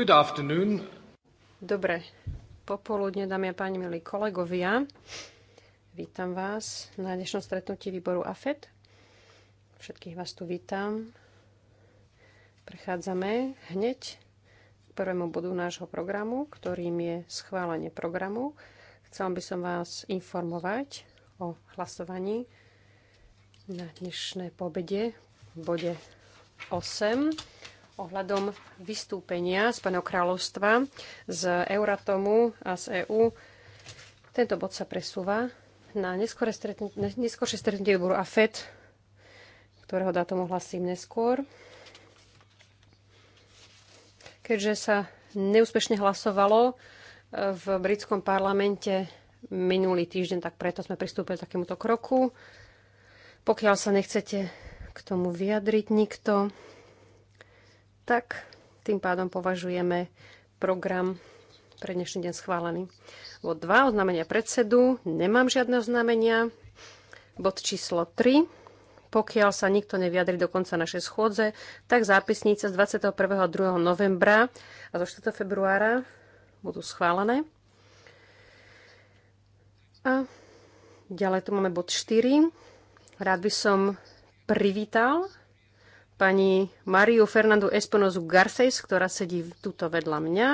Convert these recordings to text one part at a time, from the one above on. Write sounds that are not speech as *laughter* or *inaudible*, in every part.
Good afternoon. Dobre popoludne, dámy a páni, milí kolegovia. Vítam vás na dnešnom stretnutí výboru AFET. Všetkých vás tu vítam. Prechádzame hneď k prvému bodu nášho programu, ktorým je schválenie programu. Chcela by som vás informovať o hlasovaní na dnešné pobede v bode 8 ohľadom vystúpenia z Paného kráľovstva z Euratomu a z EÚ. Tento bod sa presúva na neskôršie stretnutie, neskôršie stretnutie výboru AFED, ktorého dátum ohlasím neskôr. Keďže sa neúspešne hlasovalo e, v britskom parlamente minulý týždeň, tak preto sme pristúpili k takémuto kroku. Pokiaľ sa nechcete k tomu vyjadriť nikto, tak tým pádom považujeme program pre dnešný deň schválený. Bod 2, oznámenia predsedu. Nemám žiadne oznámenia. Bod číslo 3. Pokiaľ sa nikto nevyjadri do konca našej schôdze, tak zápisnice z 21. a 2. novembra a zo 4. februára budú schválené. A ďalej tu máme bod 4. Rád by som privítal pani Mariu Fernandu Esponozu Garces, ktorá sedí tuto vedľa mňa.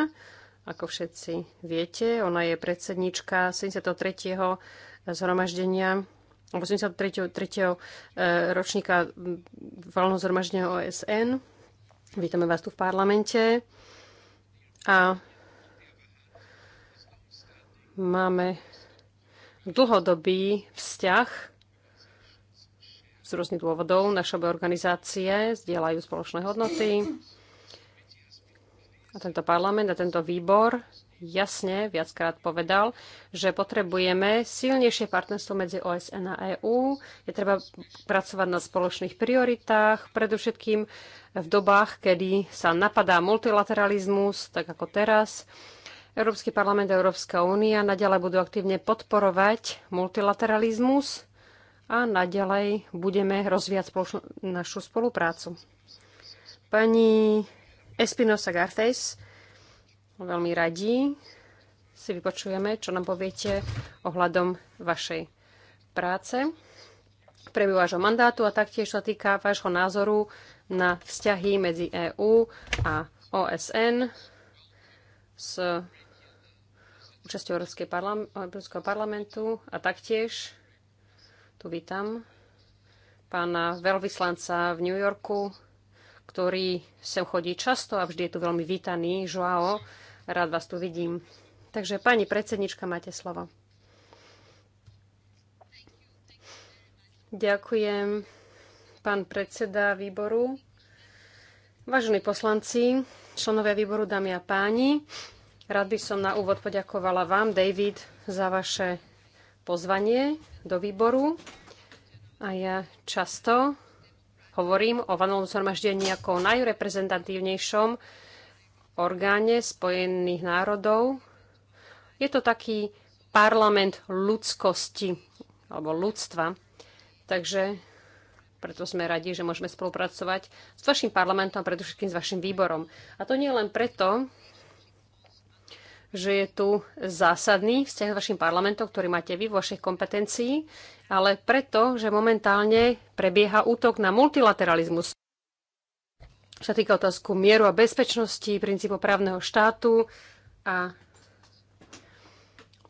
Ako všetci viete, ona je predsednička 73. zhromaždenia 83. E, ročníka valného zhromaždenia OSN. Vítame vás tu v parlamente. A máme dlhodobý vzťah z rôznych dôvodov naše obe organizácie zdieľajú spoločné hodnoty. A tento parlament a tento výbor jasne viackrát povedal, že potrebujeme silnejšie partnerstvo medzi OSN a EÚ. Je treba pracovať na spoločných prioritách, predovšetkým v dobách, kedy sa napadá multilateralizmus, tak ako teraz. Európsky parlament a Európska únia naďalej budú aktívne podporovať multilateralizmus a naďalej budeme rozvíjať spoločnú, našu spoluprácu. Pani Espinosa Gartes, veľmi radí si vypočujeme, čo nám poviete ohľadom vašej práce, prebyl vášho mandátu a taktiež sa týka vášho názoru na vzťahy medzi EÚ a OSN s účasťou Európskeho parlamentu a taktiež tu vítam pána veľvyslanca v New Yorku, ktorý sem chodí často a vždy je tu veľmi vítaný. Joao, rád vás tu vidím. Takže pani predsednička, máte slovo. Ďakujem, pán predseda výboru. Vážení poslanci, členovia výboru, dámy a páni, rád by som na úvod poďakovala vám, David, za vaše pozvanie do výboru a ja často hovorím o vanovom zhromaždení ako najreprezentatívnejšom orgáne Spojených národov. Je to taký parlament ľudskosti alebo ľudstva. Takže preto sme radi, že môžeme spolupracovať s vašim parlamentom a predovšetkým s vašim výborom. A to nie len preto, že je tu zásadný vzťah s vašim parlamentom, ktorý máte vy v vašich kompetencií, ale preto, že momentálne prebieha útok na multilateralizmus. Čo týka otázku mieru a bezpečnosti, princípu právneho štátu a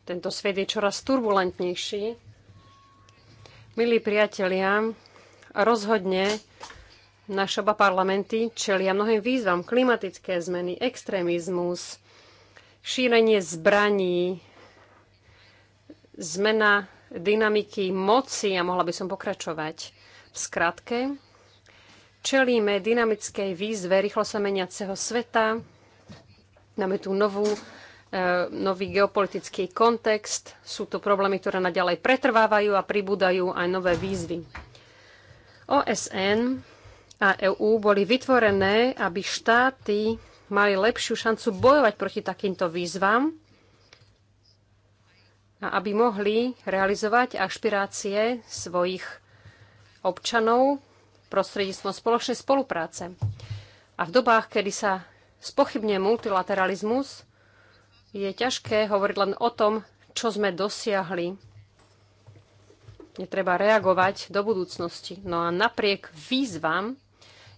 tento svet je čoraz turbulentnejší. Milí priatelia, rozhodne naše oba parlamenty čelia mnohým výzvam klimatické zmeny, extrémizmus, šírenie zbraní, zmena dynamiky moci, a mohla by som pokračovať v skratke, čelíme dynamickej výzve rýchlo sa meniaceho sveta. Máme tu novú, e, nový geopolitický kontext. Sú to problémy, ktoré naďalej pretrvávajú a pribúdajú aj nové výzvy. OSN a EU boli vytvorené, aby štáty mali lepšiu šancu bojovať proti takýmto výzvam a aby mohli realizovať ašpirácie svojich občanov prostredníctvom spoločnej spolupráce. A v dobách, kedy sa spochybne multilateralizmus, je ťažké hovoriť len o tom, čo sme dosiahli. netreba reagovať do budúcnosti. No a napriek výzvam,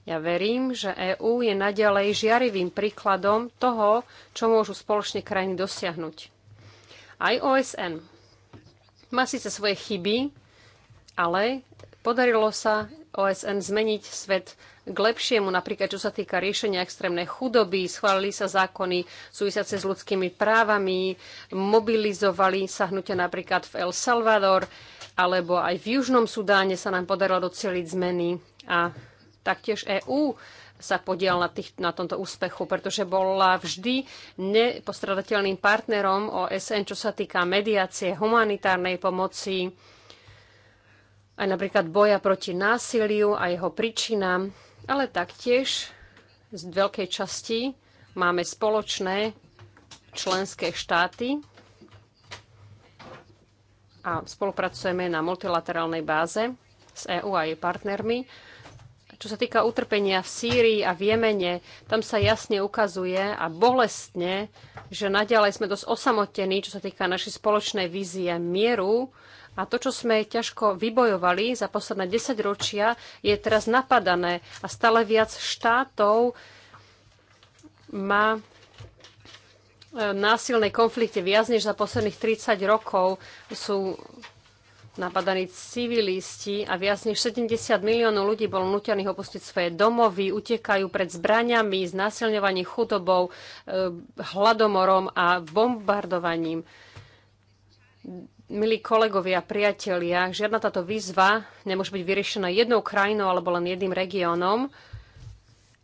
ja verím, že EÚ je naďalej žiarivým príkladom toho, čo môžu spoločne krajiny dosiahnuť. Aj OSN má síce svoje chyby, ale podarilo sa OSN zmeniť svet k lepšiemu, napríklad čo sa týka riešenia extrémnej chudoby, schválili sa zákony súvisiace s ľudskými právami, mobilizovali sa hnutia napríklad v El Salvador, alebo aj v Južnom Sudáne sa nám podarilo doceliť zmeny a taktiež EÚ sa podiel na, tých, na tomto úspechu, pretože bola vždy nepostradateľným partnerom OSN, čo sa týka mediácie, humanitárnej pomoci, aj napríklad boja proti násiliu a jeho príčinám, ale taktiež z veľkej časti máme spoločné členské štáty a spolupracujeme na multilaterálnej báze s EÚ a jej partnermi čo sa týka utrpenia v Sýrii a v Jemene, tam sa jasne ukazuje a bolestne, že naďalej sme dosť osamotení, čo sa týka našej spoločnej vízie mieru. A to, čo sme ťažko vybojovali za posledné 10 ročia, je teraz napadané a stále viac štátov má e, násilné konflikty viac než za posledných 30 rokov sú napadaní civilisti a viac než 70 miliónov ľudí bolo nutených opustiť svoje domovy, utekajú pred zbraniami, znásilňovaním chudobou, e, hladomorom a bombardovaním. Milí kolegovia, priatelia, žiadna táto výzva nemôže byť vyriešená jednou krajinou alebo len jedným regiónom.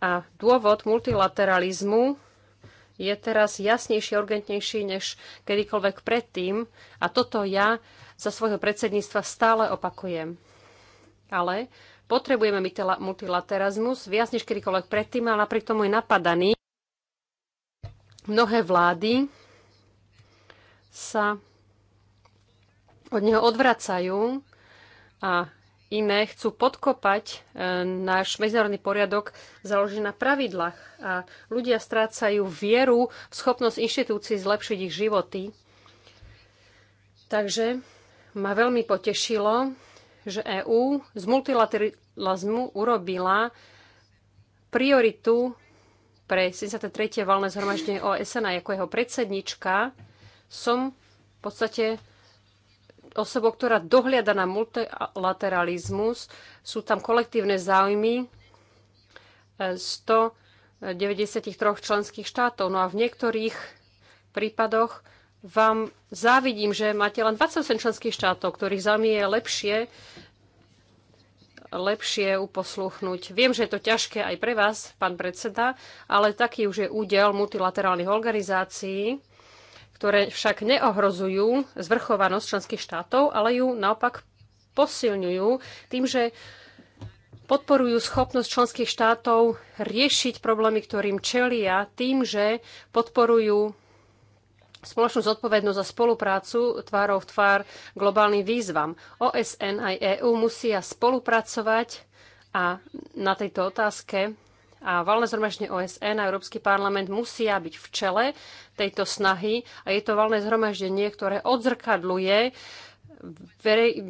A dôvod multilateralizmu je teraz jasnejší, urgentnejší než kedykoľvek predtým. A toto ja za svojho predsedníctva stále opakujem. Ale potrebujeme multilaterazmus viac než kedykoľvek predtým, ale napriek tomu je napadaný. Mnohé vlády sa od neho odvracajú a iné chcú podkopať e, náš medzinárodný poriadok založený na pravidlách. A ľudia strácajú vieru v schopnosť inštitúcií zlepšiť ich životy. Takže ma veľmi potešilo, že EÚ z multilateralizmu urobila prioritu pre 73. valné zhromaždenie OSN a ako jeho predsednička som v podstate osobou, ktorá dohliada na multilateralizmus. Sú tam kolektívne záujmy 193 e, členských štátov. No a v niektorých prípadoch vám závidím, že máte len 28 členských štátov, ktorých za je lepšie lepšie uposluchnúť. Viem, že je to ťažké aj pre vás, pán predseda, ale taký už je údel multilaterálnych organizácií, ktoré však neohrozujú zvrchovanosť členských štátov, ale ju naopak posilňujú tým, že podporujú schopnosť členských štátov riešiť problémy, ktorým čelia, tým, že podporujú spoločnú zodpovednosť za spoluprácu tvárov v tvár globálnym výzvam. OSN aj EÚ musia spolupracovať a na tejto otázke a valné zhromaždenie OSN a Európsky parlament musia byť v čele tejto snahy a je to valné zhromaždenie, ktoré odzrkadluje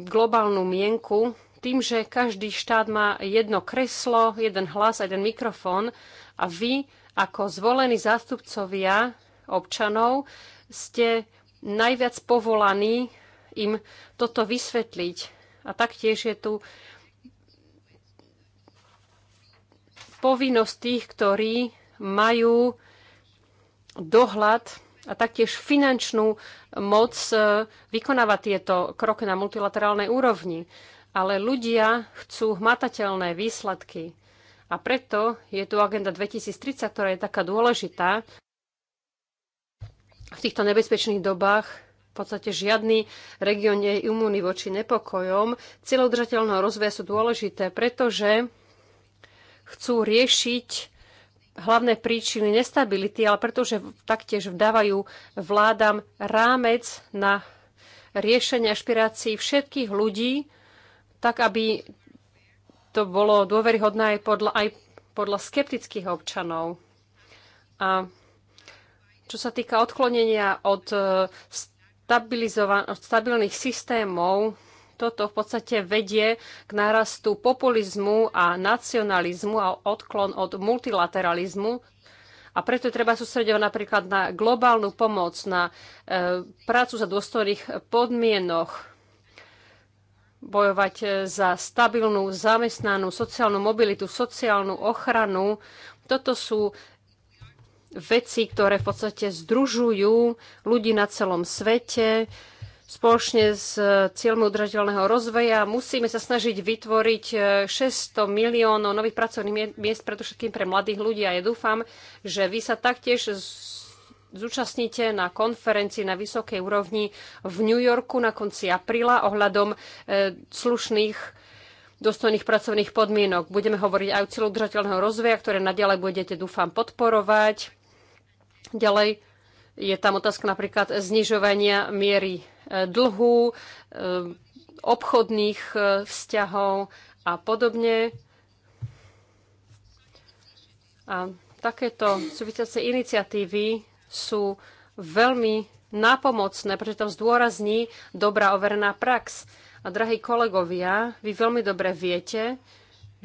globálnu mienku tým, že každý štát má jedno kreslo, jeden hlas a jeden mikrofón a vy ako zvolení zástupcovia občanov ste najviac povolaní im toto vysvetliť. A taktiež je tu povinnosť tých, ktorí majú dohľad a taktiež finančnú moc e, vykonávať tieto kroky na multilaterálnej úrovni. Ale ľudia chcú hmatateľné výsledky. A preto je tu agenda 2030, ktorá je taká dôležitá v týchto nebezpečných dobách v podstate žiadny región nie je imúnny voči nepokojom. Cieľe udržateľného rozvoja sú dôležité, pretože chcú riešiť hlavné príčiny nestability, ale pretože taktiež vdávajú vládam rámec na riešenie ašpirácií všetkých ľudí, tak aby to bolo dôveryhodné aj podľa, aj podľa skeptických občanov. A čo sa týka odklonenia e, od stabilných systémov, toto v podstate vedie k nárastu populizmu a nacionalizmu a odklon od multilateralizmu. A preto treba sústredovať napríklad na globálnu pomoc, na e, prácu za dôstojných podmienok, bojovať e, za stabilnú, zamestnanú, sociálnu mobilitu, sociálnu ochranu. Toto sú veci, ktoré v podstate združujú ľudí na celom svete spoločne s cieľmi udržateľného rozvoja. Musíme sa snažiť vytvoriť 600 e, miliónov nových pracovných miest, predovšetkým pre mladých ľudí a ja dúfam, že vy sa taktiež zúčastnite na konferencii na vysokej úrovni v New Yorku na konci apríla ohľadom e, slušných dostojných pracovných podmienok. Budeme hovoriť aj o cieľu udržateľného rozvoja, ktoré naďalej budete, dúfam, podporovať. Ďalej je tam otázka napríklad znižovania miery e, dlhu, e, obchodných e, vzťahov a podobne. A takéto súvisiace iniciatívy sú veľmi nápomocné, pretože tam zdôrazní dobrá overená prax. A drahí kolegovia, vy veľmi dobre viete,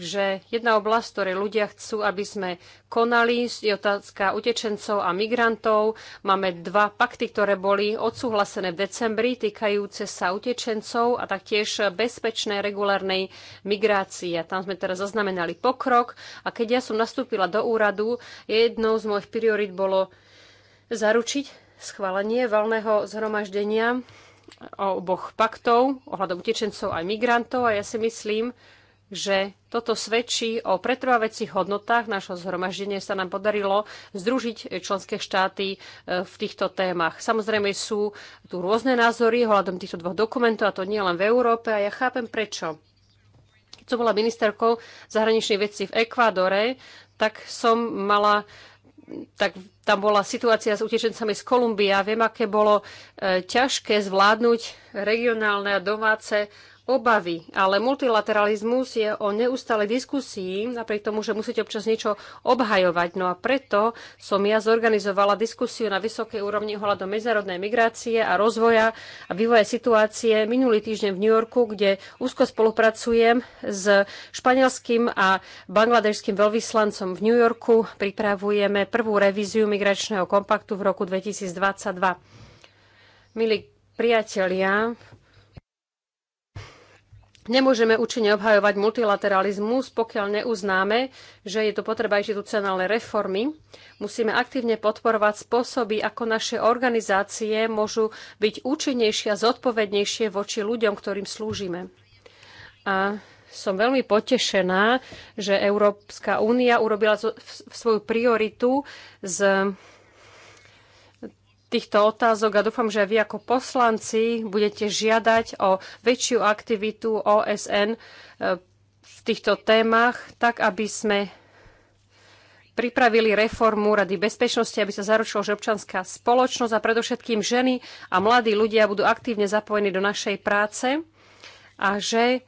že jedna oblasť, ktorej ľudia chcú, aby sme konali, je otázka utečencov a migrantov. Máme dva pakty, ktoré boli odsúhlasené v decembri, týkajúce sa utečencov a taktiež bezpečnej regulárnej migrácie. A tam sme teraz zaznamenali pokrok. A keď ja som nastúpila do úradu, jednou z mojich priorit bolo zaručiť schválenie valného zhromaždenia o oboch paktov, ohľadom utečencov aj migrantov. A ja si myslím, že toto svedčí o pretrvávajúcich hodnotách nášho zhromaždenia. Sa nám podarilo združiť členské štáty e, v týchto témach. Samozrejme sú tu rôzne názory ohľadom týchto dvoch dokumentov, a to nie len v Európe, a ja chápem prečo. Keď som bola ministerkou zahraničnej veci v Ekvádore, tak som mala tak tam bola situácia s utečencami z Kolumbia. Viem, aké bolo e, ťažké zvládnuť regionálne a domáce obavy. Ale multilateralizmus je o neustále diskusii, napriek tomu, že musíte občas niečo obhajovať. No a preto som ja zorganizovala diskusiu na vysokej úrovni ohľadom medzinárodnej migrácie a rozvoja a vývoja situácie minulý týždeň v New Yorku, kde úzko spolupracujem s španielským a bangladežským veľvyslancom v New Yorku. Pripravujeme prvú revíziu migračného kompaktu v roku 2022. Milí priatelia, Nemôžeme účinne obhajovať multilateralizmus, pokiaľ neuznáme, že je tu potreba inštitucionálnej reformy. Musíme aktívne podporovať spôsoby, ako naše organizácie môžu byť účinnejšie a zodpovednejšie voči ľuďom, ktorým slúžime. A som veľmi potešená, že Európska únia urobila svoju prioritu z týchto otázok a dúfam, že aj vy ako poslanci budete žiadať o väčšiu aktivitu OSN e, v týchto témach, tak aby sme pripravili reformu Rady bezpečnosti, aby sa zaručilo, že občanská spoločnosť a predovšetkým ženy a mladí ľudia budú aktívne zapojení do našej práce a že e,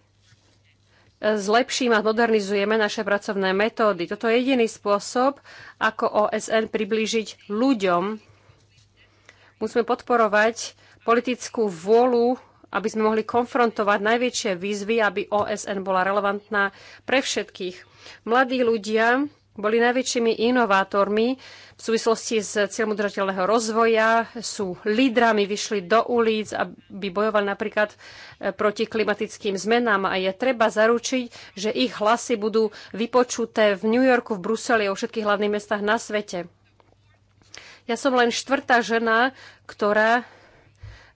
zlepším a modernizujeme naše pracovné metódy. Toto je jediný spôsob, ako OSN priblížiť ľuďom Musíme podporovať politickú vôľu, aby sme mohli konfrontovať najväčšie výzvy, aby OSN bola relevantná pre všetkých. Mladí ľudia boli najväčšími inovátormi v súvislosti s cieľom udržateľného rozvoja, sú lídrami, vyšli do ulic, aby bojovali napríklad e, proti klimatickým zmenám a je treba zaručiť, že ich hlasy budú vypočuté v New Yorku, v Bruseli a vo všetkých hlavných mestách na svete. Ja som len štvrtá žena, ktorá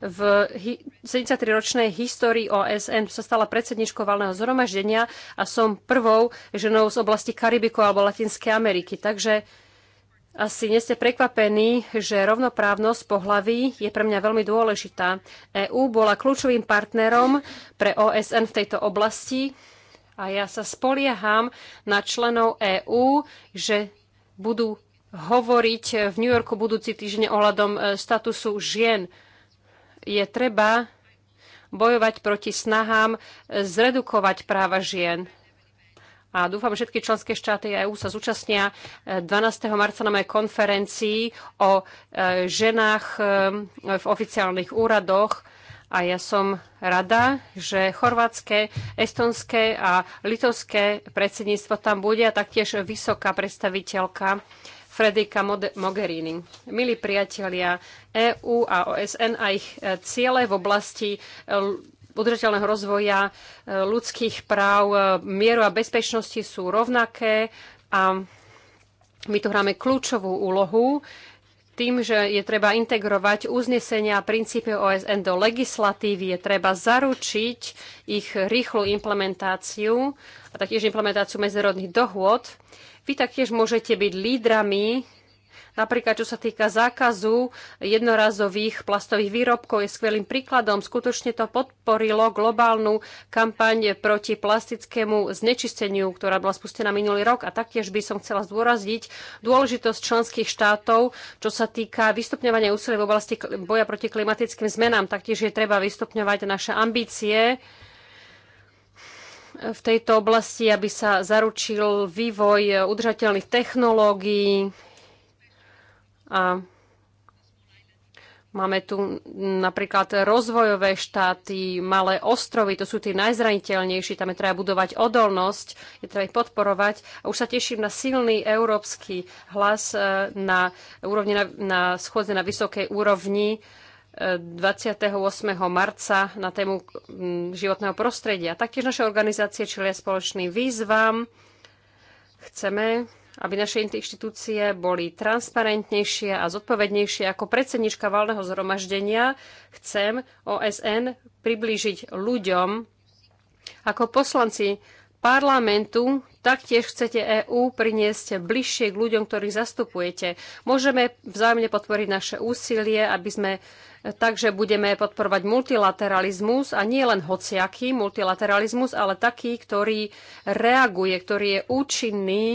v 73-ročnej histórii OSN sa stala predsedničkou valného zhromaždenia a som prvou ženou z oblasti Karibiku alebo Latinskej Ameriky. Takže asi nie ste prekvapení, že rovnoprávnosť pohlaví je pre mňa veľmi dôležitá. EÚ bola kľúčovým partnerom pre OSN v tejto oblasti a ja sa spolieham na členov EÚ, že budú hovoriť v New Yorku budúci týždeň ohľadom e, statusu žien. Je treba bojovať proti snahám e, zredukovať práva žien. A dúfam, že všetky členské štáty EÚ sa zúčastnia 12. E, marca na mojej konferencii o ženách v oficiálnych úradoch. A ja som rada, že chorvátske, estonské a litovské predsedníctvo tam bude a taktiež vysoká predstaviteľka Fredrika Mogherini. Milí priatelia, EÚ a OSN a ich e, ciele v oblasti e, udržateľného rozvoja e, ľudských práv, mieru a bezpečnosti sú rovnaké a my tu hráme kľúčovú úlohu tým, že je treba integrovať uznesenia a princípy OSN do legislatívy, je treba zaručiť ich rýchlu implementáciu a taktiež implementáciu medzinárodných dohôd. Vy taktiež môžete byť lídrami Napríklad, čo sa týka zákazu jednorazových plastových výrobkov, je skvelým príkladom. Skutočne to podporilo globálnu kampaň proti plastickému znečisteniu, ktorá bola spustená minulý rok. A taktiež by som chcela zdôrazniť dôležitosť členských štátov, čo sa týka vystupňovania úsilia v oblasti boja proti klimatickým zmenám. Taktiež je treba vystupňovať naše ambície v tejto oblasti, aby sa zaručil vývoj udržateľných technológií, a Máme tu napríklad rozvojové štáty, malé ostrovy, to sú tí najzraniteľnejší, tam je treba budovať odolnosť, je treba ich podporovať. A už sa teším na silný európsky hlas e, na, úrovni, na, na schôdze na vysokej úrovni 28. E, marca na tému životného prostredia. Taktiež naše organizácie čelia spoločným výzvam. Chceme aby naše inštitúcie boli transparentnejšie a zodpovednejšie. Ako predsednička valného zhromaždenia chcem OSN priblížiť ľuďom. Ako poslanci parlamentu taktiež chcete EÚ priniesť bližšie k ľuďom, ktorých zastupujete. Môžeme vzájomne podporiť naše úsilie, aby sme takže budeme podporovať multilateralizmus a nie len hociaký multilateralizmus, ale taký, ktorý reaguje, ktorý je účinný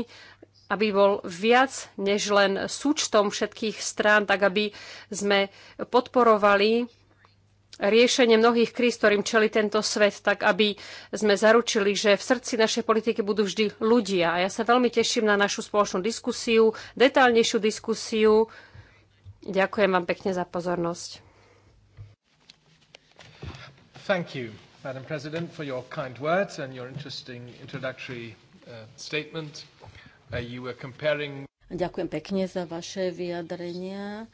aby bol viac než len súčtom všetkých strán, tak aby sme podporovali riešenie mnohých kríz, ktorým čeli tento svet, tak aby sme zaručili, že v srdci našej politiky budú vždy ľudia. A ja sa veľmi teším na našu spoločnú diskusiu, detálnejšiu diskusiu. Ďakujem vám pekne za pozornosť. Thank you, Madam President, for your kind words and your interesting introductory uh, statement. Uh, Ďakujem pekne za vaše vyjadrenia.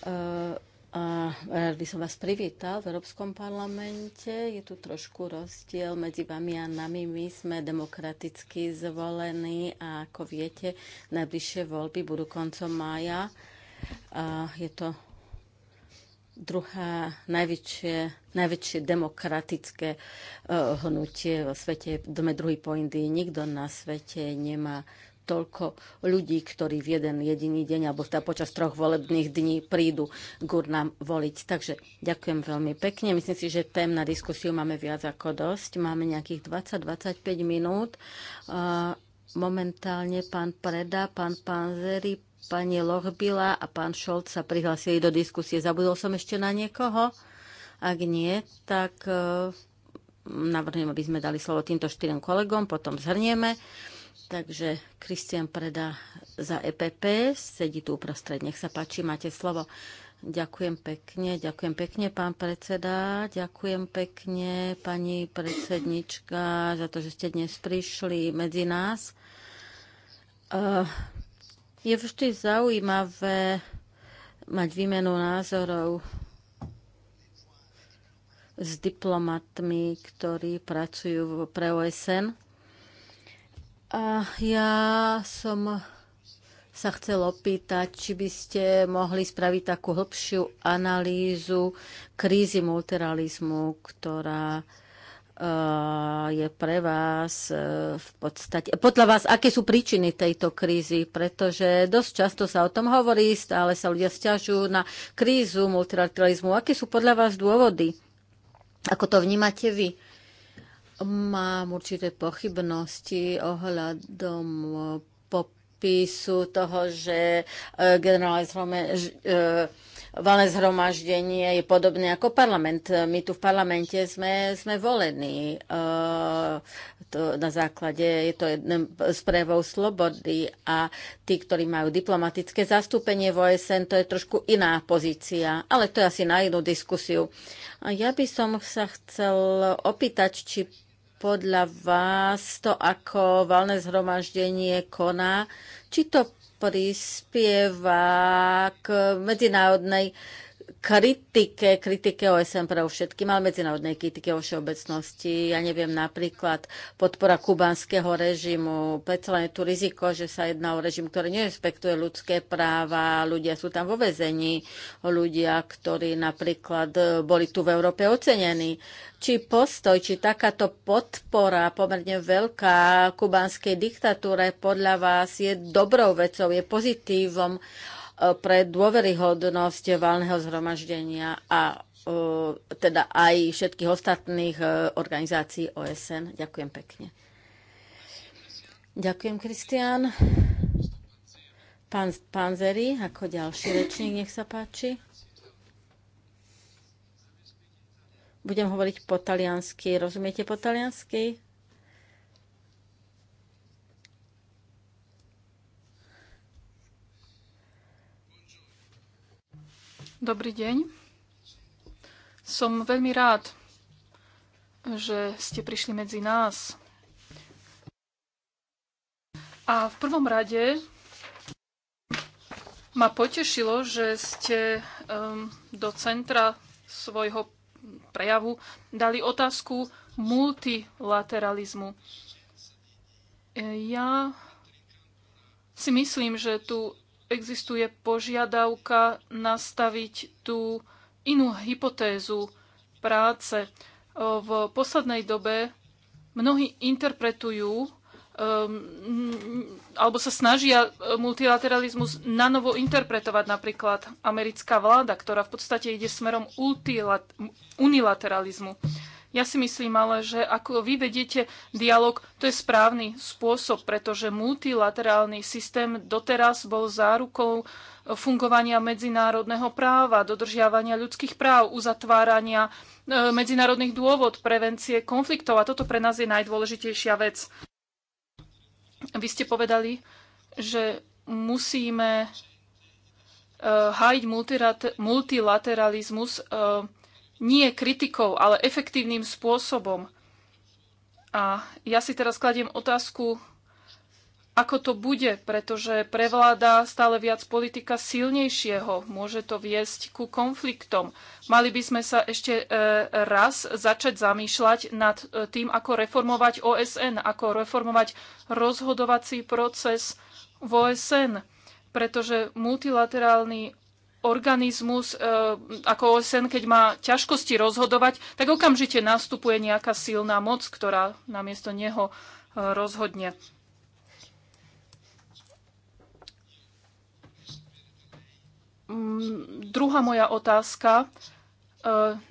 Uh, a rád by som vás privítal v Európskom parlamente. Je tu trošku rozdiel medzi vami a nami. My sme demokraticky zvolení a ako viete, najbližšie voľby budú koncom mája. je to druhá najväčšie, najväčšie demokratické uh, hnutie vo svete. Dome druhý po Indii. Nikto na svete nemá toľko ľudí, ktorí v jeden jediný deň alebo teda počas troch volebných dní prídu k urnám voliť. Takže ďakujem veľmi pekne. Myslím si, že tém na diskusiu máme viac ako dosť. Máme nejakých 20-25 minút. Momentálne pán Preda, pán Panzeri, pani Lochbila a pán Šolc sa prihlásili do diskusie. Zabudol som ešte na niekoho? Ak nie, tak eh, navrhnem, aby sme dali slovo týmto štyrom kolegom, potom zhrnieme. Takže Kristian predá za EPP, sedí tu uprostred. Nech sa páči, máte slovo. Ďakujem pekne, ďakujem pekne, pán predseda, ďakujem pekne, pani predsednička, za to, že ste dnes prišli medzi nás. E, je vždy zaujímavé mať výmenu názorov s diplomatmi, ktorí pracujú pre OSN a ja som sa chcel opýtať, či by ste mohli spraviť takú hĺbšiu analýzu krízy multiralizmu, ktorá e, je pre vás e, v podstate... Podľa vás, aké sú príčiny tejto krízy? Pretože dosť často sa o tom hovorí, stále sa ľudia stiažujú na krízu multilateralizmu. Aké sú podľa vás dôvody? Ako to vnímate vy? Mám určité pochybnosti ohľadom popisu toho, že e, generálne e, valné zhromaždenie je podobné ako parlament. My tu v parlamente sme, sme volení. E, to na základe je to jeden z prejavov slobody a tí, ktorí majú diplomatické zastúpenie v OSN, to je trošku iná pozícia, ale to je asi na inú diskusiu. Ja by som sa chcel opýtať, či podľa vás to, ako valné zhromaždenie koná, či to prispieva k medzinárodnej kritike, kritike OSN pre všetkým, ale medzinárodnej kritike o všeobecnosti. Ja neviem, napríklad podpora kubanského režimu, predsa je tu riziko, že sa jedná o režim, ktorý nerespektuje ľudské práva, ľudia sú tam vo vezení, ľudia, ktorí napríklad boli tu v Európe ocenení. Či postoj, či takáto podpora pomerne veľká kubanskej diktatúre podľa vás je dobrou vecou, je pozitívom E, pre dôveryhodnosť valného zhromaždenia a e, teda aj všetkých ostatných e, organizácií OSN. Ďakujem pekne. Ďakujem, Kristián. Pán Zeri, ako ďalší rečník, nech sa páči. Budem hovoriť po taliansky. Rozumiete po taliansky? Dobrý deň. Som veľmi rád, že ste prišli medzi nás. A v prvom rade ma potešilo, že ste um, do centra svojho prejavu dali otázku multilateralizmu. Ja si myslím, že tu existuje požiadavka nastaviť tú inú hypotézu práce. V poslednej dobe mnohí interpretujú um, alebo sa snažia multilateralizmus nanovo interpretovať napríklad americká vláda, ktorá v podstate ide smerom unilateralizmu. Ja si myslím ale, že ako vy vediete dialog, to je správny spôsob, pretože multilaterálny systém doteraz bol zárukou fungovania medzinárodného práva, dodržiavania ľudských práv, uzatvárania e, medzinárodných dôvod, prevencie konfliktov a toto pre nás je najdôležitejšia vec. Vy ste povedali, že musíme e, hájiť multilateralizmus e, nie kritikou, ale efektívnym spôsobom. A ja si teraz kladiem otázku, ako to bude, pretože prevláda stále viac politika silnejšieho. Môže to viesť ku konfliktom. Mali by sme sa ešte e, raz začať zamýšľať nad e, tým, ako reformovať OSN, ako reformovať rozhodovací proces v OSN, pretože multilaterálny organizmus e, ako OSN, keď má ťažkosti rozhodovať, tak okamžite nastupuje nejaká silná moc, ktorá namiesto neho e, rozhodne. Mm, druhá moja otázka. E,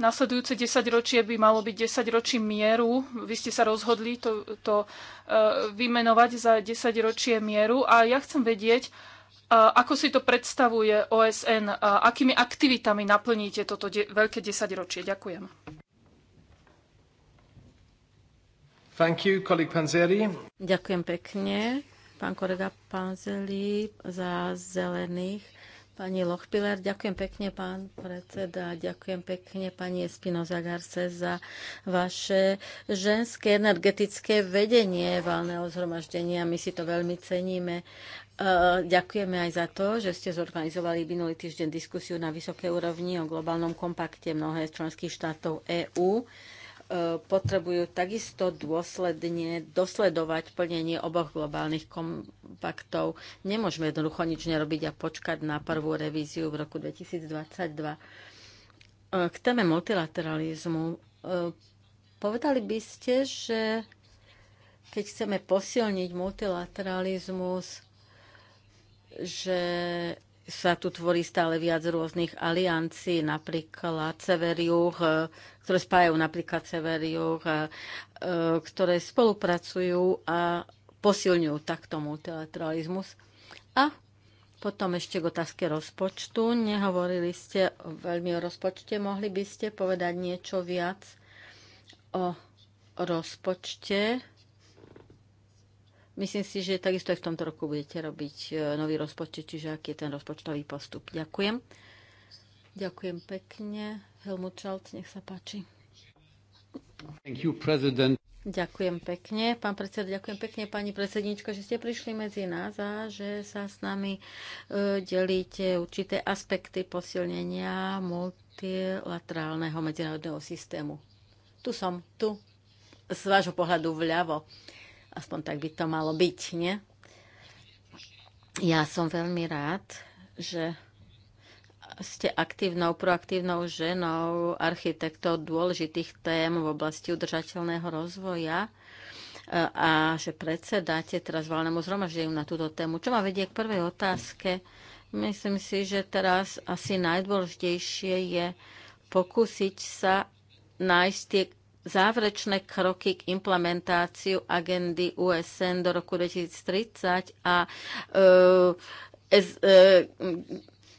nasledujúce desaťročie by malo byť desaťročí mieru. Vy ste sa rozhodli to, to e, vymenovať za desaťročie mieru a ja chcem vedieť, ako si to predstavuje OSN? Akými aktivitami naplníte toto de- veľké desaťročie? Ďakujem. Thank you, Panzeri. Ďakujem pekne, pán kolega panzeli za zelených. Pani Lochpiller, ďakujem pekne, pán predseda, ďakujem pekne, pani Espinoza Garce, za vaše ženské energetické vedenie valného zhromaždenia. My si to veľmi ceníme Eh, ďakujeme aj za to, že ste zorganizovali minulý týždeň diskusiu na vysokej úrovni o globálnom kompakte mnohé z členských štátov EÚ eh, potrebujú takisto dôsledne dosledovať plnenie oboch globálnych kompaktov. Nemôžeme jednoducho nič nerobiť a počkať na prvú revíziu v roku 2022. Eh, k téme multilateralizmu povedali by ste, že keď chceme posilniť multilateralizmus, že sa tu tvorí stále viac rôznych aliancií, napríklad Severiuch, e, ktoré spájajú napríklad Severiuch, e, e, ktoré spolupracujú a posilňujú takto multilateralizmus. A potom ešte k otázke rozpočtu. Nehovorili ste veľmi o rozpočte. Mohli by ste povedať niečo viac o rozpočte Myslím si, že takisto aj v tomto roku budete robiť e, nový rozpočet, čiže aký je ten rozpočtový postup. Ďakujem. Ďakujem pekne. Helmut Schalz, nech sa páči. Thank you, president. Ďakujem pekne, pán predseda, ďakujem pekne, pani predsednička, že ste prišli medzi nás a že sa s nami e, delíte určité aspekty posilnenia multilaterálneho medzinárodného systému. Tu som, tu, z vášho pohľadu vľavo. Aspoň tak by to malo byť, nie? Ja som veľmi rád, že ste aktívnou, proaktívnou ženou architektov dôležitých tém v oblasti udržateľného rozvoja e, a že predsedáte teraz valnému zhromaždeniu na túto tému. Čo ma vedie k prvej otázke? Myslím si, že teraz asi najdôležitejšie je pokúsiť sa nájsť tie záverečné kroky k implementáciu agendy USN do roku 2030 a e, e,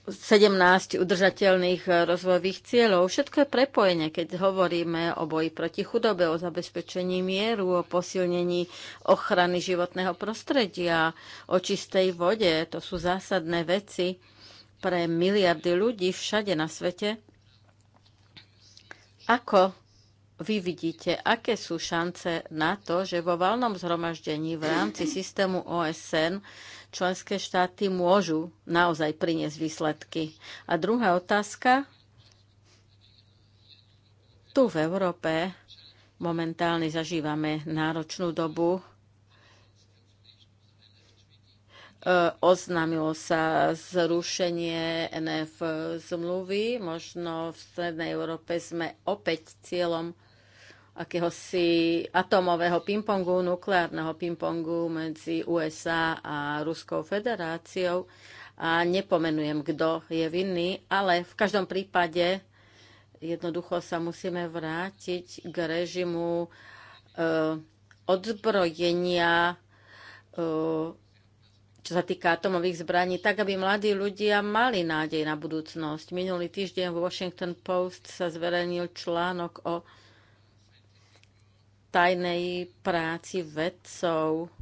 17 udržateľných rozvojových cieľov. Všetko je prepojenie, keď hovoríme o boji proti chudobe, o zabezpečení mieru, o posilnení ochrany životného prostredia, o čistej vode. To sú zásadné veci pre miliardy ľudí všade na svete. Ako vy vidíte, aké sú šance na to, že vo valnom zhromaždení v rámci systému OSN členské štáty môžu naozaj priniesť výsledky? A druhá otázka. Tu v Európe momentálne zažívame náročnú dobu. E, oznámilo sa zrušenie NF zmluvy. Možno v Strednej Európe sme opäť cieľom akéhosi atomového pingpongu, nukleárneho pingpongu medzi USA a Ruskou federáciou a nepomenujem, kto je vinný, ale v každom prípade jednoducho sa musíme vrátiť k režimu e, odzbrojenia, e, čo sa týka atomových zbraní, tak, aby mladí ľudia mali nádej na budúcnosť. Minulý týždeň v Washington Post sa zverejnil článok o tajnej práci vedcov,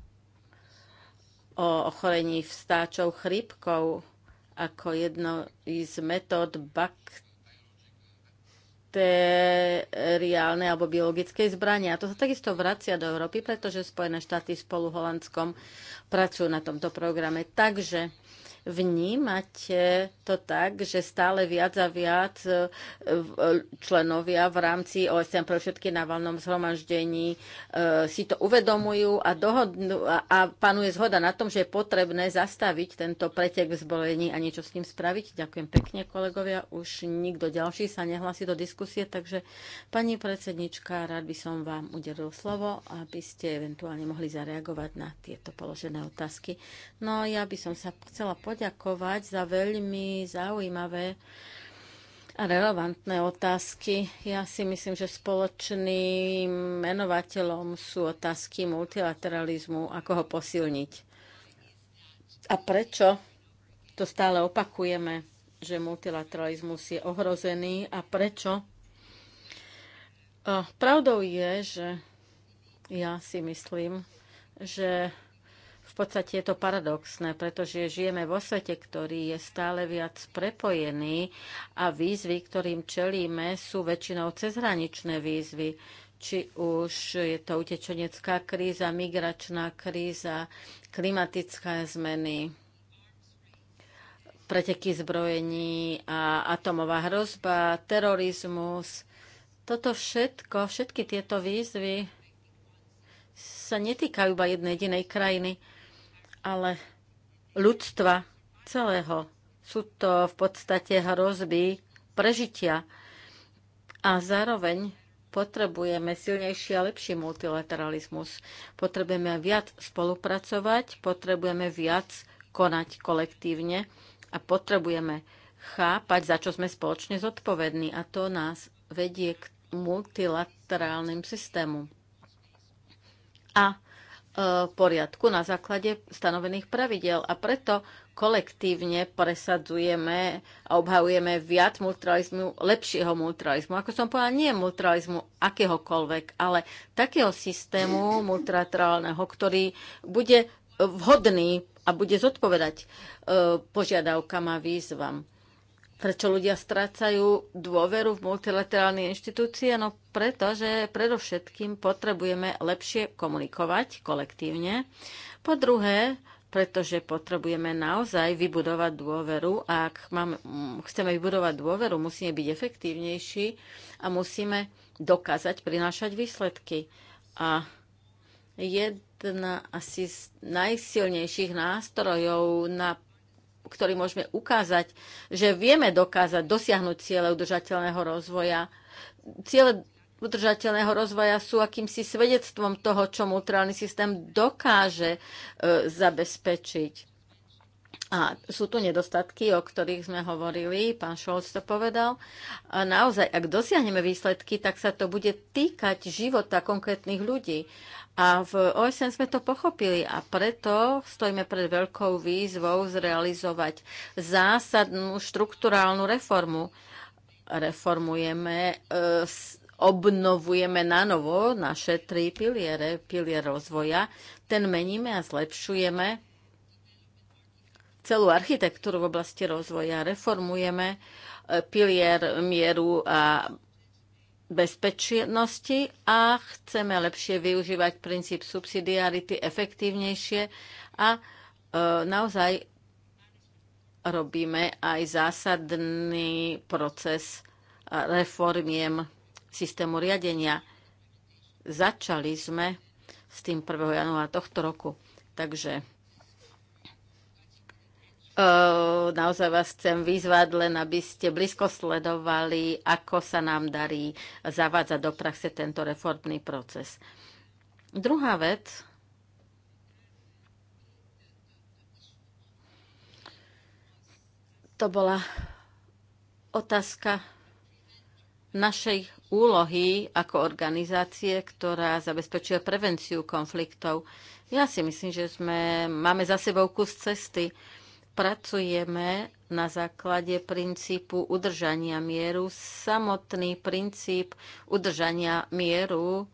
o ochorení vstáčov chrípkou ako jedno z metód bakteriálnej alebo biologickej zbrania. A to sa takisto vracia do Európy, pretože Spojené štáty spolu Holandskom pracujú na tomto programe. Takže Vnímate to tak, že stále viac a viac e, e, členovia v rámci OSM pre všetky na valnom zhromaždení e, si to uvedomujú a, dohodnú, a panuje zhoda na tom, že je potrebné zastaviť tento pretek v zbrojení a niečo s ním spraviť. Ďakujem pekne, kolegovia. Už nikto ďalší sa nehlasí do diskusie, takže pani predsednička, rád by som vám udelil slovo, aby ste eventuálne mohli zareagovať na tieto položené otázky. No ja by som sa chcela poďať poďakovať za veľmi zaujímavé a relevantné otázky. Ja si myslím, že spoločným menovateľom sú otázky multilateralizmu, ako ho posilniť. A prečo to stále opakujeme, že multilateralizmus je ohrozený a prečo? Pravdou je, že ja si myslím, že v podstate je to paradoxné, pretože žijeme vo svete, ktorý je stále viac prepojený a výzvy, ktorým čelíme, sú väčšinou cezhraničné výzvy či už je to utečenecká kríza, migračná kríza, klimatické zmeny, preteky zbrojení a atomová hrozba, terorizmus. Toto všetko, všetky tieto výzvy sa netýkajú iba jednej jedinej krajiny ale ľudstva celého. Sú to v podstate hrozby prežitia a zároveň potrebujeme silnejší a lepší multilateralizmus. Potrebujeme viac spolupracovať, potrebujeme viac konať kolektívne a potrebujeme chápať, za čo sme spoločne zodpovední. A to nás vedie k multilaterálnym systémom. A poriadku na základe stanovených pravidel a preto kolektívne presadzujeme a obhajujeme viac multralizmu, lepšieho multralizmu, Ako som povedala, nie multralizmu akéhokoľvek, ale takého systému multilaterálneho, ktorý bude vhodný a bude zodpovedať e, požiadavkám a výzvam. Prečo ľudia strácajú dôveru v multilaterálne inštitúcie? No preto, že predovšetkým potrebujeme lepšie komunikovať kolektívne. Po druhé, pretože potrebujeme naozaj vybudovať dôveru a ak máme, chceme vybudovať dôveru, musíme byť efektívnejší a musíme dokázať prinášať výsledky. A jedna asi z najsilnejších nástrojov na ktorý môžeme ukázať, že vieme dokázať dosiahnuť ciele udržateľného rozvoja. Ciele udržateľného rozvoja sú akýmsi svedectvom toho, čo neutrálny systém dokáže e, zabezpečiť. A sú tu nedostatky, o ktorých sme hovorili, pán Scholz to povedal. A naozaj, ak dosiahneme výsledky, tak sa to bude týkať života konkrétnych ľudí. A v OSN sme to pochopili a preto stojíme pred veľkou výzvou zrealizovať zásadnú štruktúrálnu reformu. Reformujeme e, obnovujeme na novo naše tri piliere, pilier rozvoja, ten meníme a zlepšujeme celú architektúru v oblasti rozvoja. Reformujeme e, pilier mieru a bezpečnosti a chceme lepšie využívať princíp subsidiarity efektívnejšie a e, naozaj robíme aj zásadný proces reformiem systému riadenia. Začali sme s tým 1. januára tohto roku. Takže Naozaj vás chcem vyzvať len, aby ste blízko sledovali, ako sa nám darí zavádzať do praxe tento reformný proces. Druhá vec, to bola otázka našej úlohy ako organizácie, ktorá zabezpečuje prevenciu konfliktov. Ja si myslím, že sme, máme za sebou kus cesty. Uh, pracujeme na základe princípu udržania mieru. Samotný princíp udržania mieru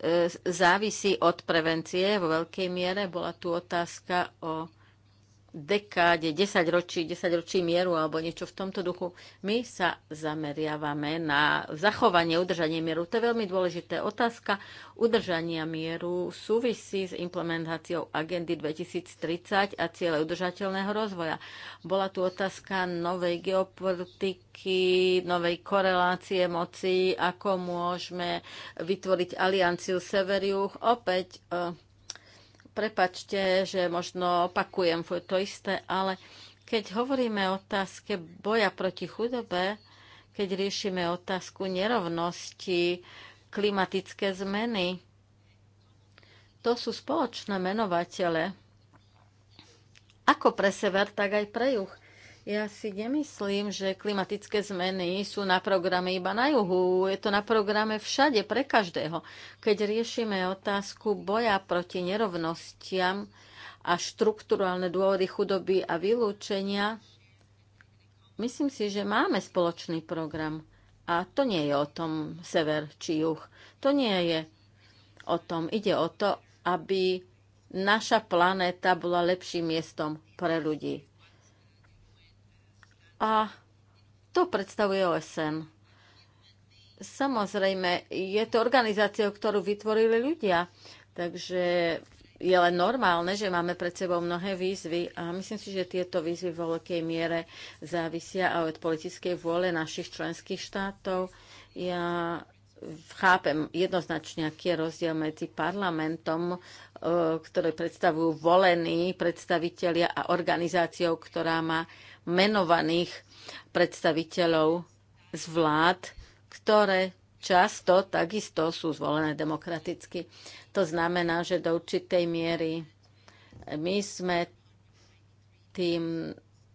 e, závisí od prevencie. Vo veľkej miere bola tu otázka o dekáde, desaťročí, desaťročí mieru alebo niečo v tomto duchu. My sa zameriavame na zachovanie, udržanie mieru. To je veľmi dôležité. Otázka udržania mieru súvisí s implementáciou agendy 2030 a cieľe udržateľného rozvoja. Bola tu otázka novej geopolitiky, novej korelácie moci, ako môžeme vytvoriť alianciu sever-juh. Opäť eh, prepačte, že možno opakujem to isté, ale keď hovoríme o otázke boja proti chudobe, keď riešime otázku nerovnosti, klimatické zmeny, to sú spoločné menovatele. Ako pre sever, tak aj pre juh. Ja si nemyslím, že klimatické zmeny sú na programe iba na juhu. Je to na programe všade, pre každého. Keď riešime otázku boja proti nerovnostiam a štruktúrálne dôvody chudoby a vylúčenia, myslím si, že máme spoločný program. A to nie je o tom sever či juh. To nie je o tom. Ide o to, aby naša planéta bola lepším miestom pre ľudí a to predstavuje OSN. Samozrejme, je to organizácia, ktorú vytvorili ľudia. Takže je len normálne, že máme pred sebou mnohé výzvy a myslím si, že tieto výzvy vo veľkej miere závisia aj od politickej vôle našich členských štátov. Ja chápem jednoznačne, aký je rozdiel medzi parlamentom, e, ktoré predstavujú volení predstavitelia a organizáciou, ktorá má menovaných predstaviteľov z vlád, ktoré často takisto sú zvolené demokraticky. To znamená, že do určitej miery my sme tým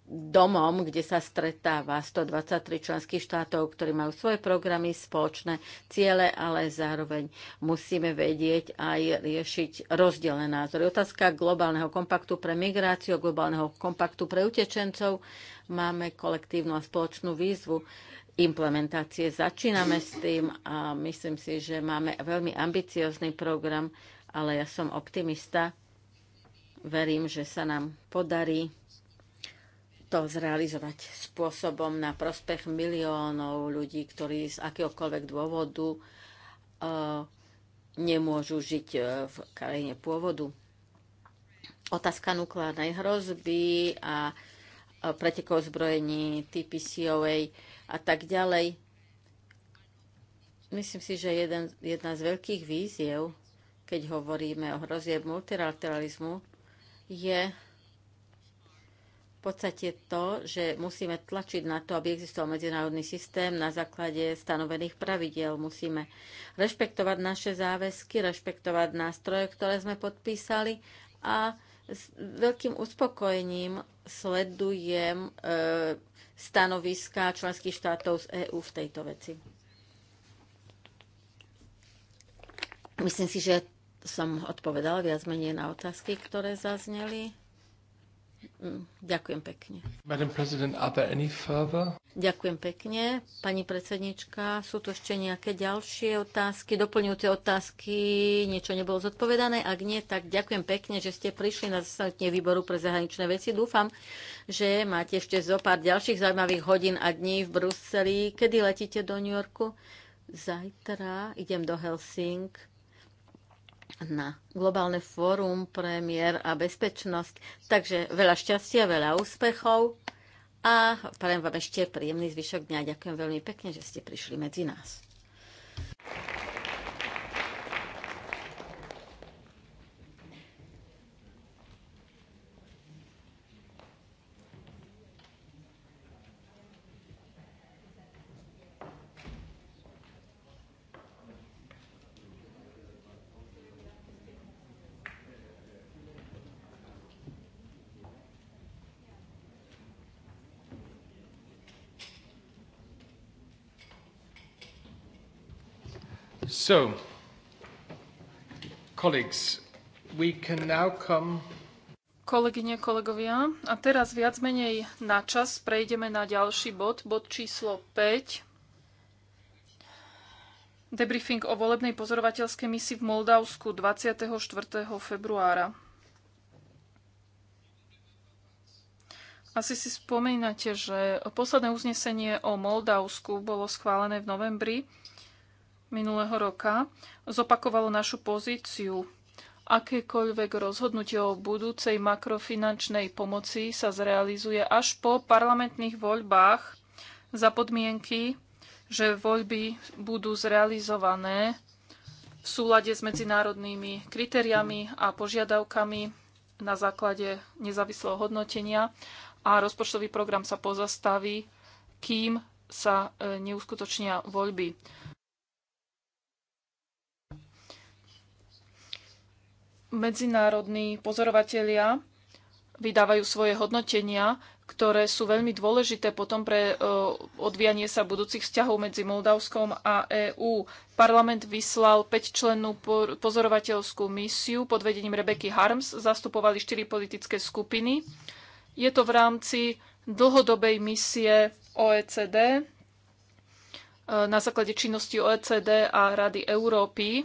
domom, kde sa stretáva 123 členských štátov, ktorí majú svoje programy, spoločné ciele, ale zároveň musíme vedieť aj riešiť rozdielne názory. Otázka globálneho kompaktu pre migráciu, globálneho kompaktu pre utečencov. Máme kolektívnu a spoločnú výzvu implementácie. Začíname s tým a myslím si, že máme veľmi ambiciózny program, ale ja som optimista. Verím, že sa nám podarí to zrealizovať spôsobom na prospech miliónov ľudí, ktorí z akéhokoľvek dôvodu e, nemôžu žiť e, v krajine pôvodu. Otázka nukleárnej hrozby a e, pretekov zbrojení TPCOA a tak ďalej. Myslím si, že jeden, jedna z veľkých víziev, keď hovoríme o hrozie multilateralizmu, je podstate to, že musíme tlačiť na to, aby existoval medzinárodný systém na základe stanovených pravidiel. Musíme rešpektovať naše záväzky, rešpektovať nástroje, ktoré sme podpísali a s veľkým uspokojením sledujem e, stanoviska členských štátov z EÚ v tejto veci. Myslím si, že som odpovedala viac menej na otázky, ktoré zazneli. Mm, ďakujem pekne. Ďakujem pekne. Pani predsednička, sú tu ešte nejaké ďalšie otázky, doplňujúce otázky? Niečo nebolo zodpovedané? Ak nie, tak ďakujem pekne, že ste prišli na zasadnutie výboru pre zahraničné veci. Dúfam, že máte ešte zo pár ďalších zaujímavých hodín a dní v Bruseli. Kedy letíte do New Yorku? Zajtra idem do Helsing na globálne fórum pre mier a bezpečnosť. Takže veľa šťastia, veľa úspechov a prajem vám ešte príjemný zvyšok dňa. Ďakujem veľmi pekne, že ste prišli medzi nás. So, colleagues, we can now come... Kolegyne, kolegovia, a teraz viac menej na čas prejdeme na ďalší bod, bod číslo 5. Debriefing o volebnej pozorovateľskej misi v Moldavsku 24. februára. Asi si spomínate, že posledné uznesenie o Moldavsku bolo schválené v novembri minulého roka zopakovalo našu pozíciu. Akékoľvek rozhodnutie o budúcej makrofinančnej pomoci sa zrealizuje až po parlamentných voľbách za podmienky, že voľby budú zrealizované v súlade s medzinárodnými kritériami a požiadavkami na základe nezávislého hodnotenia a rozpočtový program sa pozastaví, kým sa e, neuskutočnia voľby. medzinárodní pozorovatelia vydávajú svoje hodnotenia, ktoré sú veľmi dôležité potom pre e, odvianie sa budúcich vzťahov medzi Moldavskom a EÚ. Parlament vyslal 5-člennú pozorovateľskú misiu pod vedením Rebeky Harms. Zastupovali 4 politické skupiny. Je to v rámci dlhodobej misie OECD e, na základe činnosti OECD a Rady Európy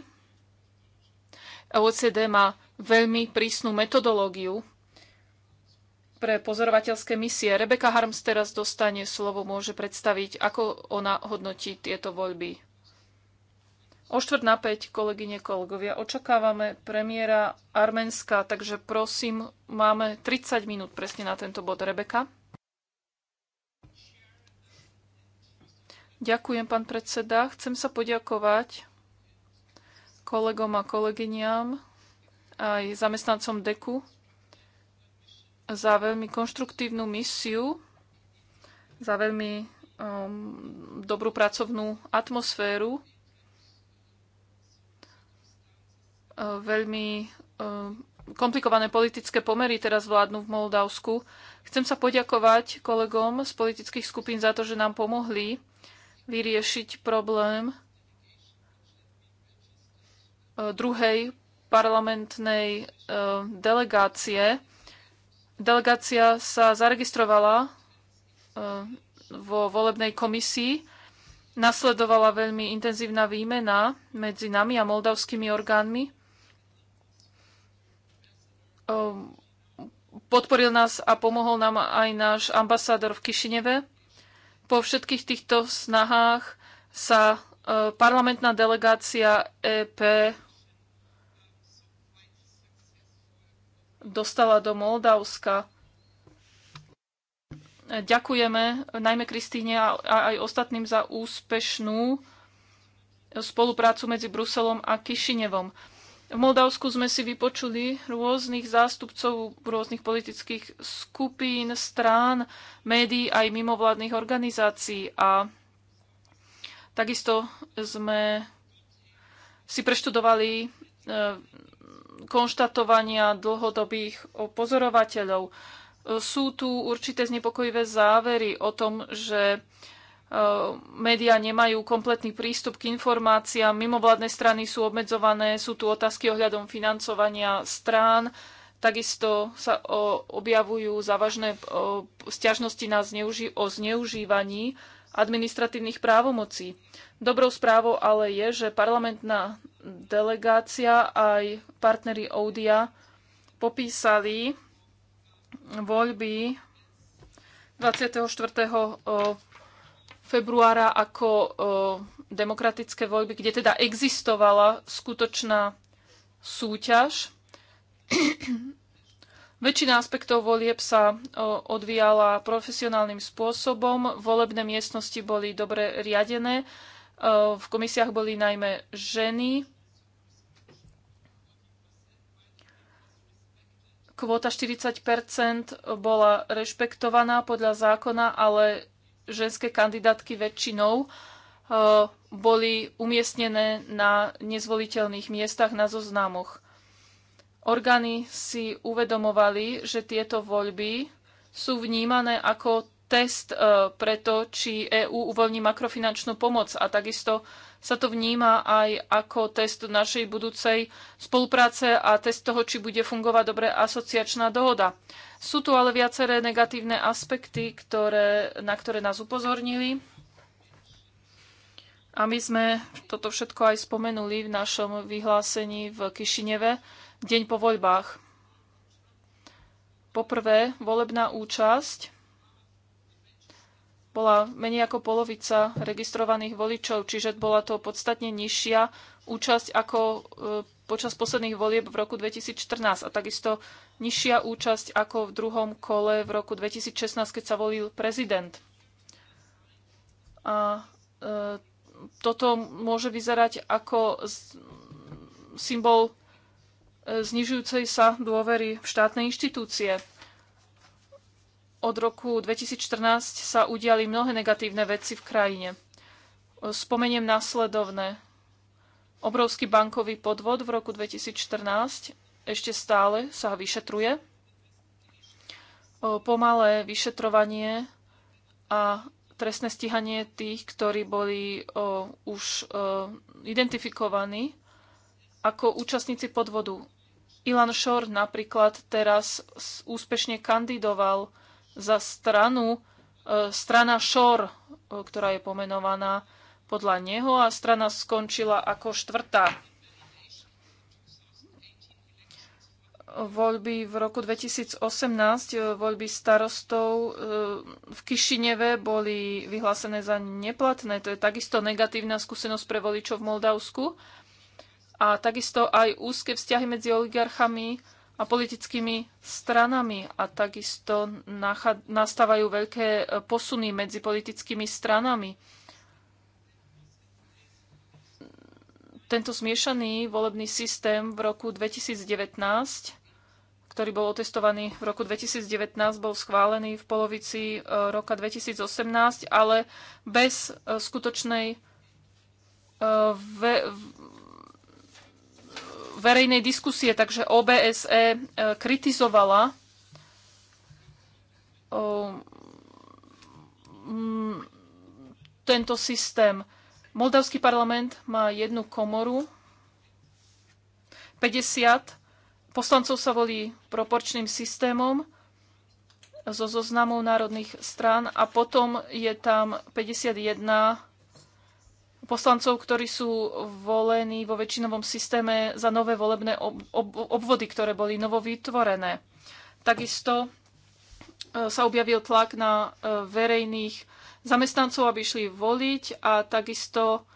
OECD má veľmi prísnu metodológiu pre pozorovateľské misie. Rebeka Harms teraz dostane slovo, môže predstaviť, ako ona hodnotí tieto voľby. O štvrt na 5, kolegyne, kolegovia, očakávame premiéra Arménska, takže prosím, máme 30 minút presne na tento bod. Rebeka? Ďakujem, pán predseda. Chcem sa poďakovať kolegom a kolegyniam aj zamestnancom DEKu za veľmi konštruktívnu misiu, za veľmi um, dobrú pracovnú atmosféru, uh, veľmi um, komplikované politické pomery teraz vládnu v Moldavsku. Chcem sa poďakovať kolegom z politických skupín za to, že nám pomohli vyriešiť problém Eh, druhej parlamentnej eh, delegácie. Delegácia sa zaregistrovala eh, vo volebnej komisii. Nasledovala veľmi intenzívna výmena medzi nami a moldavskými orgánmi. Podporil nás a pomohol nám aj náš ambasádor v Kišineve. Po všetkých týchto snahách sa E, parlamentná delegácia EP dostala do Moldavska. E, ďakujeme najmä Kristíne a aj ostatným za úspešnú spoluprácu medzi Bruselom a Kišinevom. V Moldavsku sme si vypočuli rôznych zástupcov rôznych politických skupín, strán, médií aj mimovládnych organizácií a Takisto sme si preštudovali e, konštatovania dlhodobých pozorovateľov. E, sú tu určité znepokojivé závery o tom, že e, médiá nemajú kompletný prístup k informáciám, mimovládne strany sú obmedzované, sú tu otázky ohľadom financovania strán, takisto sa objavujú závažné stiažnosti na zneuži- o zneužívaní administratívnych právomocí. Dobrou správou ale je, že parlamentná delegácia aj partnery ODIA popísali voľby 24. februára ako demokratické voľby, kde teda existovala skutočná súťaž Väčšina aspektov volieb sa odvíjala profesionálnym spôsobom, volebné miestnosti boli dobre riadené, v komisiách boli najmä ženy. Kvota 40 bola rešpektovaná podľa zákona, ale ženské kandidátky väčšinou boli umiestnené na nezvoliteľných miestach na zoznamoch. Orgány si uvedomovali, že tieto voľby sú vnímané ako test e, pre to, či EÚ uvoľní makrofinančnú pomoc a takisto sa to vníma aj ako test našej budúcej spolupráce a test toho, či bude fungovať dobre asociačná dohoda. Sú tu ale viaceré negatívne aspekty, ktoré, na ktoré nás upozornili. A my sme toto všetko aj spomenuli v našom vyhlásení v Kišineve deň po voľbách. Poprvé, volebná účasť bola menej ako polovica registrovaných voličov, čiže bola to podstatne nižšia účasť ako e, počas posledných volieb v roku 2014 a takisto nižšia účasť ako v druhom kole v roku 2016, keď sa volil prezident. A e, toto môže vyzerať ako symbol znižujúcej sa dôvery v štátne inštitúcie. Od roku 2014 sa udiali mnohé negatívne veci v krajine. Spomeniem následovné. Obrovský bankový podvod v roku 2014 ešte stále sa vyšetruje. Pomalé vyšetrovanie a trestné stíhanie tých, ktorí boli už identifikovaní ako účastníci podvodu. Ilan Šor napríklad teraz úspešne kandidoval za stranu, e, strana Šor, e, ktorá je pomenovaná podľa neho a strana skončila ako štvrtá. Voľby v roku 2018, e, voľby starostov v Kišineve boli vyhlásené za neplatné. To je takisto negatívna skúsenosť pre voličov v Moldavsku a takisto aj úzke vzťahy medzi oligarchami a politickými stranami a takisto nastávajú veľké e, posuny medzi politickými stranami. Tento zmiešaný volebný systém v roku 2019 ktorý bol otestovaný v roku 2019, bol schválený v polovici e, roka 2018, ale bez e, skutočnej verejnej diskusie, takže OBSE e, kritizovala e, tento systém. Moldavský parlament má jednu komoru, 50 poslancov sa volí proporčným systémom zo zoznamov národných strán a potom je tam 51 poslancov, ktorí sú volení vo väčšinovom systéme za nové volebné ob, ob, obvody, ktoré boli novovytvorené. Takisto e, sa objavil tlak na e, verejných zamestnancov, aby išli voliť a takisto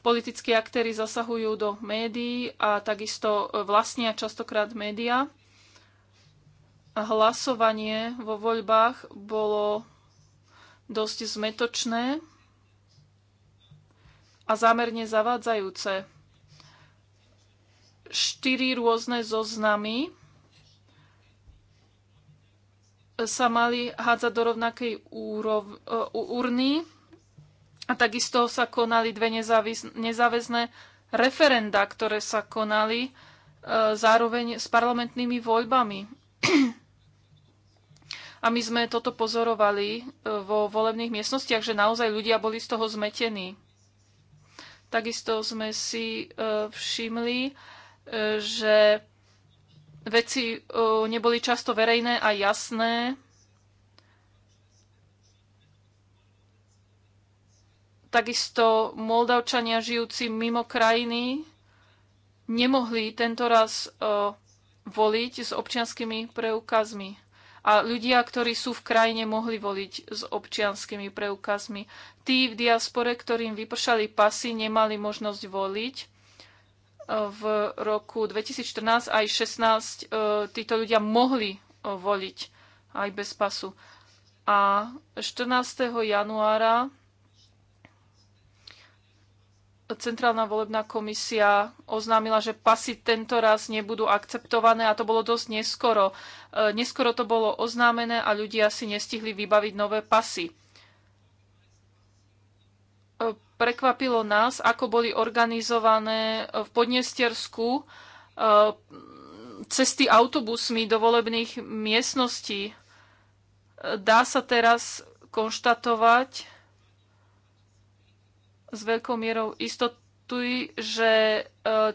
politickí aktéry zasahujú do médií a takisto e, vlastnia častokrát médiá. Hlasovanie vo voľbách bolo dosť zmetočné a zámerne zavádzajúce. Štyri rôzne zoznamy sa mali hádzať do rovnakej úrov, e, urny a takisto sa konali dve nezáviz, nezáväzné referenda, ktoré sa konali e, zároveň s parlamentnými voľbami. A my sme toto pozorovali e, vo volebných miestnostiach, že naozaj ľudia boli z toho zmetení. Takisto sme si e, všimli, e, že veci e, neboli často verejné a jasné. Takisto Moldavčania žijúci mimo krajiny nemohli tento raz voliť s občianskými preukazmi a ľudia, ktorí sú v krajine, mohli voliť s občianskými preukazmi. Tí v diaspore, ktorým vypršali pasy, nemali možnosť voliť. E, v roku 2014 aj 16 e, títo ľudia mohli e, voliť aj bez pasu. A 14. januára Centrálna volebná komisia oznámila, že pasy tento raz nebudú akceptované a to bolo dosť neskoro. E, neskoro to bolo oznámené a ľudia si nestihli vybaviť nové pasy. E, prekvapilo nás, ako boli organizované v Podnestersku e, cesty autobusmi do volebných miestností. Dá sa teraz konštatovať, s veľkou mierou istotu, že e,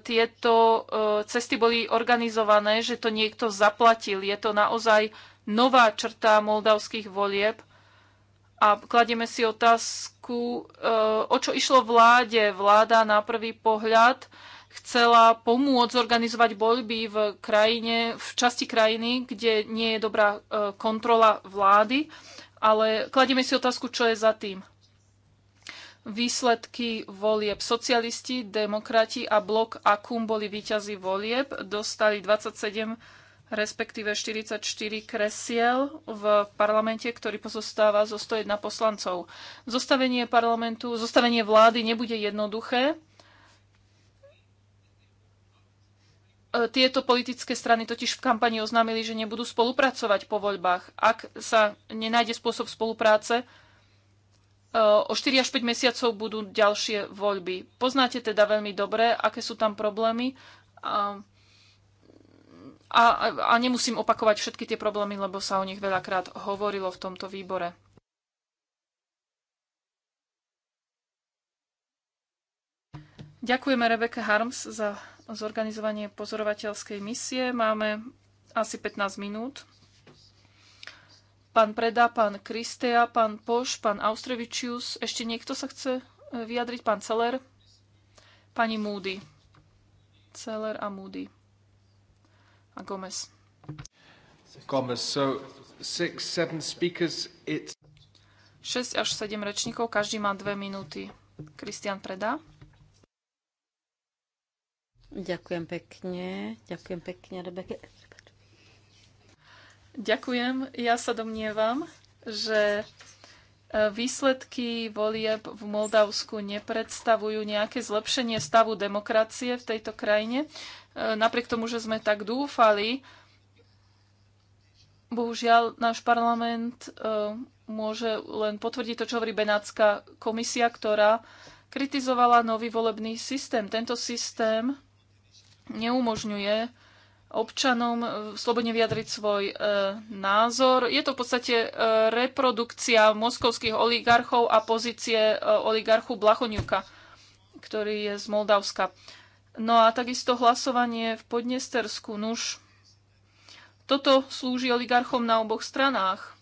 tieto e, cesty boli organizované, že to niekto zaplatil. Je to naozaj nová črta moldavských volieb a kladieme si otázku, e, o čo išlo vláde. Vláda na prvý pohľad chcela pomôcť zorganizovať voľby v krajine, v časti krajiny, kde nie je dobrá kontrola vlády, ale kladieme si otázku, čo je za tým výsledky volieb. Socialisti, demokrati a blok Akum boli výťazí volieb, dostali 27 respektíve 44 kresiel v parlamente, ktorý pozostáva zo 101 poslancov. Zostavenie parlamentu, zostavenie vlády nebude jednoduché. E, tieto politické strany totiž v kampani oznámili, že nebudú spolupracovať po voľbách. Ak sa nenájde spôsob spolupráce, o 4 až 5 mesiacov budú ďalšie voľby. Poznáte teda veľmi dobre, aké sú tam problémy. A, a, a nemusím opakovať všetky tie problémy, lebo sa o nich veľakrát hovorilo v tomto výbore. Ďakujeme Rebeke Harms za zorganizovanie pozorovateľskej misie. Máme asi 15 minút. Pán Preda, pán Kristea, pán Poš, pán Austrevičius. Ešte niekto sa chce e, vyjadriť? Pán Celer? Pani Moody. Celer a Moody. A Gomez. Gomez, so six, seven speakers, it... 6 až 7 rečníkov, každý má 2 minúty. Kristian Preda. Ďakujem pekne. Ďakujem pekne, Rebeke. Ďakujem. Ja sa domnievam, že e, výsledky volieb v Moldavsku nepredstavujú nejaké zlepšenie stavu demokracie v tejto krajine. E, napriek tomu, že sme tak dúfali, bohužiaľ náš parlament e, môže len potvrdiť to, čo hovorí Benátska komisia, ktorá kritizovala nový volebný systém. Tento systém neumožňuje občanom e, slobodne vyjadriť svoj e, názor. Je to v podstate e, reprodukcia moskovských oligarchov a pozície e, oligarchu Blachoniuka, ktorý je z Moldavska. No a takisto hlasovanie v Podnestersku. Nuž, toto slúži oligarchom na oboch stranách.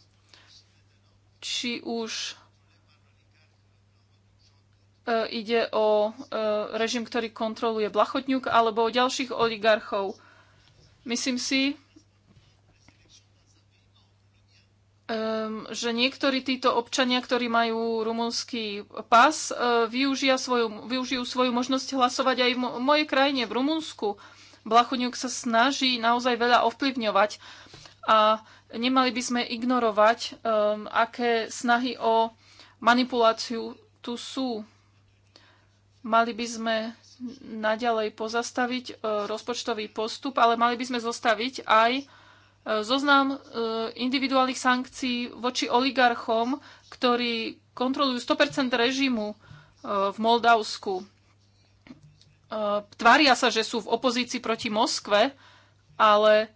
Či už e, ide o e, režim, ktorý kontroluje Blachotňuk, alebo o ďalších oligarchov, Myslím si, ehm, že niektorí títo občania, ktorí majú rumunský pas, eh, využia svoju, využijú svoju možnosť hlasovať aj v mojej krajine, v Rumunsku. Blachuňuk sa snaží naozaj veľa ovplyvňovať a nemali by sme ignorovať, ehm, aké snahy o manipuláciu tu sú. Mali by sme naďalej pozastaviť e, rozpočtový postup, ale mali by sme zostaviť aj e, zoznam e, individuálnych sankcií voči oligarchom, ktorí kontrolujú 100% režimu v Moldavsku. Tvária sa, že sú v opozícii proti Moskve, ale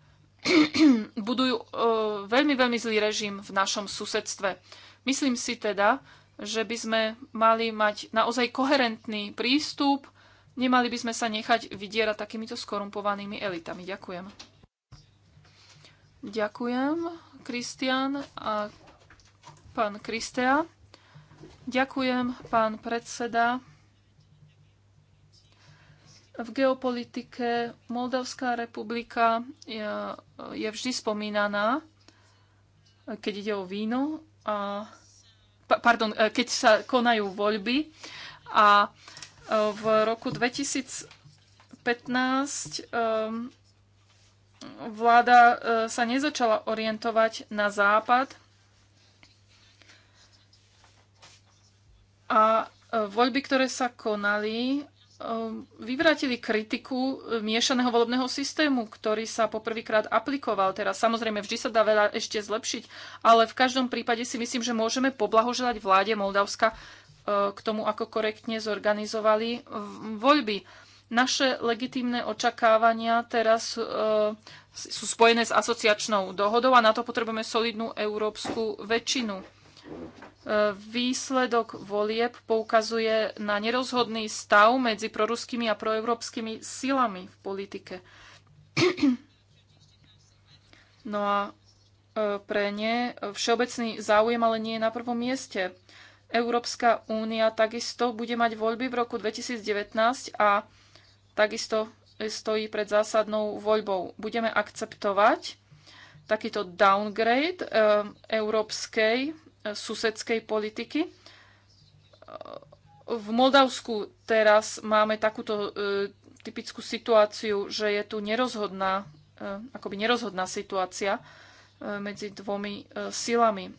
*clears throat* budujú veľmi, veľmi zlý režim v našom susedstve. Myslím si teda, že by sme mali mať naozaj koherentný prístup, Nemali by sme sa nechať vydierať takýmito skorumpovanými elitami. Ďakujem. Ďakujem, Kristian a pán Kristea. Ďakujem, pán predseda. V geopolitike Moldavská republika je, je vždy spomínaná, keď ide o víno, a, pardon, keď sa konajú voľby a v roku 2015 ehm, vláda e, sa nezačala orientovať na západ a e, voľby, ktoré sa konali, ehm, vyvrátili kritiku e, miešaného volebného systému, ktorý sa poprvýkrát aplikoval. Teraz samozrejme vždy sa dá veľa ešte zlepšiť, ale v každom prípade si myslím, že môžeme poblahoželať vláde Moldavska E, k tomu, ako korektne zorganizovali voľby. Naše legitímne očakávania teraz e, sú spojené s asociačnou dohodou a na to potrebujeme solidnú európsku väčšinu. E, výsledok volieb poukazuje na nerozhodný stav medzi proruskými a proeurópskymi silami v politike. No a pre ne všeobecný záujem ale nie je na prvom mieste. Európska únia takisto bude mať voľby v roku 2019 a takisto stojí pred zásadnou voľbou. Budeme akceptovať takýto downgrade eh, európskej eh, susedskej politiky. Eh, v Moldavsku teraz máme takúto typickú situáciu, že je tu nerozhodná, akoby nerozhodná situácia medzi dvomi silami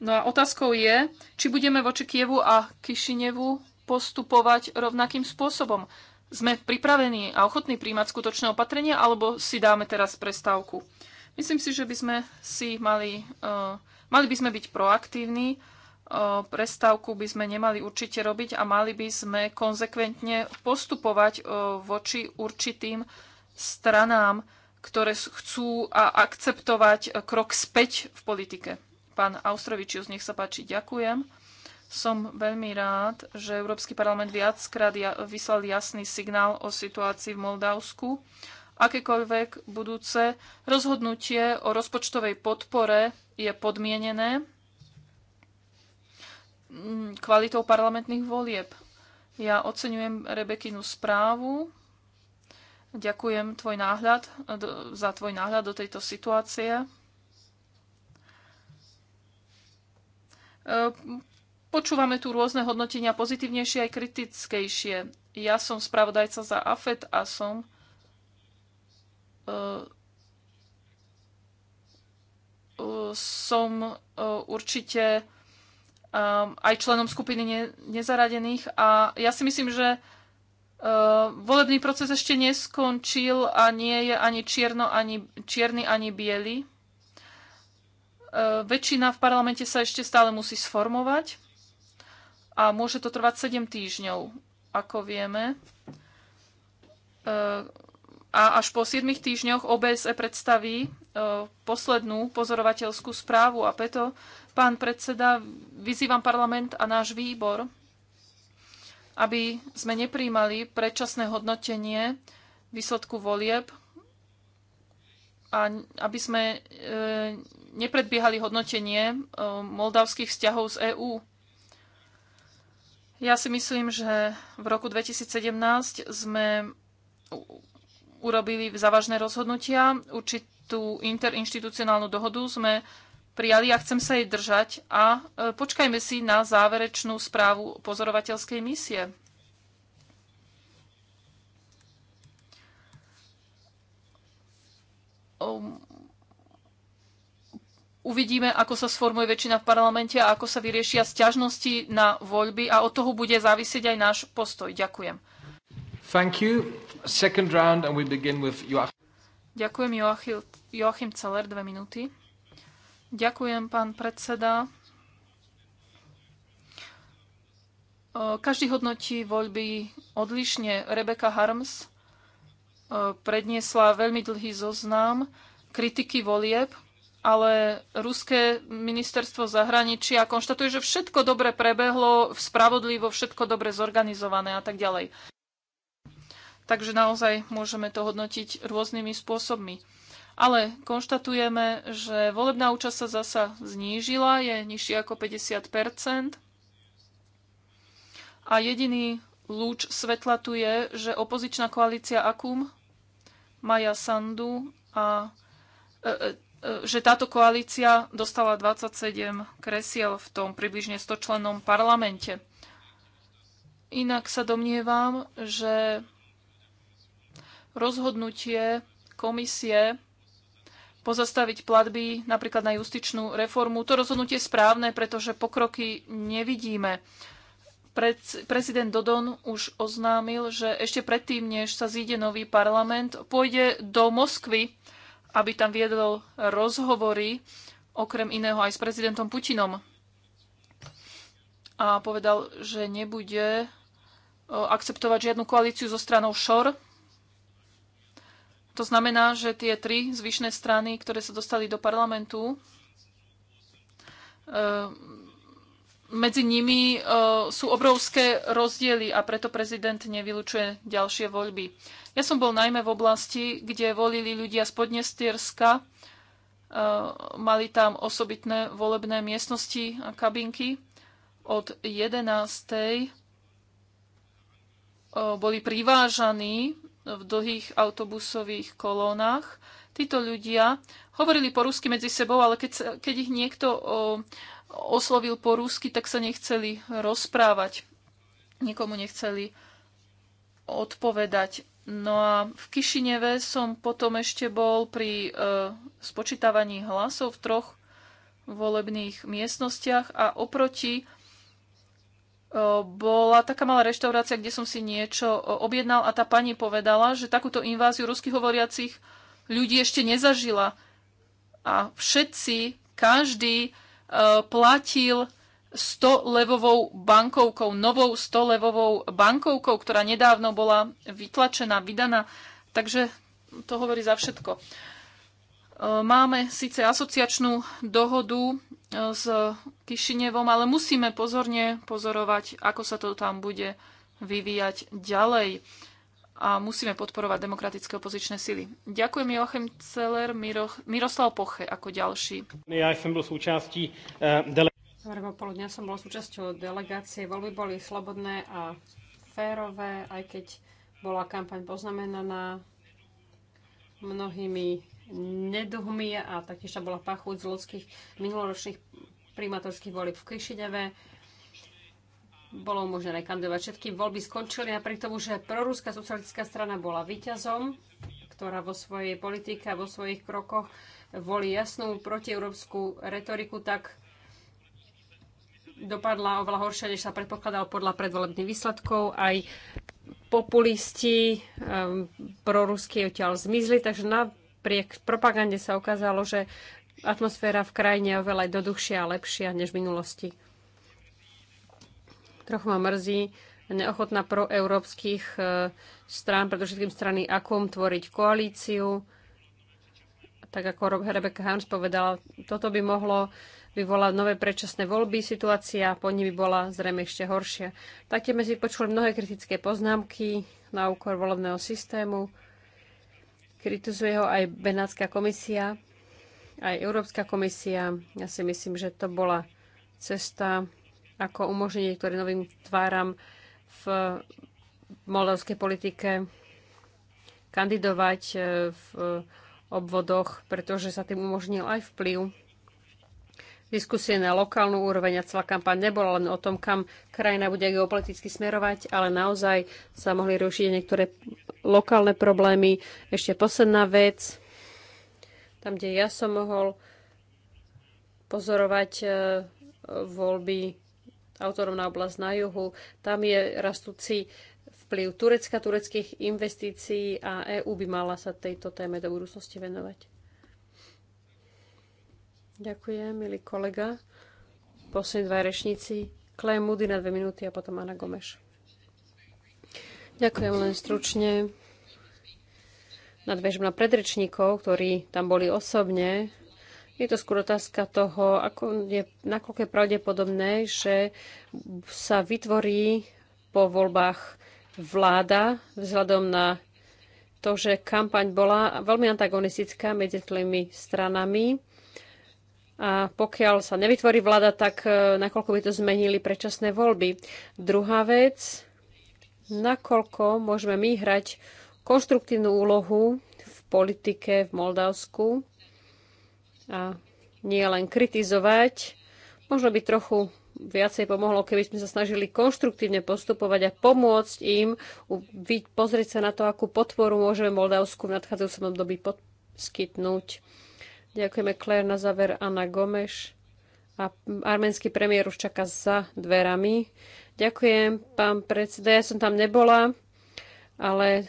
No a otázkou je, či budeme voči Kievu a Kišinevu postupovať rovnakým spôsobom. Sme pripravení a ochotní príjmať skutočné opatrenia, alebo si dáme teraz prestávku? Myslím si, že by sme si mali, uh, mali by sme byť proaktívni, uh, prestávku by sme nemali určite robiť a mali by sme konzekventne postupovať uh, voči určitým stranám, ktoré chcú a akceptovať krok späť v politike. Pán Austrovičius, nech sa páči, ďakujem. Som veľmi rád, že Európsky parlament viackrát vyslal jasný signál o situácii v Moldavsku. Akékoľvek budúce rozhodnutie o rozpočtovej podpore je podmienené kvalitou parlamentných volieb. Ja oceňujem Rebekinu správu. Ďakujem tvoj náhľad, za tvoj náhľad do tejto situácie. E, počúvame tu rôzne hodnotenia, pozitívnejšie aj kritickejšie. Ja som spravodajca za AFET a som e, e, som určite aj členom skupiny nezaradených a ja si myslím, že volebný proces ešte neskončil a nie je ani čierno, ani, čierny, ani biely. E, väčšina v parlamente sa ešte stále musí sformovať a môže to trvať 7 týždňov, ako vieme. E, a až po 7 týždňoch OBSE predstaví e, poslednú pozorovateľskú správu a preto, pán predseda, vyzývam parlament a náš výbor, aby sme nepríjmali predčasné hodnotenie výsledku volieb a aby sme e, nepredbiehali hodnotenie e, moldavských vzťahov z EÚ. Ja si myslím, že v roku 2017 sme urobili závažné rozhodnutia. Určitú interinstitucionálnu dohodu sme prijali a chcem sa jej držať a e, počkajme si na záverečnú správu pozorovateľskej misie. Ehm, uvidíme, ako sa sformuje väčšina v parlamente a ako sa vyriešia sťažnosti na voľby a od toho bude závisieť aj náš postoj. Ďakujem. Thank you. Second round and we begin with Joachim. Ďakujem Joachim, Joachim Celer, dve minúty. Ďakujem, pán predseda. Ehm, každý hodnotí voľby odlišne. Rebecca Harms E, predniesla veľmi dlhý zoznam kritiky volieb, ale ruské ministerstvo zahraničia konštatuje, že všetko dobre prebehlo, spravodlivo, všetko dobre zorganizované a tak ďalej. Takže naozaj môžeme to hodnotiť rôznymi spôsobmi. Ale konštatujeme, že volebná účasť sa zasa znížila, je nižšia ako 50 a jediný lúč svetla tu je, že opozičná koalícia Akum, Maja Sandu a e, e, e, že táto koalícia dostala 27 kresiel v tom približne 100 členom parlamente. Inak sa domnievam, že rozhodnutie komisie pozastaviť platby napríklad na justičnú reformu, to rozhodnutie je správne, pretože pokroky nevidíme prezident Dodon už oznámil, že ešte predtým, než sa zíde nový parlament, pôjde do Moskvy, aby tam viedol rozhovory, okrem iného aj s prezidentom Putinom. A povedal, že nebude e, akceptovať žiadnu koalíciu so stranou Šor. To znamená, že tie tri zvyšné strany, ktoré sa dostali do parlamentu, e, medzi nimi e, sú obrovské rozdiely a preto prezident nevylučuje ďalšie voľby. Ja som bol najmä v oblasti, kde volili ľudia z Podnestierska. E, mali tam osobitné volebné miestnosti a kabinky. Od 11. E, boli privážaní v dlhých autobusových kolónach. Títo ľudia hovorili po rusky medzi sebou, ale keď, keď ich niekto oslovil po rusky, tak sa nechceli rozprávať. Nikomu nechceli odpovedať. No a v Kišineve som potom ešte bol pri e, spočítavaní hlasov v troch volebných miestnostiach a oproti e, bola taká malá reštaurácia, kde som si niečo e, objednal a tá pani povedala, že takúto inváziu ruských hovoriacich ľudí ešte nezažila. A všetci, každý Eh, platil 100 levovou bankovkou, novou 100 levovou bankovkou, ktorá nedávno bola vytlačená, vydaná. Takže to hovorí za všetko. Eh, máme síce asociačnú dohodu eh, s Kišinevom, ale musíme pozorne pozorovať, ako sa to tam bude vyvíjať ďalej a musíme podporovať demokratické opozičné sily. Ďakujem Joachim Celer, Miro, Miroslav Poche ako ďalší. Ja som bol súčasťou eh, delegácie. poludňa som bol súčasťou delegácie. Voľby boli slobodné a férové, aj keď bola kampaň poznamenaná mnohými neduhmi a taktiež tam bola pachuť z ľudských minuloročných primátorských volieb v Kišineve bolo možné kandidovať. Všetky voľby skončili napriek tomu, že proruská socialistická strana bola víťazom, ktorá vo svojej politike a vo svojich krokoch volí jasnú protieurópsku retoriku, tak dopadla oveľa horšie, než sa predpokladalo podľa predvolebných výsledkov. Aj populisti um, proruskí odtiaľ zmizli, takže napriek propagande sa ukázalo, že atmosféra v krajine je oveľa jednoduchšia a lepšia než v minulosti. Trochu ma mrzí neochotná proeurópskych e, strán, všetkým strany AKUM, tvoriť koalíciu. Tak ako Rebecca Harms povedala, toto by mohlo vyvolať nové predčasné voľby, situácia po nimi bola zrejme ešte horšia. Taktiež sme si počuli mnohé kritické poznámky na úkor volebného systému. Kritizuje ho aj Benátska komisia, aj Európska komisia. Ja si myslím, že to bola cesta, ako umožniť niektorým novým tváram v moldavskej politike kandidovať e, v obvodoch, pretože sa tým umožnil aj vplyv diskusie na lokálnu úroveň a celá kampaň nebola len o tom, kam krajina bude geopoliticky smerovať, ale naozaj sa mohli riešiť niektoré lokálne problémy. Ešte posledná vec, tam, kde ja som mohol pozorovať e, voľby autonómna oblasť na juhu. Tam je rastúci vplyv Turecka, tureckých investícií a EÚ by mala sa tejto téme do budúcnosti venovať. Ďakujem, milý kolega. Poslední dva rečníci. Claire Moody na dve minúty a potom Ana Gomeš. Ďakujem len stručne. Nadvežím na predrečníkov, ktorí tam boli osobne. Je to skôr otázka toho, ako je, nakoľko je pravdepodobné, že sa vytvorí po voľbách vláda vzhľadom na to, že kampaň bola veľmi antagonistická medzi tými stranami. A pokiaľ sa nevytvorí vláda, tak e, nakoľko by to zmenili predčasné voľby. Druhá vec, nakoľko môžeme my hrať konštruktívnu úlohu v politike v Moldavsku, a nie len kritizovať. Možno by trochu viacej pomohlo, keby sme sa snažili konštruktívne postupovať a pomôcť im pozrieť sa na to, akú podporu môžeme Moldavsku v nadchádzajúcom období poskytnúť. Ďakujeme Claire na záver Anna Gomeš a arménsky premiér už čaká za dverami. Ďakujem, pán predseda. Ja som tam nebola, ale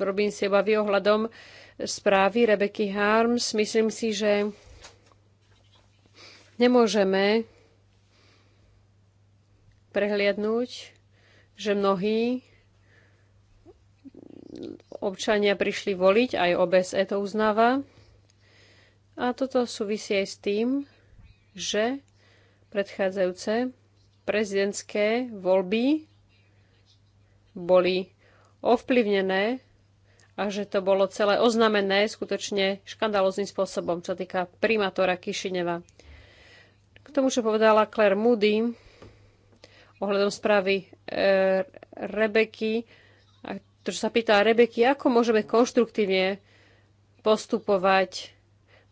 robím si obavy ohľadom správy Rebeky Harms. Myslím si, že nemôžeme prehliadnúť, že mnohí občania prišli voliť, aj OBSE to uznáva. A toto súvisí aj s tým, že predchádzajúce prezidentské voľby boli ovplyvnené a že to bolo celé oznamené skutočne škandalozným spôsobom, čo týka primátora Kišineva. K tomu, čo povedala Claire Moody ohľadom správy e, Rebeky, a to, čo sa pýta Rebeky, ako môžeme konštruktívne postupovať.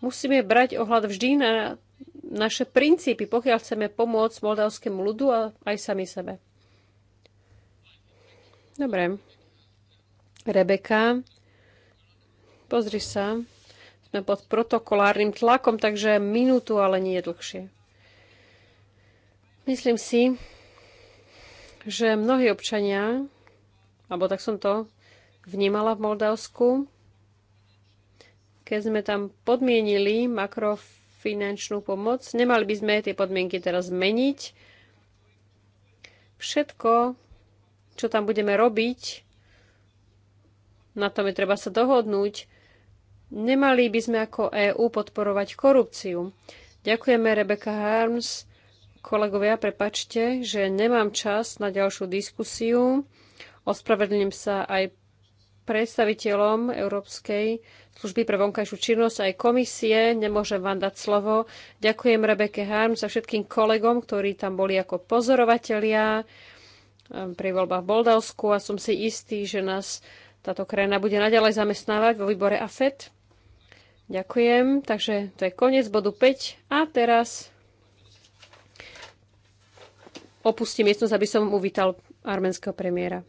Musíme brať ohľad vždy na naše princípy, pokiaľ chceme pomôcť moldavskému ľudu a aj sami sebe. Dobre. Rebeka Pozri sa, sme pod protokolárnym tlakom, takže minútu, ale nie dlhšie. Myslím si, že mnohí občania, alebo tak som to vnímala v Moldavsku, keď sme tam podmienili makrofinančnú pomoc, nemali by sme tie podmienky teraz zmeniť. Všetko, čo tam budeme robiť, na tom je treba sa dohodnúť Nemali by sme ako EÚ podporovať korupciu. Ďakujeme Rebecca Harms. Kolegovia, prepačte, že nemám čas na ďalšiu diskusiu. Ospravedlním sa aj predstaviteľom Európskej služby pre vonkajšiu činnosť aj komisie. Nemôžem vám dať slovo. Ďakujem Rebeke Harms a všetkým kolegom, ktorí tam boli ako pozorovatelia ehm, pri voľbách v Boldavsku a som si istý, že nás táto krajina bude naďalej zamestnávať vo výbore AFET. Ďakujem. Takže to je koniec bodu 5. A teraz opustím miestnosť, aby som uvítal arménskeho premiéra.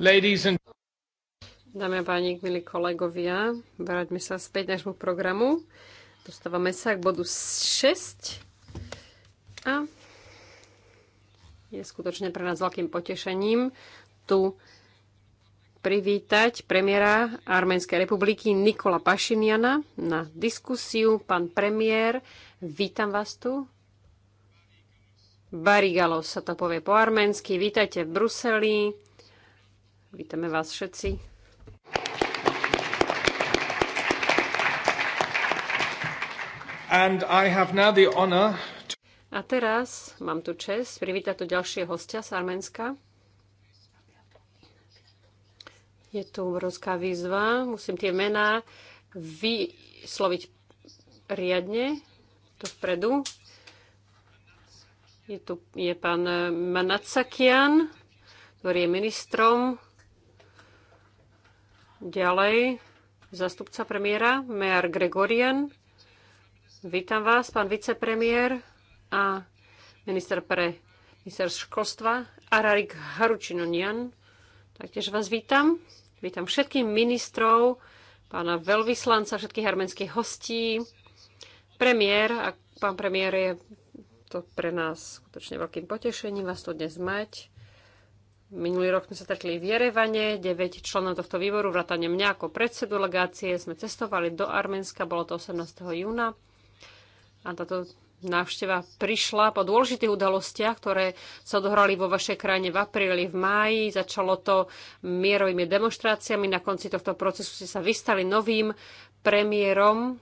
Dámy a páni, milí kolegovia, vráťme sa späť nášmu programu. Dostávame sa k bodu 6. A je skutočne pre nás veľkým potešením tu privítať premiéra Arménskej republiky Nikola Pašiniana na diskusiu. Pán premiér, vítam vás tu. Barigalo sa to povie po arménsky. Vítajte v Bruseli. Vítame vás všetci. And I have now the honor to... A teraz mám tu čest privítať tu ďalšie hostia z Arménska. Je tu obrovská výzva. Musím tie mená vysloviť riadne, tu vpredu. Je tu je pán Manacakian, ktorý je ministrom Ďalej, zastupca premiéra, Mayor Gregorian. Vítam vás, pán vicepremiér a minister pre minister školstva Ararik Haručinonian. Taktiež vás vítam. Vítam všetkých ministrov, pána veľvyslanca, všetkých arménskych hostí, premiér a pán premiér je to pre nás skutočne veľkým potešením vás to dnes mať. Minulý rok sme sa stretli v Jerevane, 9 členov tohto výboru, vrátane mňa ako predsedu legácie sme cestovali do Arménska, bolo to 18. júna. A táto návšteva prišla po dôležitých udalostiach, ktoré sa odohrali vo vašej krajine v apríli, v máji. Začalo to mierovými demonstráciami. Na konci tohto procesu ste sa vystali novým premiérom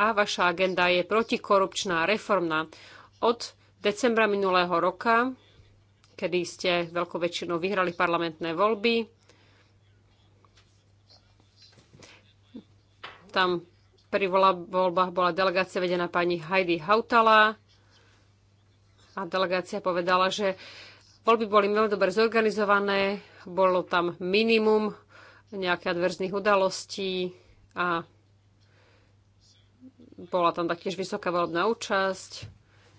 a vaša agenda je protikorupčná, reformná. Od decembra minulého roka kedy ste veľkou väčšinou vyhrali parlamentné voľby. Tam pri voľbách bola delegácia vedená pani Heidi Hautala a delegácia povedala, že voľby boli veľmi dobre zorganizované, bolo tam minimum nejakých adverzných udalostí a bola tam taktiež vysoká voľbná účasť.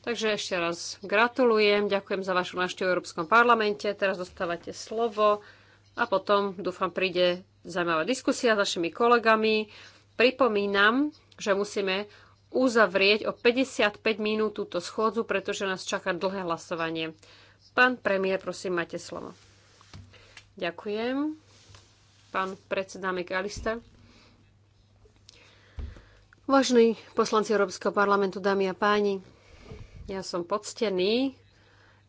Takže ešte raz gratulujem, ďakujem za vašu návštevu v Európskom parlamente. Teraz dostávate slovo a potom, dúfam, príde zaujímavá diskusia s našimi kolegami. Pripomínam, že musíme uzavrieť o 55 minút túto schôdzu, pretože nás čaká dlhé hlasovanie. Pán premiér, prosím, máte slovo. Ďakujem. Pán predseda Mikalista. Vážení poslanci Európskeho parlamentu, dámy a páni, ja som poctený,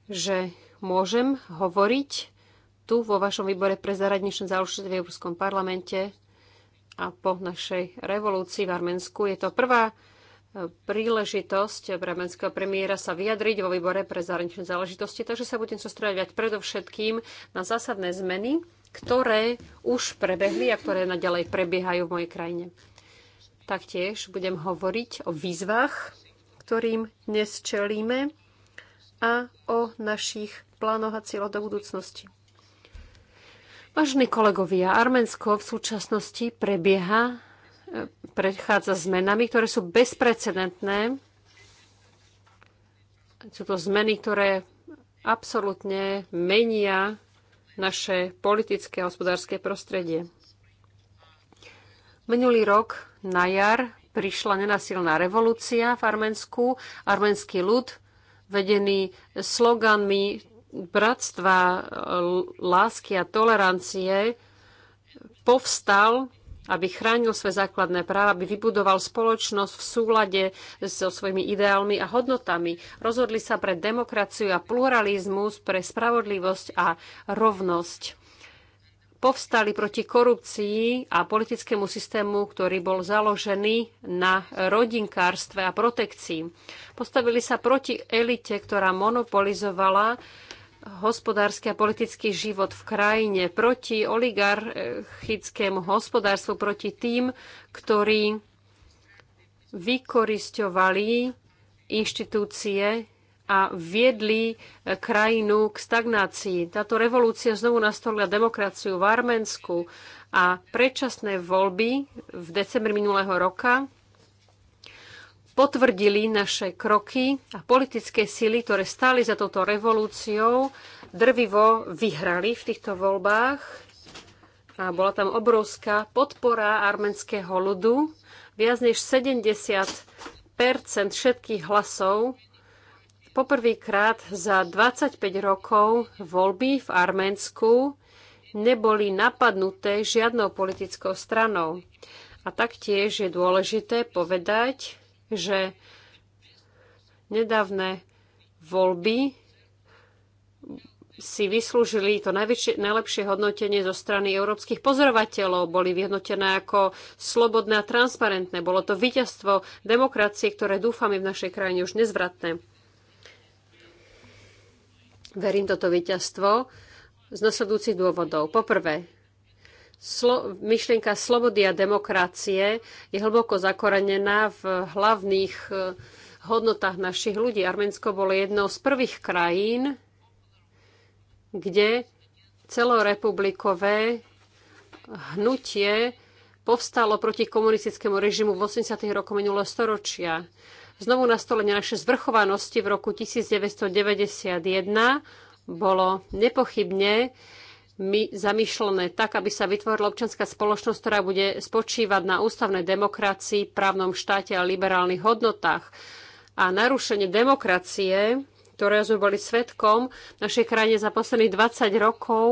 že môžem hovoriť tu vo vašom výbore pre zahraničné záležitosti v Európskom parlamente a po našej revolúcii v Arménsku. Je to prvá e, príležitosť bremenského premiéra sa vyjadriť vo výbore pre zahraničné záležitosti, takže sa budem sústredovať predovšetkým na zásadné zmeny, ktoré už prebehli a ktoré naďalej prebiehajú v mojej krajine. Taktiež budem hovoriť o výzvach, ktorým dnes čelíme a o našich plánoch a cieľoch do budúcnosti. Vážení kolegovia, Arménsko v súčasnosti prebieha, e, prechádza zmenami, ktoré sú bezprecedentné. Sú to zmeny, ktoré absolútne menia naše politické a hospodárske prostredie. Minulý rok na jar prišla nenasilná revolúcia v Arménsku. Arménsky ľud, vedený sloganmi bratstva, lásky a tolerancie, povstal, aby chránil svoje základné práva, aby vybudoval spoločnosť v súlade so svojimi ideálmi a hodnotami. Rozhodli sa pre demokraciu a pluralizmus, pre spravodlivosť a rovnosť povstali proti korupcii a politickému systému, ktorý bol založený na rodinkárstve a protekcii. Postavili sa proti elite, ktorá monopolizovala hospodársky a politický život v krajine, proti oligarchickému hospodárstvu, proti tým, ktorí vykorisťovali inštitúcie a viedli e, krajinu k stagnácii. Táto revolúcia znovu nastolila demokraciu v Arménsku a predčasné voľby v decembri minulého roka potvrdili naše kroky a politické sily, ktoré stáli za touto revolúciou, drvivo vyhrali v týchto voľbách a bola tam obrovská podpora arménskeho ľudu. Viac než 70 všetkých hlasov poprvýkrát za 25 rokov voľby v Arménsku neboli napadnuté žiadnou politickou stranou. A taktiež je dôležité povedať, že nedávne voľby si vyslúžili to najväčšie, najlepšie hodnotenie zo strany európskych pozorovateľov. Boli vyhodnotené ako slobodné a transparentné. Bolo to víťazstvo demokracie, ktoré dúfame v našej krajine už nezvratné verím toto víťazstvo z nasledujúcich dôvodov. Poprvé, slo- myšlienka slobody a demokracie je hlboko zakorenená v hlavných eh, hodnotách našich ľudí. Arménsko bolo jednou z prvých krajín, kde celorepublikové hnutie povstalo proti komunistickému režimu v 80. rokoch minulého storočia znovu nastolenie našej zvrchovanosti v roku 1991 bolo nepochybne my zamýšľané tak, aby sa vytvorila občianská spoločnosť, ktorá bude spočívať na ústavnej demokracii, právnom štáte a liberálnych hodnotách. A narušenie demokracie, ktoré sme boli svetkom v našej krajine za posledných 20 rokov,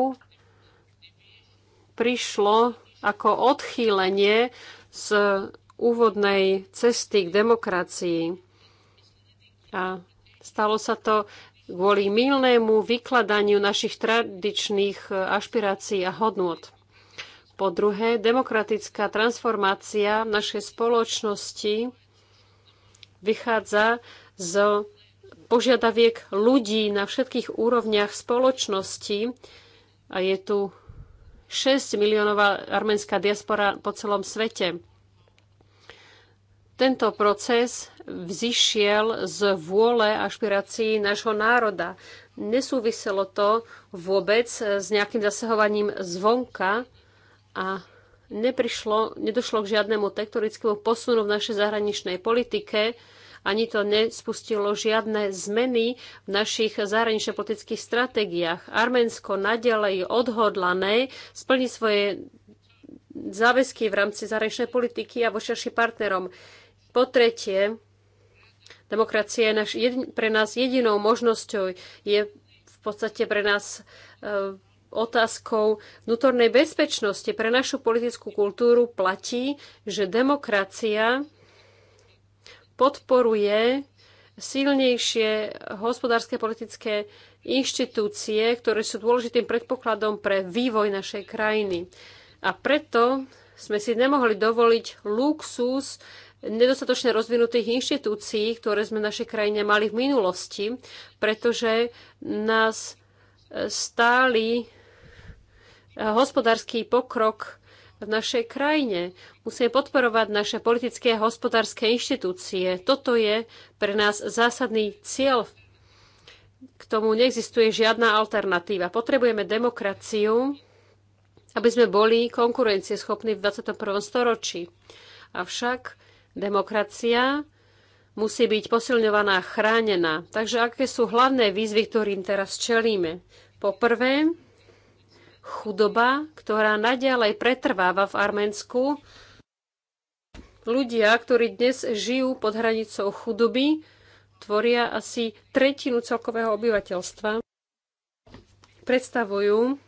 prišlo ako odchýlenie z úvodnej cesty k demokracii. A stalo sa to kvôli mylnému vykladaniu našich tradičných e, ašpirácií a hodnôt. Po druhé, demokratická transformácia našej spoločnosti vychádza z požiadaviek ľudí na všetkých úrovniach spoločnosti a je tu 6 miliónová arménska diaspora po celom svete. Tento proces vzýšiel z vôle a špirácií nášho národa. Nesúviselo to vôbec s nejakým zasahovaním zvonka a neprišlo, nedošlo k žiadnemu tektorickému posunu v našej zahraničnej politike, ani to nespustilo žiadne zmeny v našich zahraničných politických stratégiách. Arménsko nadalej odhodlané splní svoje záväzky v rámci zahraničnej politiky a vošiaši partnerom. Po tretie, demokracia je naš, jedin, pre nás jedinou možnosťou, je v podstate pre nás e, otázkou vnútornej bezpečnosti. Pre našu politickú kultúru platí, že demokracia podporuje silnejšie hospodárske politické inštitúcie, ktoré sú dôležitým predpokladom pre vývoj našej krajiny. A preto sme si nemohli dovoliť luxus nedostatočne rozvinutých inštitúcií, ktoré sme v našej krajine mali v minulosti, pretože nás e, stáli e, hospodársky pokrok v našej krajine. Musíme podporovať naše politické a hospodárske inštitúcie. Toto je pre nás zásadný cieľ. K tomu neexistuje žiadna alternatíva. Potrebujeme demokraciu, aby sme boli konkurencieschopní v 21. storočí. Avšak Demokracia musí byť posilňovaná, a chránená. Takže aké sú hlavné výzvy, ktorým teraz čelíme? Po prvé, chudoba, ktorá nadalej pretrváva v Arménsku. Ľudia, ktorí dnes žijú pod hranicou chudoby, tvoria asi tretinu celkového obyvateľstva. Predstavujú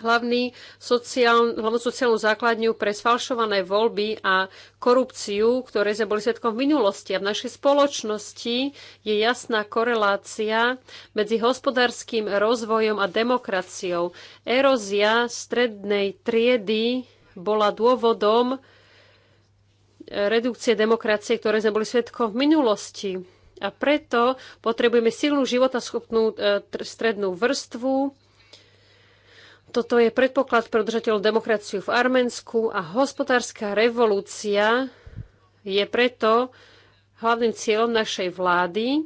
hlavný sociál, hlavnú sociálnu základňu pre sfalšované voľby a korupciu, ktoré sme boli svetkom v minulosti. A v našej spoločnosti je jasná korelácia medzi hospodárským rozvojom a demokraciou. Erózia strednej triedy bola dôvodom e, redukcie demokracie, ktoré sme boli svetkom v minulosti. A preto potrebujeme silnú životaschopnú e, strednú vrstvu, toto je predpoklad pre udržateľov demokraciu v Arménsku a hospodárska revolúcia je preto hlavným cieľom našej vlády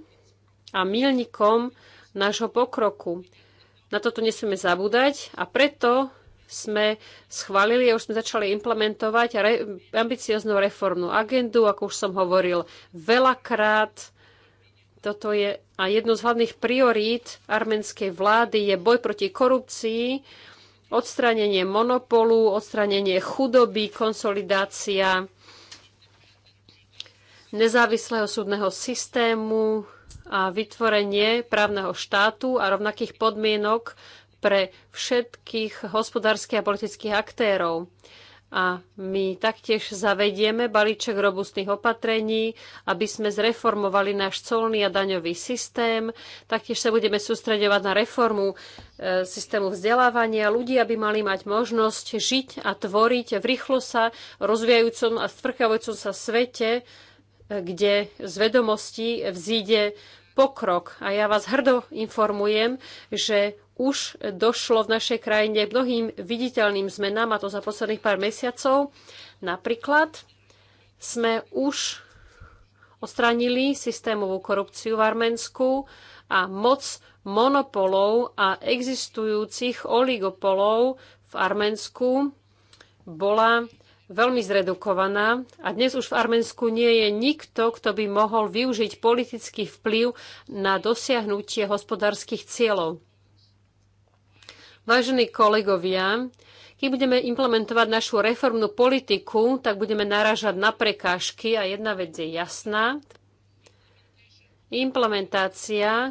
a milníkom nášho pokroku. Na toto nesmieme zabúdať a preto sme schválili a už sme začali implementovať re, ambicioznú reformnú agendu, ako už som hovoril veľakrát. Toto je a jedno z hlavných priorít arménskej vlády je boj proti korupcii, odstránenie monopolu, odstránenie chudoby, konsolidácia nezávislého súdneho systému a vytvorenie právneho štátu a rovnakých podmienok pre všetkých hospodárskych a politických aktérov. A my taktiež zavedieme balíček robustných opatrení, aby sme zreformovali náš colný a daňový systém. Taktiež sa budeme sústredovať na reformu e, systému vzdelávania ľudí, aby mali mať možnosť žiť a tvoriť v rýchlo sa rozvíjajúcom a stvrkavujúcom sa svete, e, kde z vedomostí vzíde pokrok. A ja vás hrdo informujem, že už došlo v našej krajine mnohým viditeľným zmenám, a to za posledných pár mesiacov. Napríklad sme už odstránili systémovú korupciu v Arménsku a moc monopolov a existujúcich oligopolov v Arménsku bola veľmi zredukovaná a dnes už v Arménsku nie je nikto, kto by mohol využiť politický vplyv na dosiahnutie hospodárskych cieľov. Vážení kolegovia, keď budeme implementovať našu reformnú politiku, tak budeme naražať na prekážky a jedna vec je jasná. Implementácia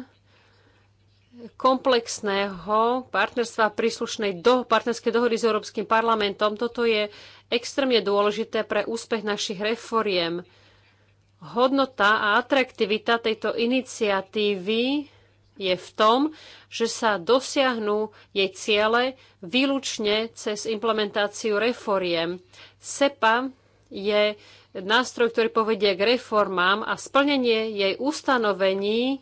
komplexného partnerstva príslušnej do, partnerskej dohody s Európskym parlamentom. Toto je extrémne dôležité pre úspech našich reforiem. Hodnota a atraktivita tejto iniciatívy je v tom, že sa dosiahnu jej ciele výlučne cez implementáciu reforiem. SEPA je nástroj, ktorý povedie k reformám a splnenie jej ustanovení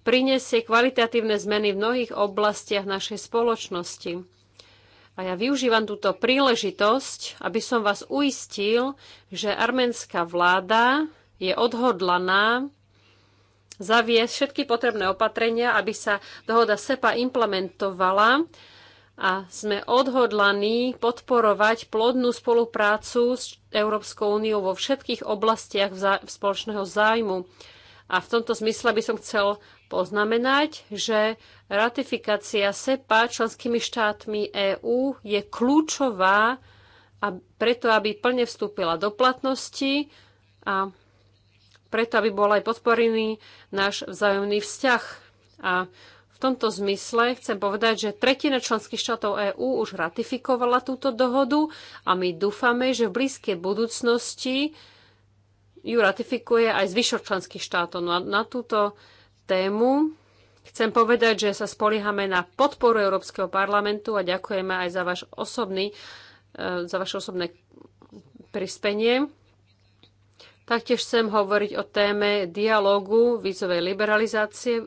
prinesie kvalitatívne zmeny v mnohých oblastiach našej spoločnosti. A ja využívam túto príležitosť, aby som vás uistil, že arménska vláda je odhodlaná zaviesť všetky potrebné opatrenia, aby sa dohoda SEPA implementovala a sme odhodlaní podporovať plodnú spoluprácu s Európskou úniou vo všetkých oblastiach spoločného zájmu. A v tomto zmysle by som chcel poznamenať, že ratifikácia SEPA členskými štátmi EÚ je kľúčová a preto, aby plne vstúpila do platnosti a preto, aby bol aj podporený náš vzájomný vzťah. A v tomto zmysle chcem povedať, že tretina členských štátov EÚ už ratifikovala túto dohodu a my dúfame, že v blízkej budúcnosti ju ratifikuje aj zvyšok členských štátov. No a na túto tému chcem povedať, že sa spoliehame na podporu Európskeho parlamentu a ďakujeme aj za, váš osobný, e, za vaše osobné prispenie. Taktiež chcem hovoriť o téme dialogu vízovej liberalizácie.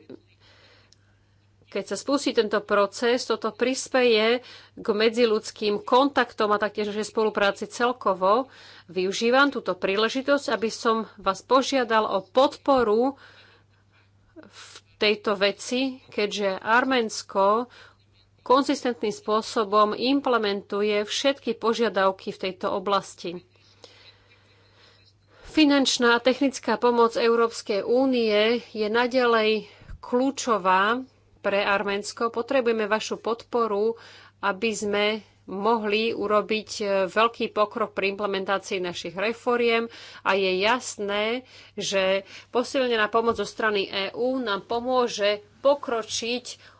Keď sa spustí tento proces, toto prispeje k medziludským kontaktom a taktiež že spolupráci celkovo. Využívam túto príležitosť, aby som vás požiadal o podporu v tejto veci, keďže Arménsko konzistentným spôsobom implementuje všetky požiadavky v tejto oblasti. Finančná a technická pomoc Európskej únie je nadalej kľúčová pre Arménsko. Potrebujeme vašu podporu, aby sme mohli urobiť e, veľký pokrok pri implementácii našich reforiem a je jasné, že posilnená pomoc zo strany EÚ nám pomôže pokročiť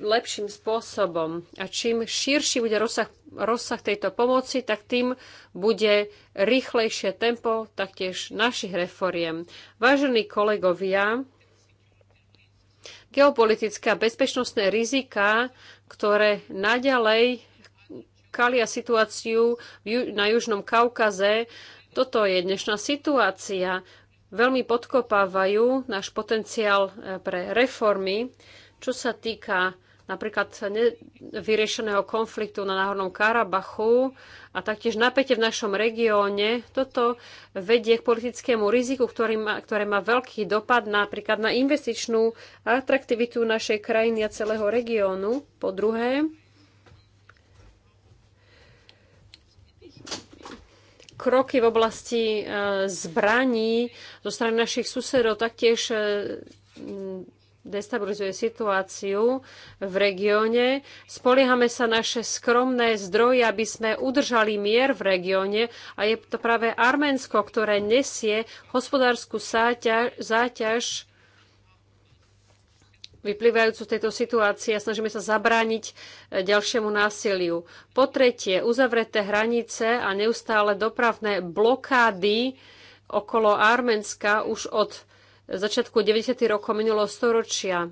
lepším spôsobom. A čím širší bude rozsah, rozsah tejto pomoci, tak tým bude rýchlejšie tempo taktiež našich reforiem. Vážení kolegovia, geopolitické a bezpečnostné rizika, ktoré naďalej kalia situáciu na Južnom Kaukaze, toto je dnešná situácia. Veľmi podkopávajú náš potenciál eh, pre reformy, čo sa týka napríklad vyriešeného konfliktu na Náhornom Karabachu a taktiež napätie v našom regióne. Toto vedie k politickému riziku, ktorý má, ktoré má veľký dopad napríklad na investičnú atraktivitu našej krajiny a celého regiónu. Po druhé, kroky v oblasti eh, zbraní zo strany našich susedov taktiež eh, destabilizuje situáciu v regióne. Spoliehame sa naše skromné zdroje, aby sme udržali mier v regióne a je to práve Arménsko, ktoré nesie hospodárskú záťaž, záťaž vyplývajúcu z tejto situácie a snažíme sa zabrániť e, ďalšiemu násiliu. Po tretie, uzavreté hranice a neustále dopravné blokády okolo Arménska už od začiatku 90. rokov minulého storočia.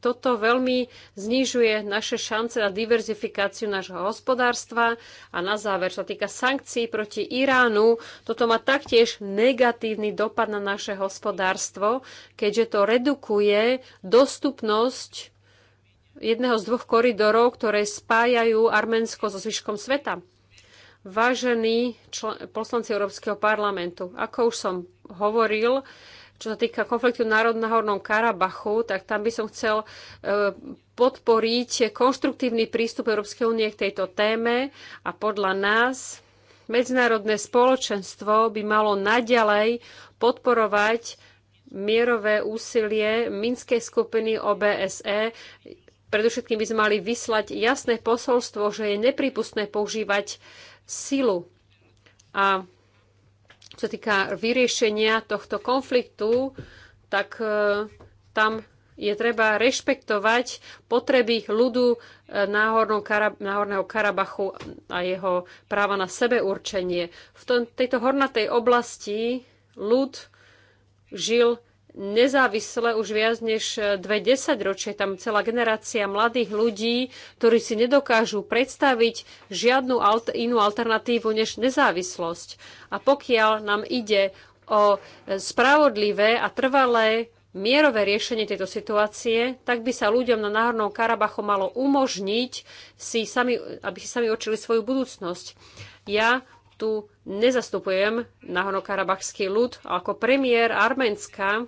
Toto veľmi znižuje naše šance na diverzifikáciu nášho hospodárstva. A na záver, čo týka sankcií proti Iránu, toto má taktiež negatívny dopad na naše hospodárstvo, keďže to redukuje dostupnosť jedného z dvoch koridorov, ktoré spájajú Arménsko so zvyškom sveta. Vážení poslanci Európskeho parlamentu, ako už som hovoril, čo sa týka konfliktu národ Hornom Karabachu, tak tam by som chcel e, podporiť konštruktívny prístup Európskej únie k tejto téme a podľa nás medzinárodné spoločenstvo by malo naďalej podporovať mierové úsilie Minskej skupiny OBSE. Predovšetkým by sme mali vyslať jasné posolstvo, že je nepripustné používať silu. A čo sa týka vyriešenia tohto konfliktu, tak e, tam je treba rešpektovať potreby ľudu e, Náhorného Karabachu a jeho práva na sebeurčenie. V tejto hornatej oblasti ľud žil nezávisle už viac než e, dve desaťročie. Tam celá generácia mladých ľudí, ktorí si nedokážu predstaviť žiadnu alt- inú alternatívu než nezávislosť. A pokiaľ nám ide o e, spravodlivé a trvalé mierové riešenie tejto situácie, tak by sa ľuďom na Náhornom Karabachu malo umožniť, si sami, aby si sami určili svoju budúcnosť. Ja tu nezastupujem Náhorno-Karabachský ľud, ako premiér Arménska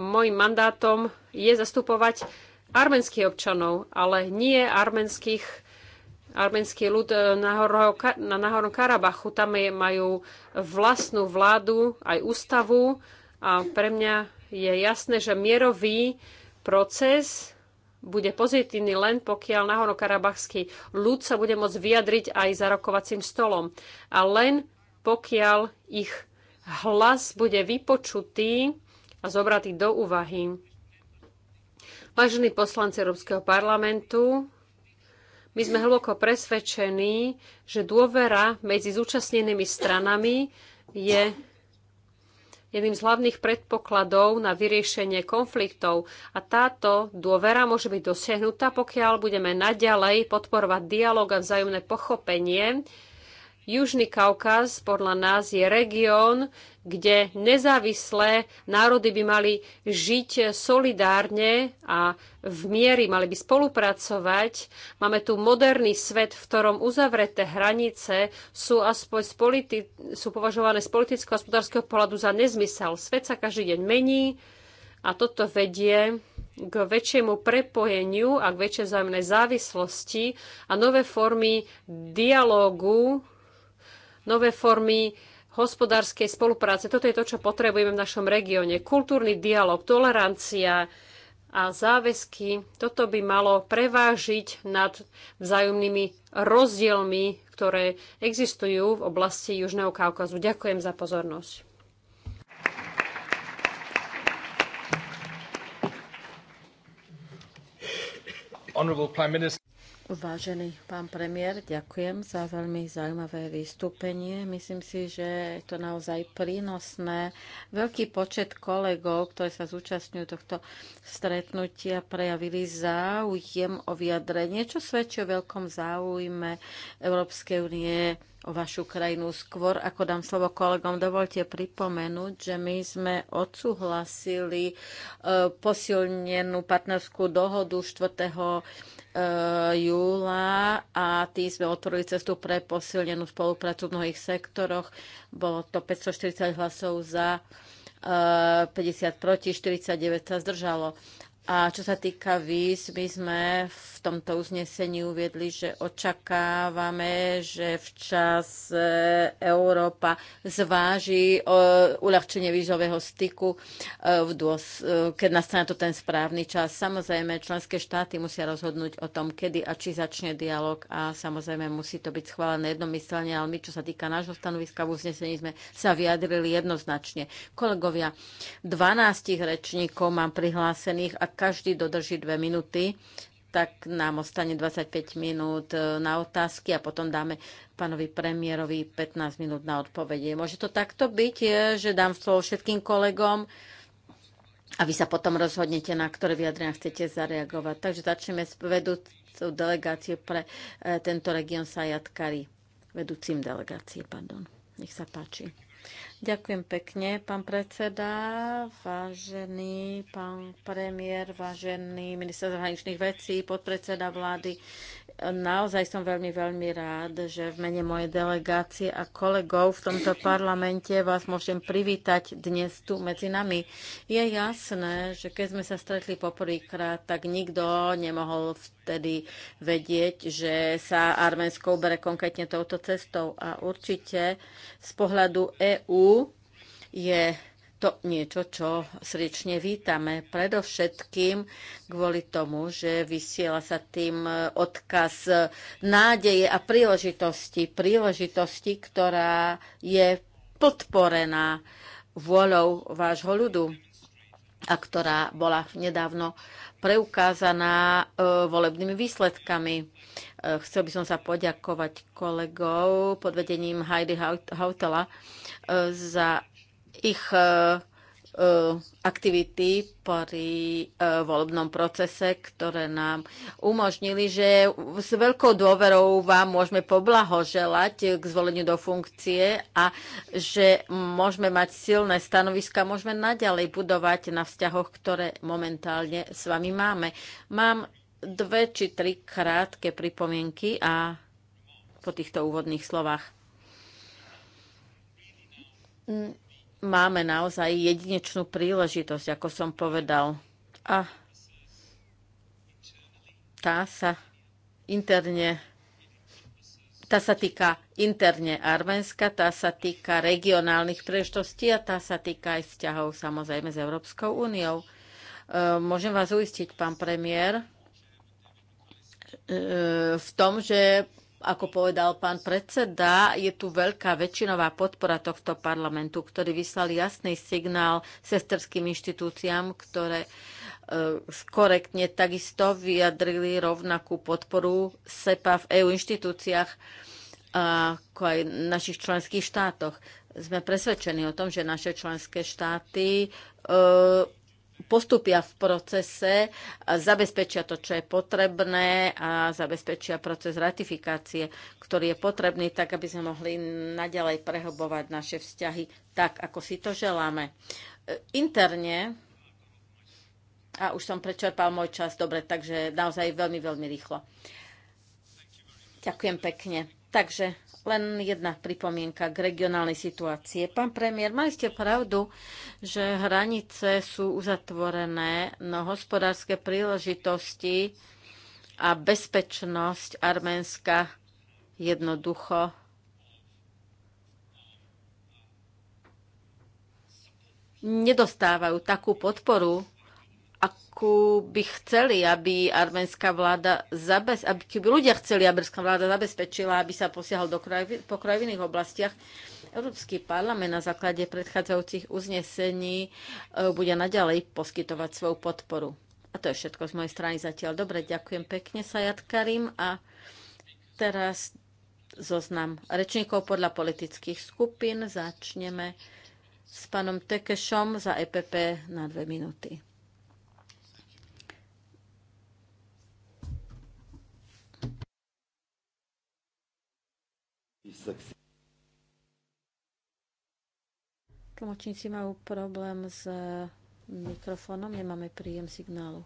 Mojím mandátom je zastupovať arménskych občanov, ale nie arménskych arménsky ľud e, na Náhornom Karabachu. Tam je, majú vlastnú vládu, aj ústavu a pre mňa je jasné, že mierový proces bude pozitívny len pokiaľ Náhorno-Karabachský ľud sa bude môcť vyjadriť aj za rokovacím stolom. A len pokiaľ ich hlas bude vypočutý a zobratý do úvahy. Vážení poslanci Európskeho parlamentu, my sme hlboko presvedčení, že dôvera medzi zúčastnenými stranami je jedným z hlavných predpokladov na vyriešenie konfliktov a táto dôvera môže byť dosiahnutá, pokiaľ budeme naďalej podporovať dialog a vzájomné pochopenie Južný Kaukaz podľa nás je región, kde nezávislé národy by mali žiť solidárne a v miery mali by spolupracovať. Máme tu moderný svet, v ktorom uzavreté hranice sú, aspoň z politi- sú považované z politického a hospodárskeho pohľadu za nezmysel. Svet sa každý deň mení a toto vedie k väčšiemu prepojeniu a k väčšej vzájomnej závislosti a nové formy dialógu nové formy hospodárskej spolupráce. Toto je to, čo potrebujeme v našom regióne. Kultúrny dialog, tolerancia a záväzky. Toto by malo prevážiť nad vzájomnými rozdielmi, ktoré existujú v oblasti Južného Kaukazu. Ďakujem za pozornosť. Honorable Prime Minister. Vážený pán premiér, ďakujem za veľmi zaujímavé vystúpenie. Myslím si, že je to naozaj prínosné. Veľký počet kolegov, ktorí sa zúčastňujú tohto stretnutia, prejavili záujem o vyjadrenie, čo svedčí o veľkom záujme Európskej únie o vašu krajinu. Skôr ako dám slovo kolegom, dovolte pripomenúť, že my sme odsúhlasili e, posilnenú partnerskú dohodu 4. Eh, júla a tým sme otvorili cestu pre posilnenú spoluprácu v mnohých sektoroch. Bolo to 540 hlasov za, 50 eh, proti, 49 sa zdržalo. A čo sa týka víz, my sme v tomto uznesení uviedli, že očakávame, že včas e, Európa zváži e, uľahčenie vízového styku, e, keď nastane to ten správny čas. Samozrejme, členské štáty musia rozhodnúť o tom, kedy a či začne dialog a samozrejme musí to byť schválené jednomyselne, ale my, čo sa týka nášho stanoviska v uznesení, sme sa vyjadrili jednoznačne. Kolegovia, 12 rečníkov mám prihlásených a ak každý dodrží dve minúty, tak nám ostane 25 minút e, na otázky a potom dáme pánovi premiérovi 15 minút na odpovede. Môže to takto byť, e, že dám slovo všetkým kolegom a vy sa potom rozhodnete, na ktoré vyjadrenia chcete zareagovať. Takže začneme s vedúcou delegácie pre e, tento región Sajatkari, vedúcim delegácie, pardon. Nech sa páči. Ďakujem pekne, pán predseda, vážený pán premiér, vážený minister zahraničných vecí, podpredseda vlády. Naozaj som veľmi, veľmi rád, že v mene mojej delegácie a kolegov v tomto parlamente vás môžem privítať dnes tu medzi nami. Je jasné, že keď sme sa stretli poprvýkrát, tak nikto nemohol vtedy vedieť, že sa Arménsko ubere konkrétne touto cestou. A určite z pohľadu EÚ je to niečo, čo srdečne vítame. Predovšetkým kvôli tomu, že vysiela sa tým odkaz nádeje a príležitosti. Príležitosti, ktorá je podporená vôľou vášho ľudu a ktorá bola nedávno preukázaná e, volebnými výsledkami. E, chcel by som sa poďakovať kolegov pod vedením Heidi Hautela, za ich e, e, aktivity pri e, volebnom procese, ktoré nám umožnili, že s veľkou dôverou vám môžeme poblahoželať k zvoleniu do funkcie a že môžeme mať silné stanoviska, môžeme naďalej budovať na vzťahoch, ktoré momentálne s vami máme. Mám dve či tri krátke pripomienky a po týchto úvodných slovách máme naozaj jedinečnú príležitosť, ako som povedal. A tá sa interne tá sa týka interne Arménska, tá sa týka regionálnych príležitostí a tá sa týka aj vzťahov samozrejme s Európskou úniou. E, môžem vás uistiť, pán premiér, e, v tom, že ako povedal pán predseda, je tu veľká väčšinová podpora tohto parlamentu, ktorý vyslal jasný signál sesterským inštitúciám, ktoré e, korektne takisto vyjadrili rovnakú podporu SEPA v EU inštitúciách ako aj v našich členských štátoch. Sme presvedčení o tom, že naše členské štáty e, postupia v procese, zabezpečia to, čo je potrebné a zabezpečia proces ratifikácie, ktorý je potrebný, tak aby sme mohli naďalej prehobovať naše vzťahy tak, ako si to želáme. Interne, a už som prečerpal môj čas, dobre, takže naozaj veľmi, veľmi rýchlo. Ďakujem pekne. Takže len jedna pripomienka k regionálnej situácie. Pán premiér, mali ste pravdu, že hranice sú uzatvorené, no hospodárske príležitosti a bezpečnosť Arménska jednoducho nedostávajú takú podporu, akú by chceli, aby arménska vláda zabez, aby, keby ľudia chceli, aby arménska vláda zabezpečila, aby sa posiahol do kraj, po krajvinných oblastiach. Európsky parlament na základe predchádzajúcich uznesení e, bude naďalej poskytovať svoju podporu. A to je všetko z mojej strany zatiaľ. Dobre, ďakujem pekne, Sajat Karim. A teraz zoznam rečníkov podľa politických skupín. Začneme s pánom Tekešom za EPP na dve minúty. Tlmočníci majú problém s mikrofónom, nemáme príjem signálu.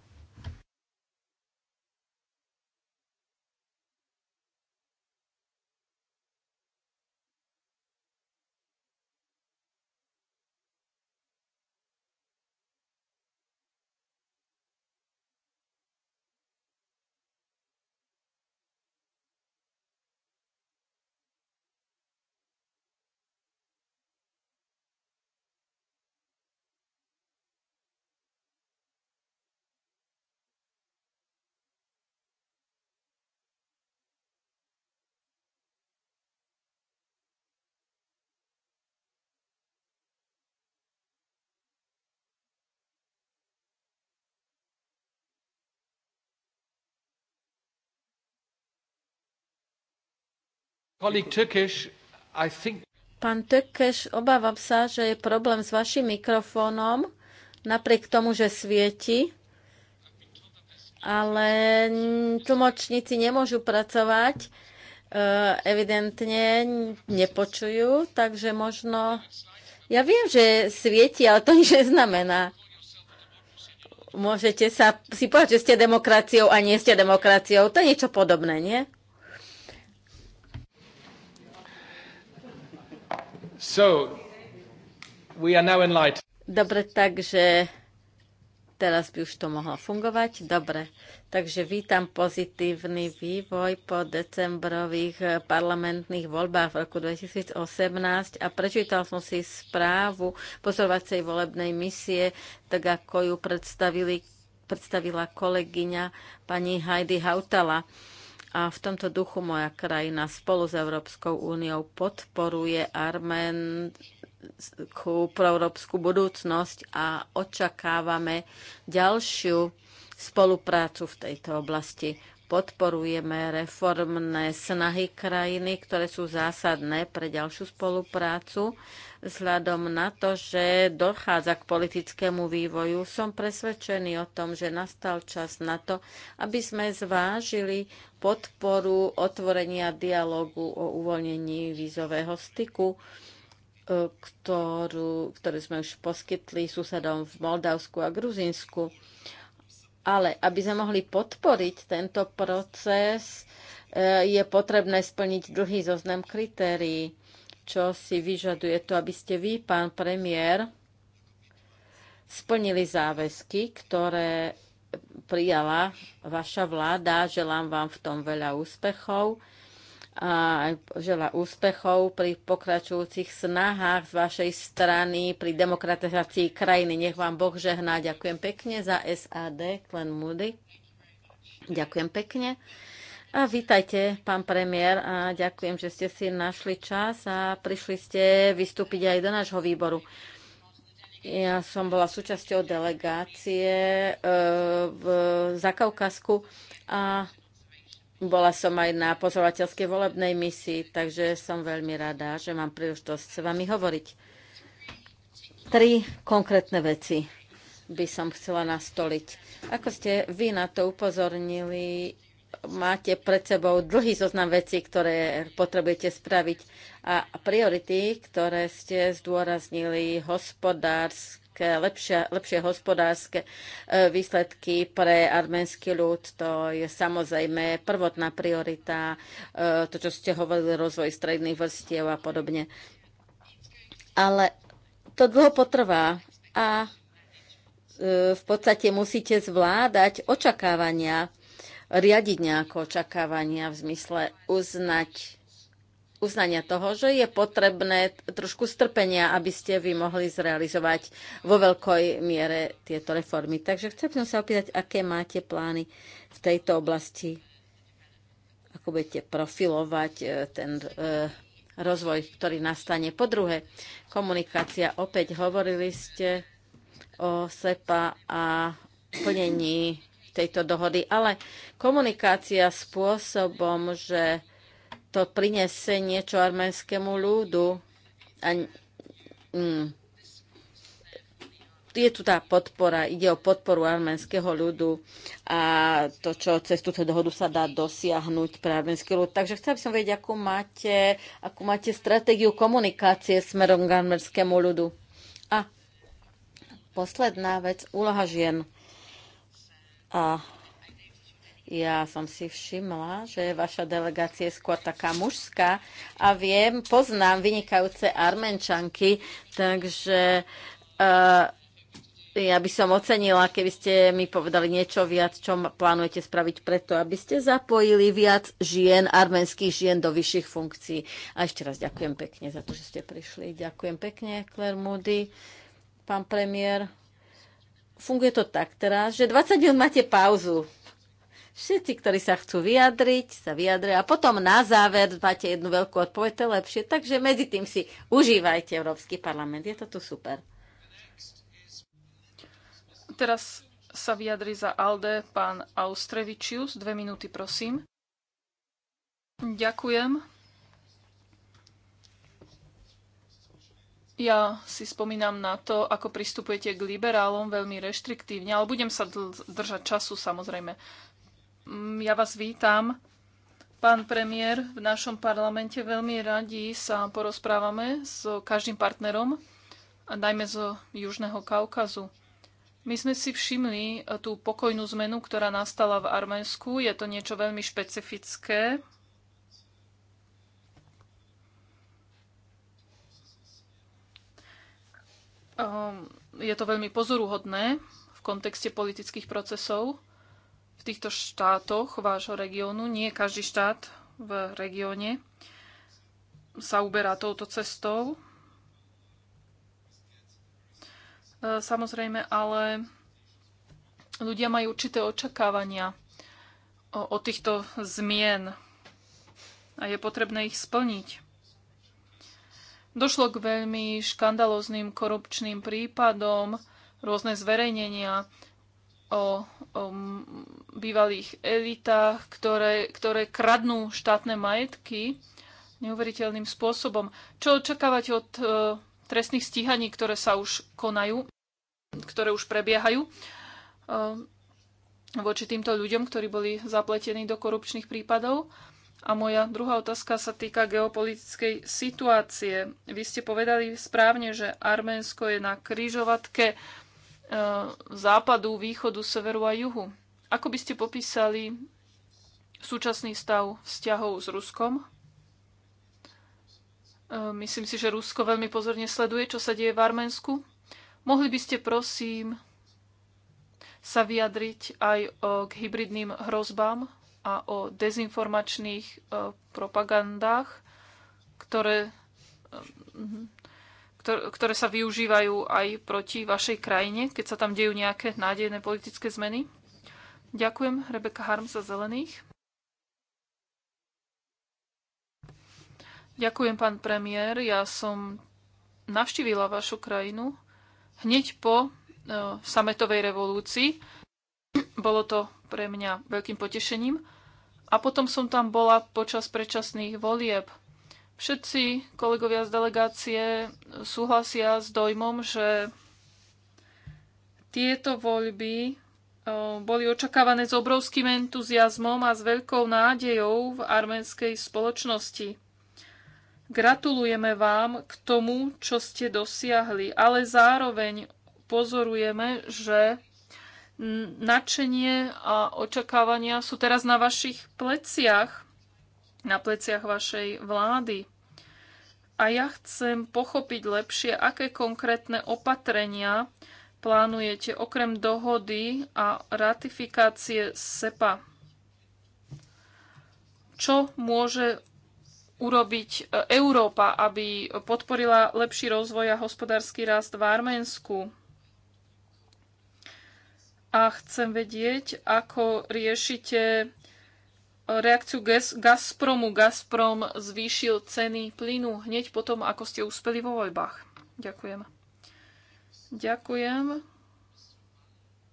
Pán Tökeš, obávam sa, že je problém s vašim mikrofónom, napriek tomu, že svieti, ale tlmočníci nemôžu pracovať, e, evidentne nepočujú, takže možno... Ja viem, že svieti, ale to *laughs* nič neznamená môžete sa si povedať, že ste demokraciou a nie ste demokraciou. To je niečo podobné, nie? So, we are now Dobre, takže teraz by už to mohlo fungovať. Dobre, takže vítam pozitívny vývoj po decembrových parlamentných voľbách v roku 2018 a prečítal som si správu pozorovacej volebnej misie, tak ako ju predstavili, predstavila kolegyňa pani Heidi Hautala. A v tomto duchu moja krajina spolu s Európskou úniou podporuje arménskú proeurópsku budúcnosť a očakávame ďalšiu spoluprácu v tejto oblasti podporujeme reformné snahy krajiny, ktoré sú zásadné pre ďalšiu spoluprácu. Vzhľadom na to, že dochádza k politickému vývoju, som presvedčený o tom, že nastal čas na to, aby sme zvážili podporu otvorenia dialogu o uvoľnení vízového styku, e, ktorú, ktorú sme už poskytli susedom v Moldavsku a Gruzinsku. Ale aby sme mohli podporiť tento proces, e, je potrebné splniť dlhý zoznam kritérií, čo si vyžaduje to, aby ste vy, pán premiér, splnili záväzky, ktoré prijala vaša vláda. Želám vám v tom veľa úspechov a želá úspechov pri pokračujúcich snahách z vašej strany pri demokratizácii krajiny. Nech vám Boh žehná. Ďakujem pekne za SAD, Klen Moody. Ďakujem pekne. A vítajte, pán premiér, a ďakujem, že ste si našli čas a prišli ste vystúpiť aj do nášho výboru. Ja som bola súčasťou delegácie e, v Zakaukasku a bola som aj na pozorovateľskej volebnej misii, takže som veľmi rada, že mám príležitosť s vami hovoriť. Tri konkrétne veci by som chcela nastoliť. Ako ste vy na to upozornili, máte pred sebou dlhý zoznam vecí, ktoré potrebujete spraviť a priority, ktoré ste zdôraznili, hospodárske, k lepšie hospodárske e, výsledky pre arménsky ľud. To je samozrejme prvotná priorita, e, to, čo ste hovorili, rozvoj stredných vrstiev a podobne. Ale to dlho potrvá a e, v podstate musíte zvládať očakávania, riadiť nejaké očakávania v zmysle uznať uznania toho, že je potrebné trošku strpenia, aby ste vy mohli zrealizovať vo veľkej miere tieto reformy. Takže chcem sa opýtať, aké máte plány v tejto oblasti, ako budete profilovať e, ten e, rozvoj, ktorý nastane. Po druhé, komunikácia. Opäť hovorili ste o SEPA a plnení tejto dohody, ale komunikácia spôsobom, že to prinese niečo arménskému ľudu. A, mm, je tu tá podpora, ide o podporu arménskeho ľudu a to, čo cez túto dohodu sa dá dosiahnuť pre arménsky ľud. Takže chcel by som vedieť, akú máte, akú máte stratégiu komunikácie smerom k arménskému ľudu. A posledná vec, úloha žien a ja som si všimla, že vaša delegácia je skôr taká mužská a viem, poznám vynikajúce armenčanky, takže uh, ja by som ocenila, keby ste mi povedali niečo viac, čo plánujete spraviť preto, aby ste zapojili viac žien, arménskych žien do vyšších funkcií. A ešte raz ďakujem pekne za to, že ste prišli. Ďakujem pekne, Claire Moody, pán premiér. Funguje to tak teraz, že 20 dní máte pauzu. Všetci, ktorí sa chcú vyjadriť, sa vyjadria a potom na záver máte jednu veľkú odpoveď, to je lepšie. Takže medzi tým si užívajte Európsky parlament. Je to tu super. Teraz sa vyjadri za ALDE pán Austrevičius. Dve minúty, prosím. Ďakujem. Ja si spomínam na to, ako pristupujete k liberálom veľmi reštriktívne, ale budem sa držať času samozrejme. Mm, ja vás vítam, pán premiér, v našom parlamente. Veľmi radi sa porozprávame s každým partnerom, a najmä zo Južného Kaukazu. My sme si všimli e, tú pokojnú zmenu, ktorá nastala v Arménsku. Je to niečo veľmi špecifické, ehm, je to veľmi pozoruhodné v kontexte politických procesov v týchto štátoch vášho regiónu. Nie každý štát v regióne sa uberá touto cestou. E, samozrejme, ale ľudia majú určité očakávania o, o týchto zmien a je potrebné ich splniť. Došlo k veľmi škandalozným korupčným prípadom, rôzne zverejnenia o, o bývalých elitách, ktoré, ktoré kradnú štátne majetky neuveriteľným spôsobom. Čo očakávate od e, trestných stíhaní, ktoré sa už konajú, ktoré už prebiehajú e, voči týmto ľuďom, ktorí boli zapletení do korupčných prípadov? A moja druhá otázka sa týka geopolitickej situácie. Vy ste povedali správne, že Arménsko je na kryžovatke E, západu, východu, severu a juhu. Ako by ste popísali súčasný stav vzťahov s Ruskom? E, myslím si, že Rusko veľmi pozorne sleduje, čo sa deje v Arménsku. Mohli by ste prosím sa vyjadriť aj e, k hybridným hrozbám a o dezinformačných propagandách, ktoré ktoré sa využívajú aj proti vašej krajine, keď sa tam dejú nejaké nádejné politické zmeny? Ďakujem, Rebeka Harm za zelených. Ďakujem, pán premiér. Ja som navštívila vašu krajinu hneď po e, sametovej revolúcii. Bolo to pre mňa veľkým potešením. A potom som tam bola počas predčasných volieb Všetci kolegovia z delegácie súhlasia s dojmom, že tieto voľby eh, boli očakávané s obrovským entuziasmom a s veľkou nádejou v arménskej spoločnosti. Gratulujeme vám k tomu, čo ste dosiahli, ale zároveň pozorujeme, že nadšenie a očakávania sú teraz na vašich pleciach na pleciach vašej vlády. A ja chcem pochopiť lepšie, aké konkrétne opatrenia plánujete okrem dohody a ratifikácie SEPA. Čo môže urobiť e, Európa, aby podporila lepší rozvoj a hospodársky rast v Arménsku? a chcem vedieť, ako riešite reakciu Gazpromu. Gazprom zvýšil ceny plynu hneď potom, ako ste uspeli vo voľbách. Ďakujem. Ďakujem.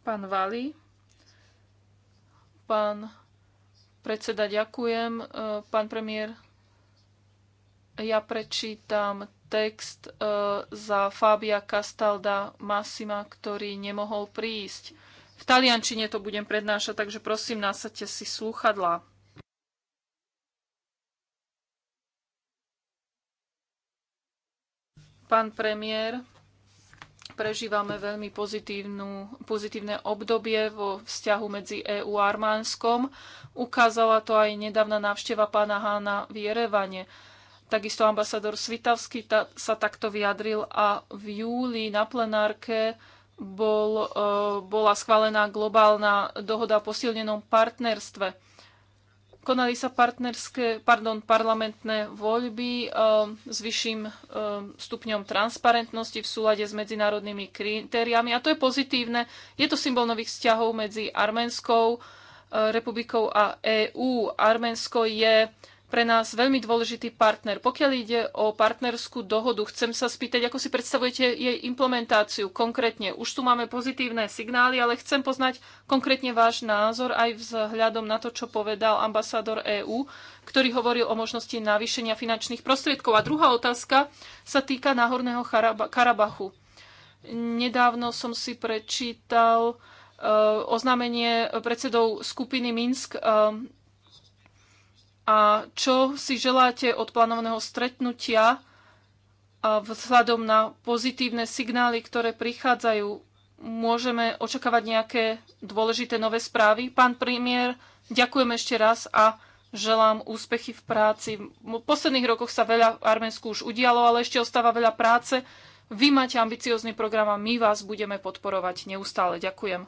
Pán Vali. Pán predseda, ďakujem. E, pán premiér, ja prečítam text e, za Fabia Castalda Massima, ktorý nemohol prísť. V taliančine to budem prednášať, takže prosím, nasadte si slúchadlá. Pán premiér, prežívame veľmi pozitívne obdobie vo vzťahu medzi EÚ a Armánskom. Ukázala to aj nedávna návšteva pána Hána v Jerevane. Takisto ambasador Svitavský ta, sa takto vyjadril a v júli na plenárke bol, e, bola schválená globálna dohoda o posilnenom partnerstve Konali sa partnerské, pardon, parlamentné voľby ehm, s vyšším ehm, stupňom transparentnosti v súlade s medzinárodnými kritériami a to je pozitívne. Je to symbol nových vzťahov medzi Arménskou ehm, republikou a EÚ. Arménsko je pre nás veľmi dôležitý partner. Pokiaľ ide o partnerskú dohodu, chcem sa spýtať, ako si predstavujete jej implementáciu konkrétne. Už tu máme pozitívne signály, ale chcem poznať konkrétne váš názor aj vzhľadom na to, čo povedal ambasádor EÚ, ktorý hovoril o možnosti navýšenia finančných prostriedkov. A druhá otázka sa týka Náhorného Karabachu. Nedávno som si prečítal e, oznámenie predsedov skupiny Minsk e, a čo si želáte od plánovaného stretnutia a vzhľadom na pozitívne signály, ktoré prichádzajú. Môžeme očakávať nejaké dôležité nové správy. Pán premiér, ďakujem ešte raz a želám úspechy v práci. V posledných rokoch sa veľa v Arménsku už udialo, ale ešte ostáva veľa práce. Vy máte ambiciózny program a my vás budeme podporovať neustále. Ďakujem.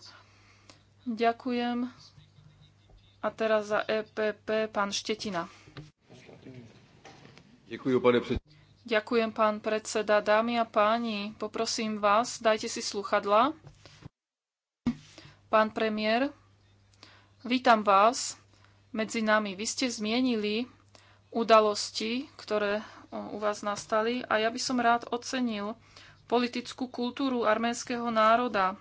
Ďakujem. A teraz za EPP pán Štetina. Ďakujem, pane predseda. Ďakujem, pán predseda. Dámy a páni, poprosím vás, dajte si sluchadla. Pán premiér, vítam vás medzi nami. Vy ste zmienili udalosti, ktoré u vás nastali a ja by som rád ocenil politickú kultúru arménskeho národa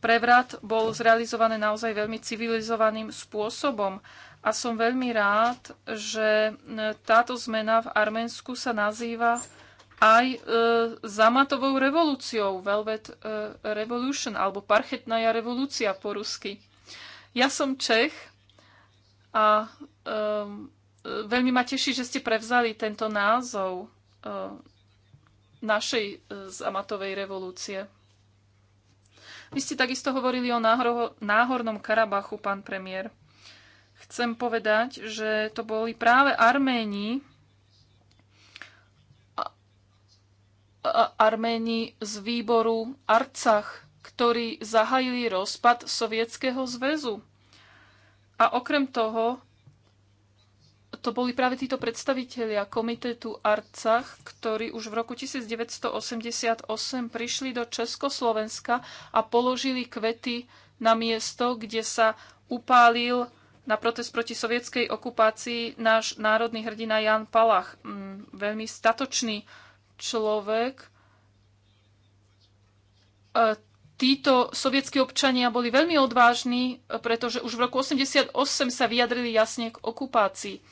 prevrat bol zrealizovaný naozaj veľmi civilizovaným spôsobom. A som veľmi rád, že e, táto zmena v Arménsku sa nazýva aj e, zamatovou revolúciou, Velvet e, Revolution, alebo parchetná revolúcia po rusky. Ja som Čech a e, veľmi ma teší, že ste prevzali tento názov e, našej e, zamatovej revolúcie. Vy ste takisto hovorili o náhor náhornom Karabachu, pán premiér. Chcem povedať, že to boli práve Arméni, Arméni z výboru Arcach, ktorí zahajili rozpad Sovietskeho zväzu. A okrem toho to boli práve títo predstavitelia komitetu Arcach, ktorí už v roku 1988 prišli do Československa a položili kvety na miesto, kde sa upálil na protest proti sovietskej okupácii náš národný hrdina Jan Palach. Mm, veľmi statočný človek. E, títo sovietskí občania boli veľmi odvážni, pretože už v roku 1988 sa vyjadrili jasne k okupácii.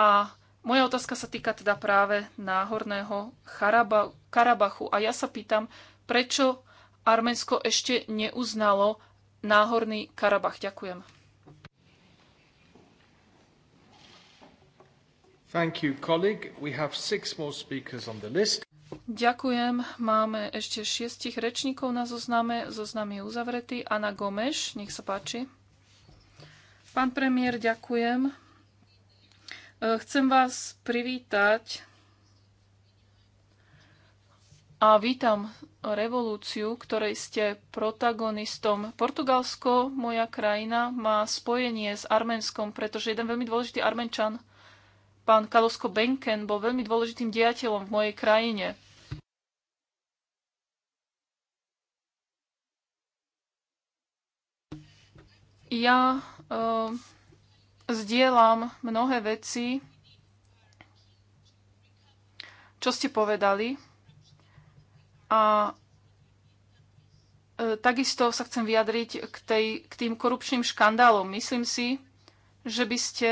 A moja otázka sa týka teda práve náhorného Charaba, Karabachu. A ja sa pýtam, prečo Arménsko ešte neuznalo náhorný Karabach. Ďakujem. Thank you, colleague. We have six more speakers on the list. Ďakujem. Máme ešte šiestich rečníkov na zozname. Zoznam je uzavretý. Ana Gomeš, nech sa páči. Pán premiér, ďakujem. E, chcem vás privítať a vítam revolúciu, ktorej ste protagonistom. Portugalsko, moja krajina, má spojenie s Arménskom, pretože jeden veľmi dôležitý Armenčan Pán Kalosko Benken bol veľmi dôležitým diateľom v mojej krajine. Ja uh, zdieľam mnohé veci, čo ste povedali. A eh, takisto sa chcem vyjadriť k, tej, k tým korupčným škandálom. Myslím si, že by ste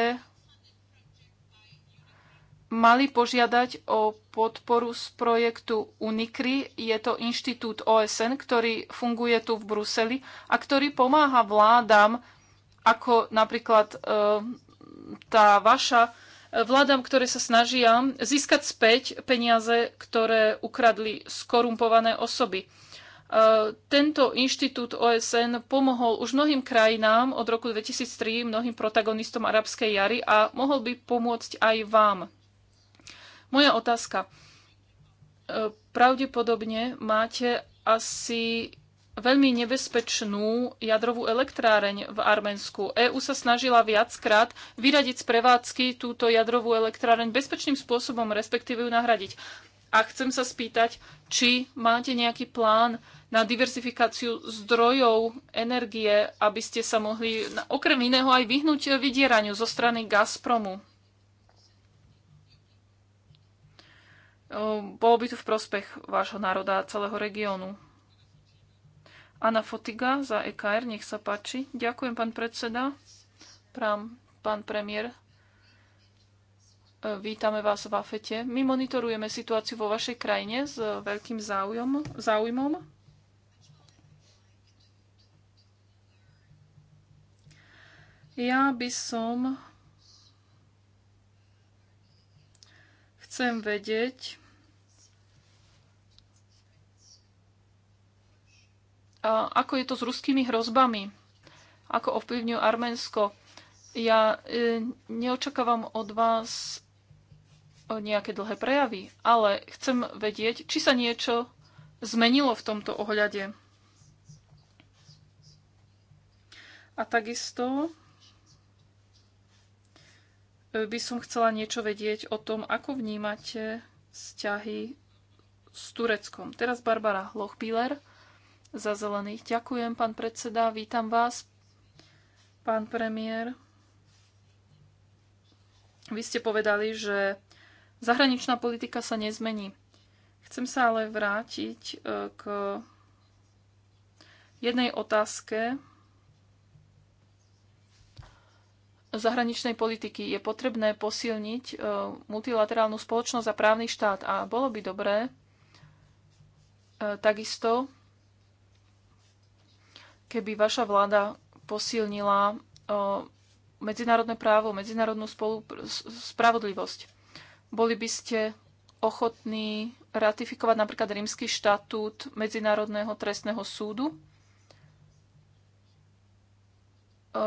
mali požiadať o podporu z projektu UNICRI. Je to inštitút OSN, ktorý funguje tu v Bruseli a ktorý pomáha vládam, ako napríklad e, tá vaša, e, vládam, ktoré sa snažia získať späť peniaze, ktoré ukradli skorumpované osoby. E, tento inštitút OSN pomohol už mnohým krajinám od roku 2003, mnohým protagonistom arabskej jary a mohol by pomôcť aj vám. Moja otázka. E, pravdepodobne máte asi veľmi nebezpečnú jadrovú elektráreň v Arménsku. EÚ sa snažila viackrát vyradiť z prevádzky túto jadrovú elektráreň bezpečným spôsobom, respektíve ju nahradiť. A chcem sa spýtať, či máte nejaký plán na diversifikáciu zdrojov energie, aby ste sa mohli okrem iného aj vyhnúť vydieraniu zo strany Gazpromu. Ehm, bolo by to v prospech vášho národa a celého regiónu. Anna Fotiga za EKR, nech sa páči. Ďakujem, pán predseda. Prám, pán premiér. Ehm, vítame vás v AFETE. My monitorujeme situáciu vo vašej krajine s veľkým záujom, záujmom. Ja by som chcem vedieť, ako je to s ruskými hrozbami, ako ovplyvňujú Arménsko. Ja e, neočakávam od vás nejaké dlhé prejavy, ale chcem vedieť, či sa niečo zmenilo v tomto ohľade. A takisto e, by som chcela niečo vedieť o tom, ako vnímate vzťahy s Tureckom. Teraz Barbara Lochbíler za zelených. Ďakujem, pán predseda, vítam vás, pán premiér. Vy ste povedali, že zahraničná politika sa nezmení. Chcem sa ale vrátiť e, k jednej otázke zahraničnej politiky. Je potrebné posilniť e, multilaterálnu spoločnosť a právny štát a bolo by dobré e, takisto keby vaša vláda posilnila medzinárodné právo, medzinárodnú spravodlivosť. Boli by ste ochotní ratifikovať napríklad rímsky štatút Medzinárodného trestného súdu?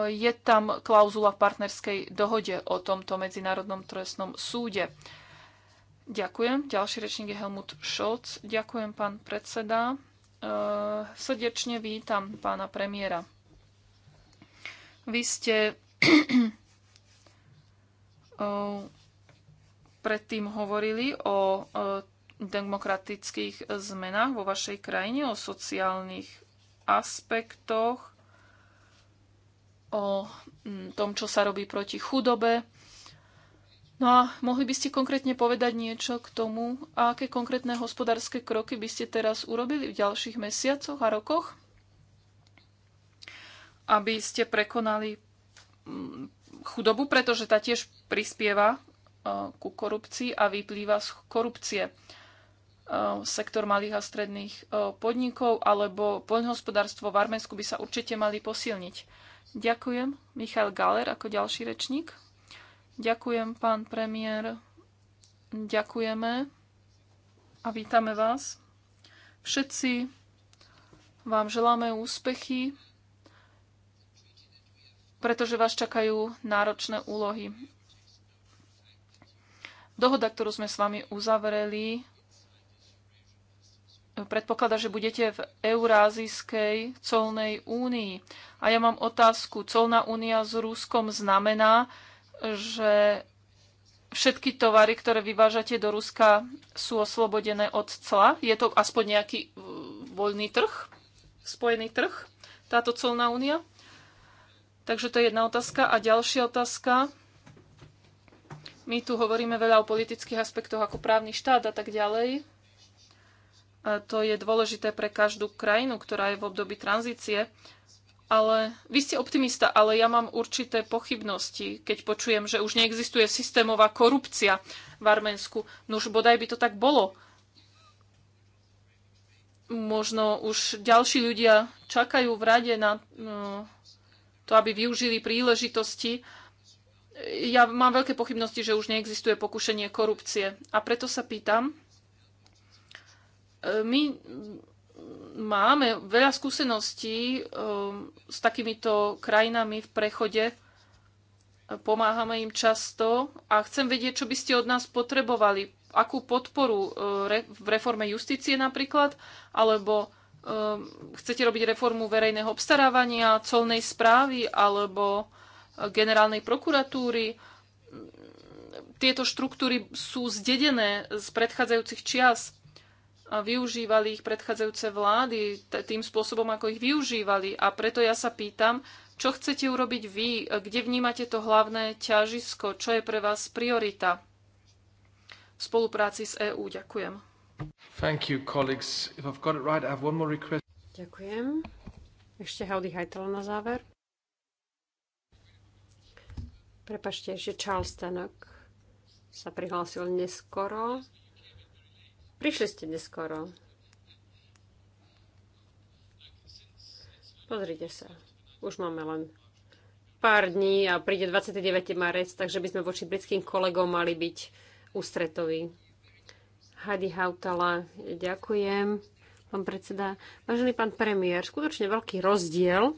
Je tam klauzula v partnerskej dohode o tomto Medzinárodnom trestnom súde. Ďakujem. Ďalší rečník je Helmut Scholz. Ďakujem, pán predseda. Eh, srdečne vítam pána premiéra. Vy ste eh, predtým hovorili o eh, demokratických zmenách vo vašej krajine, o sociálnych aspektoch, o mm, tom, čo sa robí proti chudobe. No a mohli by ste konkrétne povedať niečo k tomu, aké konkrétne hospodárske kroky by ste teraz urobili v ďalších mesiacoch a rokoch, aby ste prekonali mm, chudobu, pretože tá tiež prispieva e, ku korupcii a vyplýva z korupcie. E, sektor malých a stredných e, podnikov alebo poľnohospodárstvo v Arménsku by sa určite mali posilniť. Ďakujem. Michal Galer ako ďalší rečník. Ďakujem, pán premiér. Ďakujeme a vítame vás. Všetci vám želáme úspechy, pretože vás čakajú náročné úlohy. Dohoda, ktorú sme s vami uzavreli, predpokladá, že budete v Eurázijskej colnej únii. A ja mám otázku. Colná únia s Ruskom znamená, že všetky tovary, ktoré vyvážate do Ruska, sú oslobodené od cla? Je to aspoň nejaký voľný trh, spojený trh, táto colná únia? Takže to je jedna otázka. A ďalšia otázka. My tu hovoríme veľa o politických aspektoch ako právny štát a tak ďalej. A to je dôležité pre každú krajinu, ktorá je v období tranzície ale vy ste optimista, ale ja mám určité pochybnosti, keď počujem, že už neexistuje systémová korupcia v Arménsku. No už bodaj by to tak bolo. Možno už ďalší ľudia čakajú v rade na no, to, aby využili príležitosti. Ja mám veľké pochybnosti, že už neexistuje pokušenie korupcie. A preto sa pýtam, e, my máme veľa skúseností um, s takýmito krajinami v prechode. Pomáhame im často a chcem vedieť, čo by ste od nás potrebovali. Akú podporu uh, v reforme justície napríklad, alebo um, chcete robiť reformu verejného obstarávania, colnej správy alebo uh, generálnej prokuratúry. Tieto štruktúry sú zdedené z predchádzajúcich čias využívali ich predchádzajúce vlády tým spôsobom, ako ich využívali. A preto ja sa pýtam, čo chcete urobiť vy, kde vnímate to hlavné ťažisko, čo je pre vás priorita v spolupráci s EÚ. Ďakujem. Thank you, colleagues. If I've got it right, I have one more request. Ďakujem. Ešte Haudi Heitel na záver. Prepašte, že Charles Tenok sa prihlásil neskoro. Prišli ste neskoro. Pozrite sa. Už máme len pár dní a príde 29. marec, takže by sme voči britským kolegom mali byť ústretoví. Hadi Hautala, ďakujem. Pán predseda, vážený pán premiér, skutočne veľký rozdiel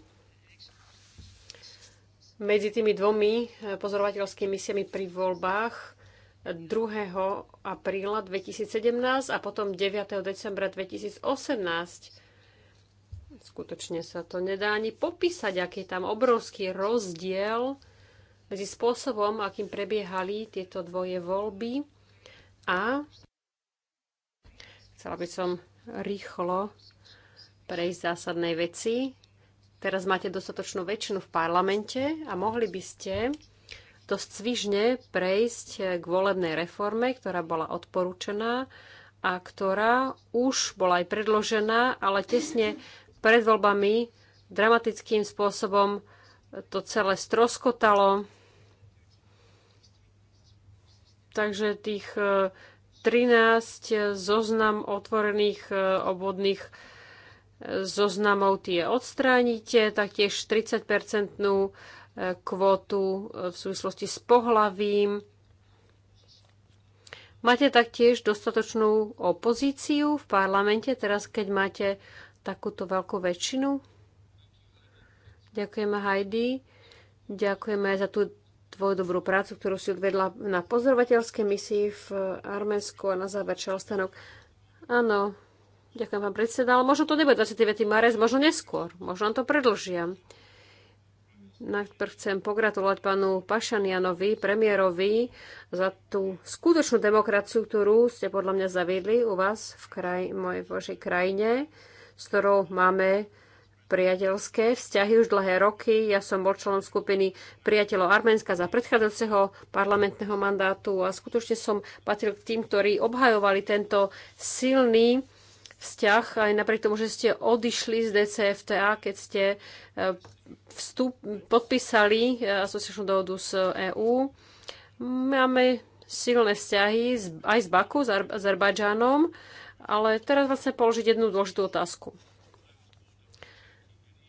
medzi tými dvomi pozorovateľskými misiami pri voľbách 2. apríla 2017 a potom 9. decembra 2018. Skutočne sa to nedá ani popísať, aký je tam obrovský rozdiel medzi spôsobom, akým prebiehali tieto dvoje voľby. A chcela by som rýchlo prejsť zásadnej veci. Teraz máte dostatočnú väčšinu v parlamente a mohli by ste to svižne prejsť k volebnej reforme, ktorá bola odporúčená a ktorá už bola aj predložená, ale tesne pred voľbami dramatickým spôsobom to celé stroskotalo. Takže tých 13 e, zoznam otvorených e, obvodných e, zoznamov tie odstránite, taktiež 30-percentnú kvotu e, v súvislosti s pohlavím. Máte taktiež dostatočnú opozíciu v parlamente, teraz keď máte takúto veľkú väčšinu? Ďakujeme Heidi. Ďakujeme za tú tvoju dobrú prácu, ktorú si odvedla na pozorovateľskej misii v Arménsku a na záver Čelstanok. Áno, ďakujem vám predseda, ale možno to nebude 29. marec, možno neskôr, možno to predlžia. Najprv chcem pogratulovať pánu Pašanianovi, premiérovi, za tú skutočnú demokraciu, ktorú ste podľa mňa zaviedli u vás v kraj, mojej Božej krajine, s ktorou máme priateľské vzťahy už dlhé roky. Ja som bol členom skupiny priateľov Arménska za predchádzajúceho parlamentného mandátu a skutočne som patril k tým, ktorí obhajovali tento silný vzťah, aj napriek tomu, že ste odišli z DCFTA, keď ste e, vstup, podpísali e, asociačnú dohodu s EÚ. E Máme silné vzťahy aj s Baku, s Azerbajdžanom, ale teraz vlastne položiť jednu dôležitú otázku.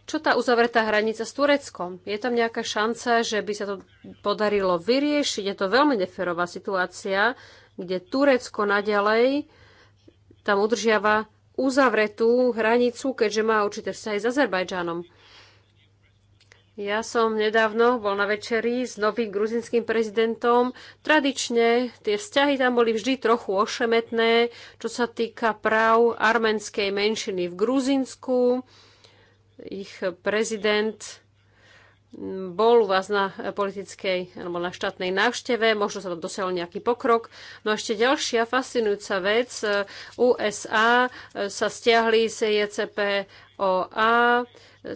Čo tá uzavretá hranica s Tureckom? Je tam nejaká šanca, že by sa to podarilo vyriešiť? Je to veľmi neferová situácia, kde Turecko naďalej tam udržiava uzavretú hranicu, keďže má určité vzťahy s Azerbajdžanom. Ja som nedávno bol na večeri s novým gruzinským prezidentom. Tradične tie vzťahy tam boli vždy trochu ošemetné, čo sa týka práv arménskej menšiny v Gruzinsku. Ich prezident bol u vás na politickej alebo na štátnej návšteve, možno sa tam dosiahol nejaký pokrok. No a ešte ďalšia fascinujúca vec. E, USA e, sa stiahli z JCPOA, e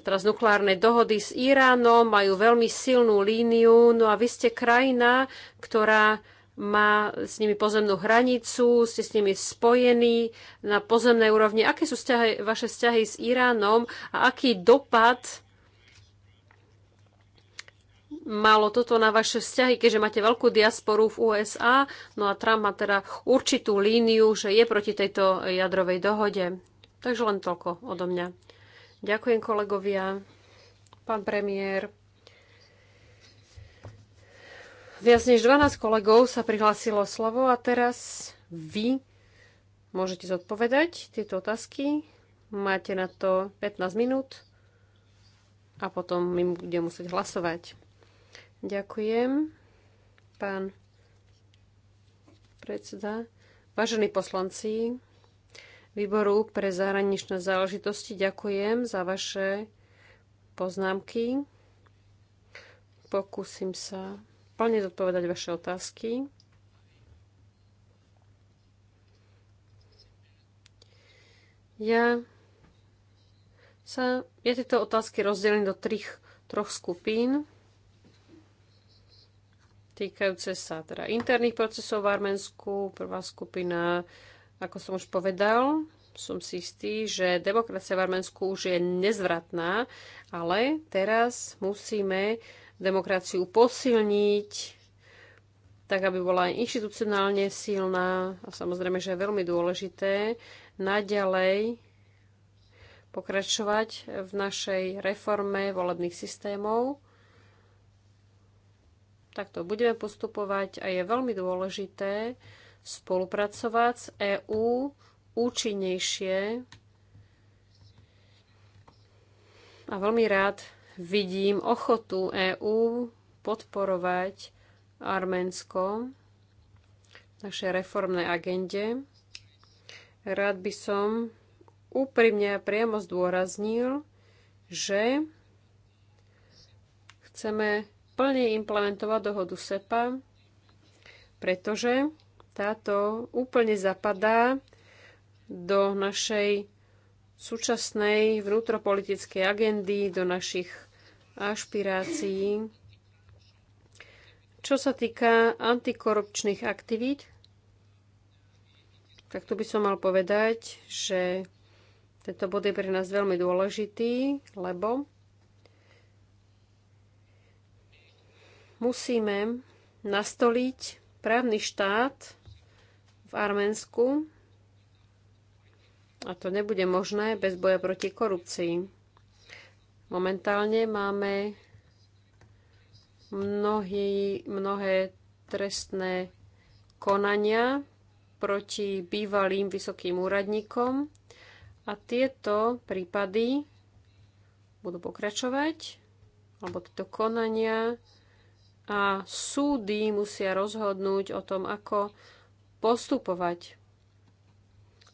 teraz nukleárne dohody s Iránom, majú veľmi silnú líniu. No a vy ste krajina, ktorá má s nimi pozemnú hranicu, ste s nimi spojení na pozemnej úrovni. Aké sú vzťahy, vaše vzťahy s Iránom a aký dopad malo toto na vaše vzťahy, keďže máte veľkú diasporu v USA, no a Trump má teda určitú líniu, že je proti tejto jadrovej dohode. Takže len toľko odo mňa. Ďakujem kolegovia, pán premiér. Viac než 12 kolegov sa prihlásilo slovo a teraz vy môžete zodpovedať tieto otázky. Máte na to 15 minút a potom my budeme musieť hlasovať. Ďakujem, pán predseda. Vážení poslanci výboru pre zahraničné záležitosti, ďakujem za vaše poznámky. Pokúsim sa plne zodpovedať vaše otázky. Ja sa, ja tieto otázky rozdelím do trich, troch skupín týkajúce sa teda interných procesov v Arménsku. Prvá skupina, ako som už povedal, som si istý, že demokracia v Arménsku už je nezvratná, ale teraz musíme demokraciu posilniť, tak aby bola aj inštitucionálne silná a samozrejme, že je veľmi dôležité naďalej pokračovať v našej reforme volebných systémov Takto budeme postupovať a je veľmi dôležité spolupracovať s EÚ účinnejšie. A veľmi rád vidím ochotu EÚ podporovať Arménsko v našej reformnej agende. Rád by som úprimne a priamo zdôraznil, že chceme plne implementovať dohodu SEPA, pretože táto úplne zapadá do našej súčasnej vnútropolitickej agendy, do našich ašpirácií. Čo sa týka antikorupčných aktivít, tak tu by som mal povedať, že tento bod je pre nás veľmi dôležitý, lebo Musíme nastoliť právny štát v Arménsku a to nebude možné bez boja proti korupcii. Momentálne máme mnohý, mnohé trestné konania proti bývalým vysokým úradníkom a tieto prípady budú pokračovať, alebo tieto konania a súdy musia rozhodnúť o tom, ako postupovať.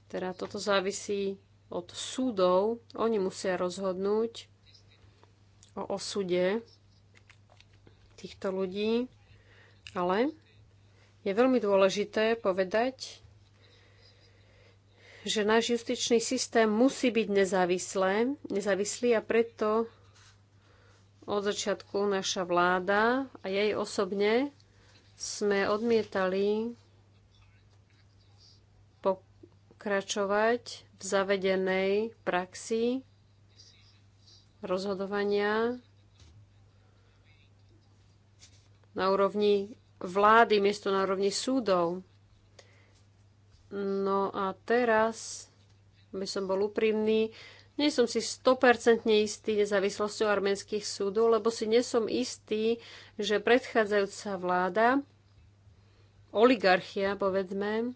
Teda toto závisí od súdov. Oni musia rozhodnúť o osude týchto ľudí, ale je veľmi dôležité povedať, že náš justičný systém musí byť nezávislé, nezávislý a preto od začiatku naša vláda a jej osobne sme odmietali pokračovať v zavedenej praxi rozhodovania na úrovni vlády, miesto na úrovni súdov. No a teraz, aby som bol úprimný, nie som si 100% istý nezávislosťou arménskych súdov, lebo si nesom istý, že predchádzajúca vláda, oligarchia, povedzme,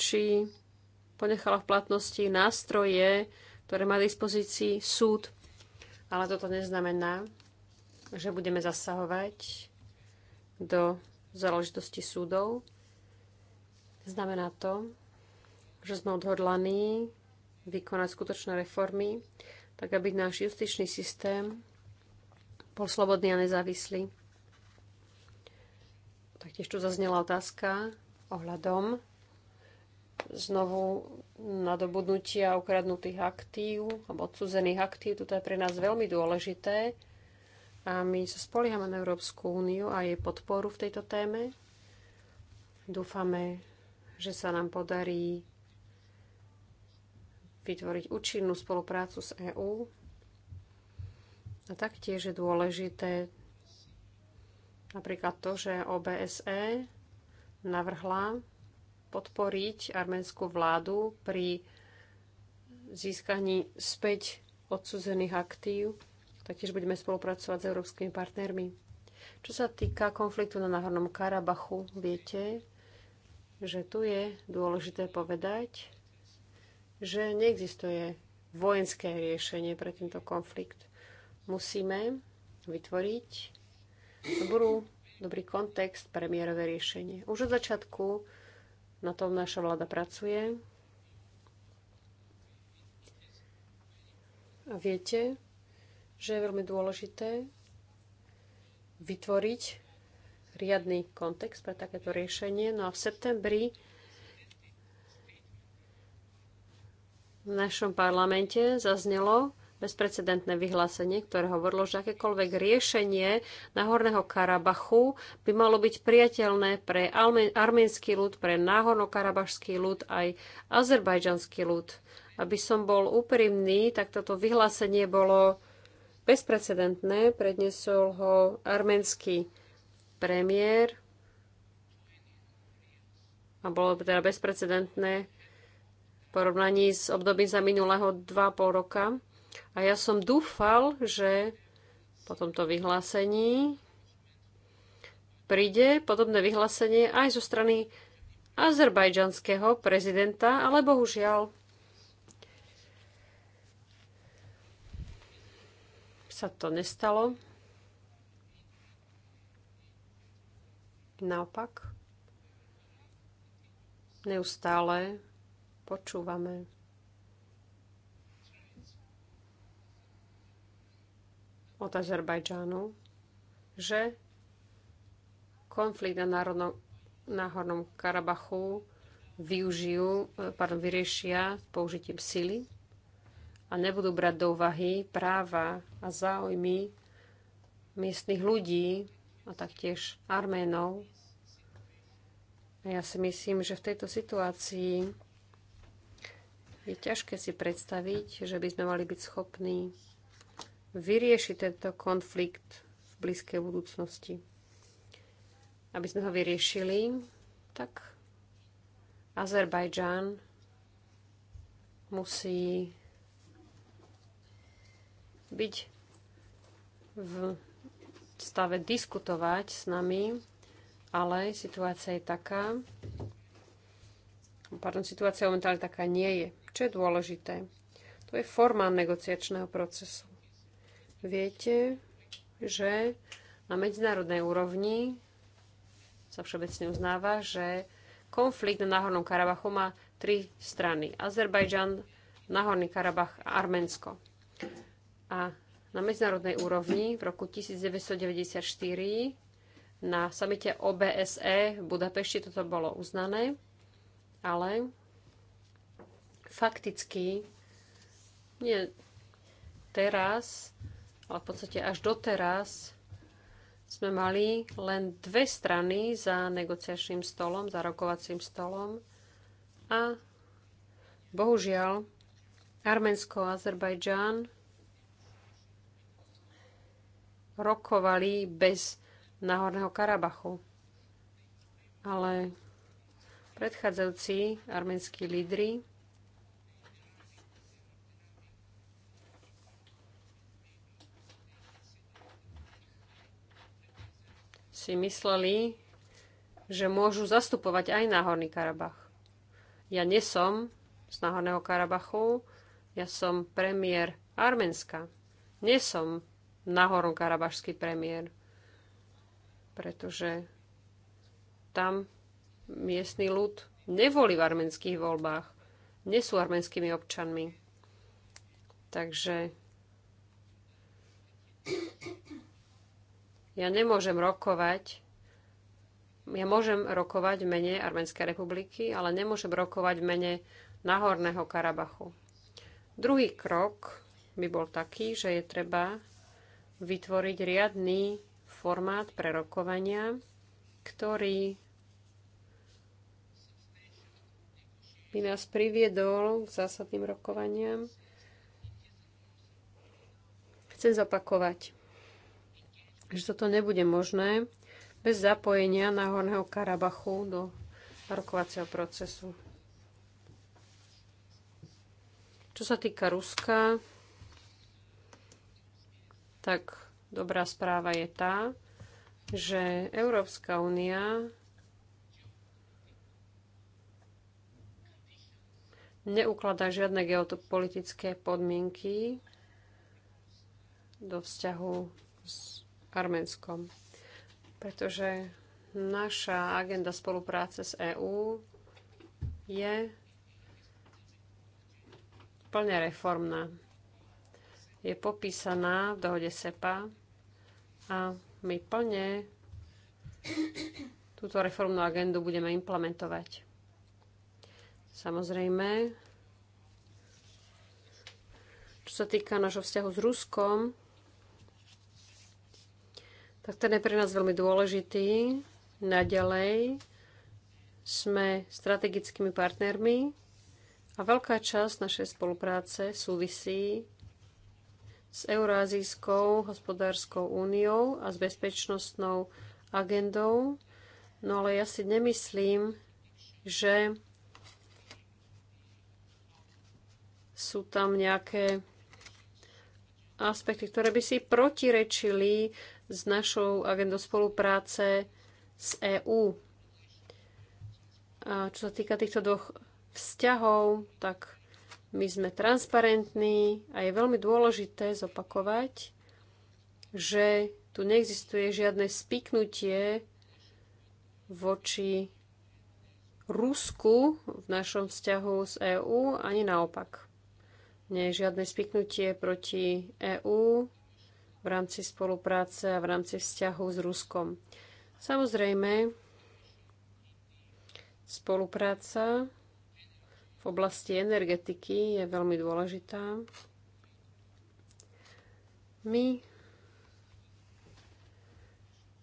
či ponechala v platnosti nástroje, ktoré má dispozícii súd. Ale toto neznamená, že budeme zasahovať do záležitosti súdov. Znamená to, že sme odhodlaní vykonať skutočné reformy, tak aby náš justičný systém bol slobodný a nezávislý. Taktiež tu zaznela otázka ohľadom znovu nadobudnutia ukradnutých aktív alebo odsuzených aktív. Toto je pre nás veľmi dôležité a my sa spoliehame na Európsku úniu a jej podporu v tejto téme. Dúfame, že sa nám podarí vytvoriť účinnú spoluprácu s EÚ. A taktiež je dôležité napríklad to, že OBSE navrhla podporiť arménskú vládu pri získaní späť odsúzených aktív. Taktiež budeme spolupracovať s európskymi partnermi. Čo sa týka konfliktu na Náhornom Karabachu, viete, že tu je dôležité povedať, že neexistuje vojenské riešenie pre tento konflikt. Musíme vytvoriť dobrú, dobrý kontext pre mierové riešenie. Už od začiatku na tom naša vláda pracuje. A viete, že je veľmi dôležité vytvoriť riadny kontext pre takéto riešenie. No a v septembri v našom parlamente zaznelo bezprecedentné vyhlásenie, ktoré hovorilo, že akékoľvek riešenie Nahorného Karabachu by malo byť priateľné pre arménsky ľud, pre náhorno-karabašský ľud, aj azerbajdžanský ľud. Aby som bol úprimný, tak toto vyhlásenie bolo bezprecedentné, predniesol ho arménsky premiér a bolo by teda bezprecedentné v porovnaní s obdobím za minulého 2,5 roka. A ja som dúfal, že po tomto vyhlásení príde podobné vyhlásenie aj zo strany azerbajdžanského prezidenta, ale bohužiaľ sa to nestalo. Naopak, neustále počúvame od Azerbajdžánu, že konflikt na národnom, náhornom Karabachu využijú, e, pardon, vyriešia použitím sily a nebudú brať do úvahy práva a záujmy miestnych ľudí a taktiež Arménov ja si myslím, že v tejto situácii je ťažké si predstaviť, že by sme mali byť schopní vyriešiť tento konflikt v blízkej budúcnosti. Aby sme ho vyriešili, tak Azerbajdžan musí byť v stave diskutovať s nami ale situácia je taká, pardon, situácia momentálne taká nie je. Čo je dôležité? To je forma negociačného procesu. Viete, že na medzinárodnej úrovni sa všeobecne uznáva, že konflikt na Náhornom Karabachu má tri strany. Azerbajdžan, Náhorný Karabach a Arménsko. A na medzinárodnej úrovni v roku 1994 na samite OBSE v Budapešti toto bolo uznané, ale fakticky nie teraz, ale v podstate až doteraz sme mali len dve strany za negociačným stolom, za rokovacím stolom a bohužiaľ Arménsko a Azerbajdžán rokovali bez Nahorného Karabachu. Ale predchádzajúci arménsky lídry si mysleli, že môžu zastupovať aj Náhorný Karabach. Ja nesom z Náhorného Karabachu, ja som premiér Arménska. Nesom Náhorný karabašský premiér pretože tam miestny ľud nevolí v arménskych voľbách, nie sú arménskymi občanmi. Takže ja nemôžem rokovať, ja môžem rokovať v mene Arménskej republiky, ale nemôžem rokovať v mene Nahorného Karabachu. Druhý krok by bol taký, že je treba vytvoriť riadný formát pre rokovania, ktorý by nás priviedol k zásadným rokovaniam. Chcem zopakovať, že toto nebude možné bez zapojenia na Horného Karabachu do rokovacieho procesu. Čo sa týka Ruska, tak dobrá správa je tá, že Európska únia neukladá žiadne geopolitické podmienky do vzťahu s Arménskom. Pretože naša agenda spolupráce s EÚ je plne reformná. Je popísaná v dohode SEPA a my plne túto reformnú agendu budeme implementovať. Samozrejme, čo sa týka nášho vzťahu s Ruskom, tak ten je pre nás veľmi dôležitý. Naďalej sme strategickými partnermi a veľká časť našej spolupráce súvisí s Eurázijskou hospodárskou úniou a s bezpečnostnou agendou. No ale ja si nemyslím, že sú tam nejaké aspekty, ktoré by si protirečili s našou agendou spolupráce s EÚ. A čo sa týka týchto dvoch vzťahov, tak my sme transparentní a je veľmi dôležité zopakovať, že tu neexistuje žiadne spiknutie voči Rusku v našom vzťahu s EÚ, ani naopak. Nie je žiadne spiknutie proti EÚ v rámci spolupráce a v rámci vzťahu s Ruskom. Samozrejme, spolupráca v oblasti energetiky je veľmi dôležitá. My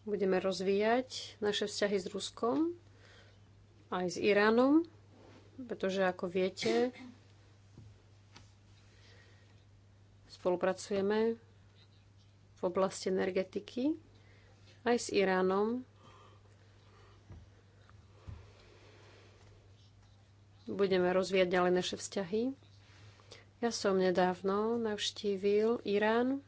budeme rozvíjať naše vzťahy s Ruskom aj s Iránom, pretože ako viete, spolupracujeme v oblasti energetiky aj s Iránom budeme rozvíjať ďalej naše vzťahy. Ja som nedávno navštívil Irán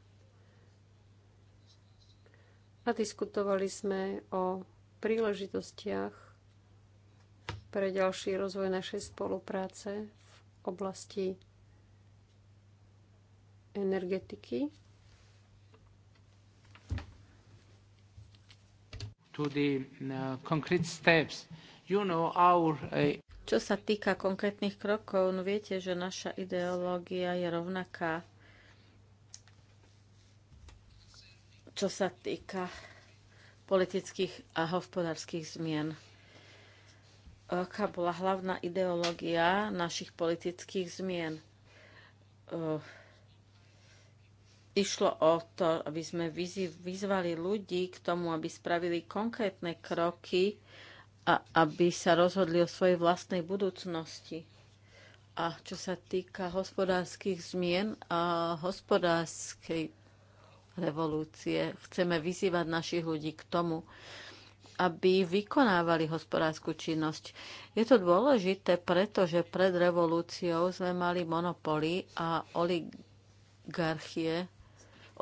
a diskutovali sme o príležitostiach pre ďalší rozvoj našej spolupráce v oblasti energetiky. To the uh, concrete steps. You know, our, uh... Čo sa týka konkrétnych krokov, no viete, že naša ideológia je rovnaká. Čo sa týka politických a hospodárskych zmien. Aká bola hlavná ideológia našich politických zmien? Išlo o to, aby sme vyzvali ľudí k tomu, aby spravili konkrétne kroky a aby sa rozhodli o svojej vlastnej budúcnosti. A čo sa týka hospodárskych zmien a hospodárskej revolúcie, chceme vyzývať našich ľudí k tomu, aby vykonávali hospodárskú činnosť. Je to dôležité, pretože pred revolúciou sme mali monopoly a oligarchie,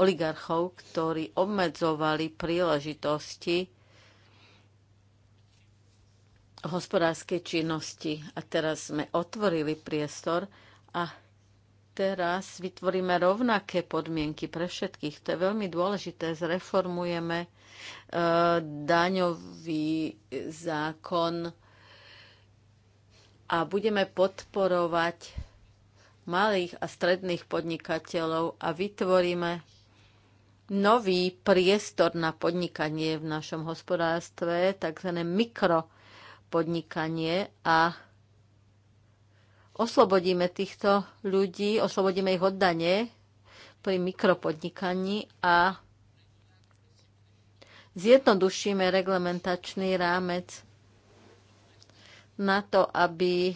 oligarchov, ktorí obmedzovali príležitosti hospodárskej činnosti. A teraz sme otvorili priestor a teraz vytvoríme rovnaké podmienky pre všetkých. To je veľmi dôležité. Zreformujeme e, daňový zákon a budeme podporovať malých a stredných podnikateľov a vytvoríme nový priestor na podnikanie v našom hospodárstve, tzv. mikro podnikanie a oslobodíme týchto ľudí, oslobodíme ich od dane pri mikropodnikaní a zjednodušíme reglementačný rámec na to, aby e,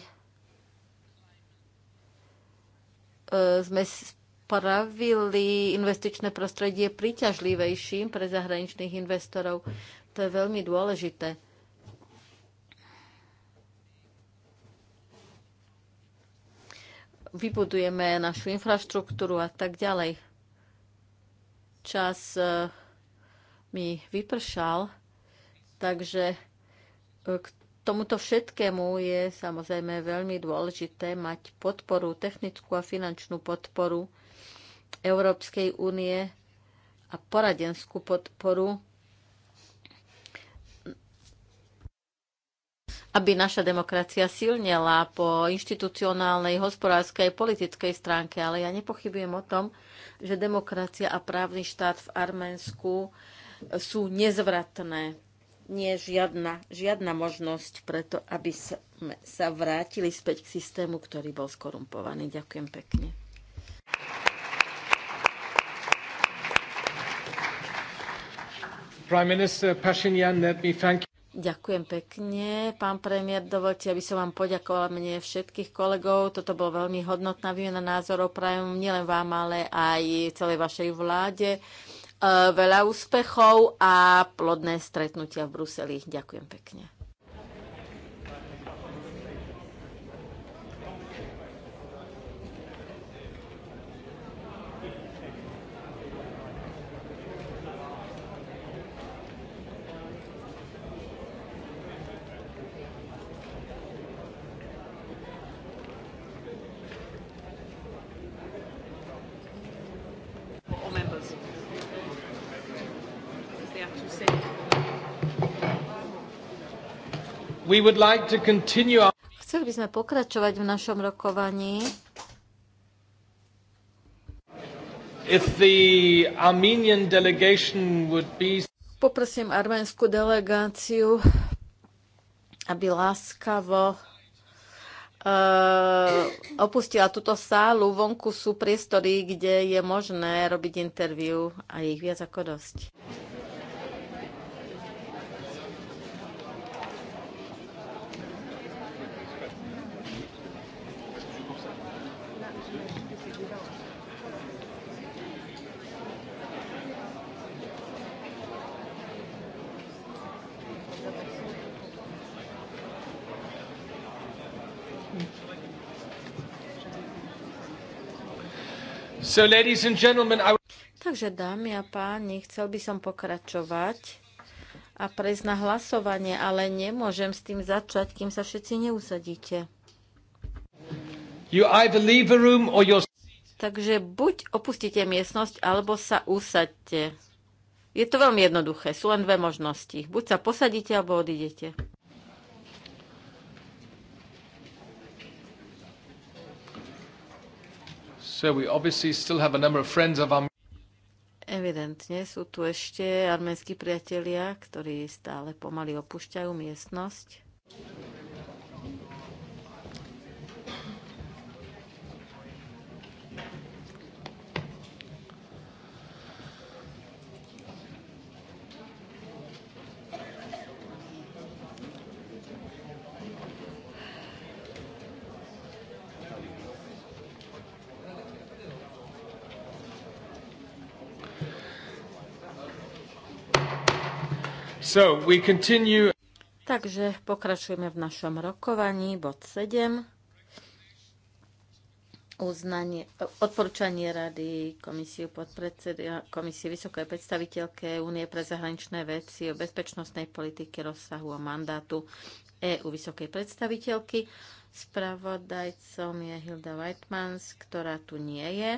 sme spravili investičné prostredie príťažlivejším pre zahraničných investorov. To je veľmi dôležité. vybudujeme našu infraštruktúru a tak ďalej. Čas eh, mi vypršal, takže eh, k tomuto všetkému je samozrejme veľmi dôležité mať podporu, technickú a finančnú podporu Európskej únie a poradenskú podporu aby naša demokracia silnela po inštitucionálnej, hospodárskej, politickej stránke. Ale ja nepochybujem o tom, že demokracia a právny štát v Arménsku sú nezvratné. Nie je žiadna, žiadna možnosť preto, aby sme sa vrátili späť k systému, ktorý bol skorumpovaný. Ďakujem pekne. Prime Minister Pashinyan, let me thank you. Ďakujem pekne. Pán premiér, dovolte, aby som vám poďakovala mne všetkých kolegov. Toto bolo veľmi hodnotná výmena názorov. Prajem nielen vám, ale aj celej vašej vláde. E, veľa úspechov a plodné stretnutia v Bruseli. Ďakujem pekne. Chceli by sme pokračovať v našom rokovaní. Poprosím arménskú delegáciu, aby láskavo eh, opustila túto sálu. Vonku sú priestory, kde je možné robiť interviu a ich viac ako dosť. So, ladies and gentlemen, I... Takže dámy a páni, chcel by som pokračovať a prejsť na hlasovanie, ale nemôžem s tým začať, kým sa všetci neusadíte. You either leave a room or Takže buď opustíte miestnosť, alebo sa usaďte. Je to veľmi jednoduché, sú len dve možnosti. Buď sa posadíte, alebo odídete. So we obviously still have a number of friends of our... Evidentne sú tu ešte arménsky priatelia, ktorí stále pomaly opúšťajú miestnosť. So, we continue. Takže pokračujeme v našom rokovaní, bod 7. Uznanie, odporúčanie Rady komisiu podpredsedia, komisie Vysokej predstaviteľke Únie pre zahraničné veci o bezpečnostnej politike rozsahu a mandátu EU Vysokej predstaviteľky. Spravodajcom je Hilda Weitmans, ktorá tu nie je.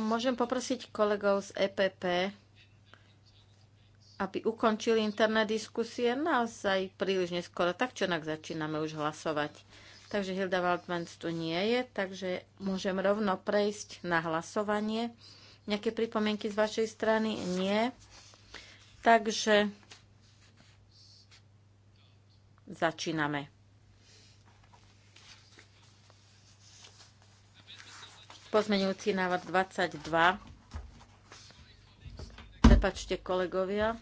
Môžem poprosiť kolegov z EPP, aby ukončili interné diskusie naozaj príliš neskoro. Tak čo nak začíname už hlasovať. Takže Hilda Waldmans tu nie je, takže môžem rovno prejsť na hlasovanie. Nejaké pripomienky z vašej strany? Nie. Takže začíname. Pozmenujúci návrh 22. Prepačte kolegovia.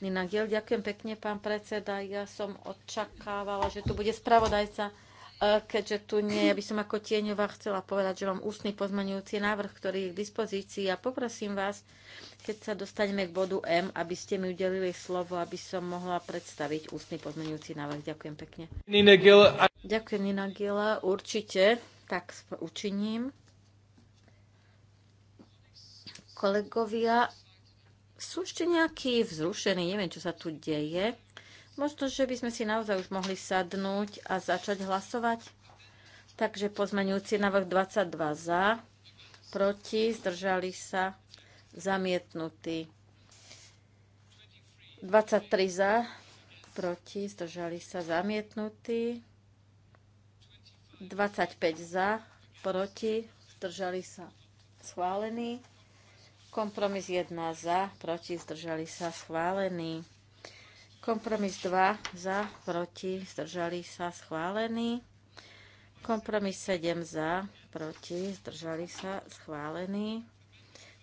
Nina Giel. Ďakujem pekne, pán predseda. Ja som očakávala, že tu bude spravodajca e, keďže tu nie, ja by som ako tieňová chcela povedať, že mám ústny pozmaňujúci návrh, ktorý je k dispozícii a ja poprosím vás, keď sa dostaneme k bodu M, aby ste mi udelili slovo, aby som mohla predstaviť ústny pozmaňujúci návrh. Ďakujem pekne. Nina A... Ďakujem, Nina Určite, tak učiním. Kolegovia, sú ešte nejakí vzrušení, neviem, čo sa tu deje. Možno, že by sme si naozaj už mohli sadnúť a začať hlasovať. Takže pozmenujúci návrh 22 za, proti, zdržali sa, zamietnutí. 23 za, proti, zdržali sa, zamietnutí. 25 za, proti, zdržali sa, schválení. Kompromis 1 za, proti, zdržali sa, schválený. Kompromis 2 za, proti, zdržali sa, schválený. Kompromis 7 za, proti, zdržali sa, schválený.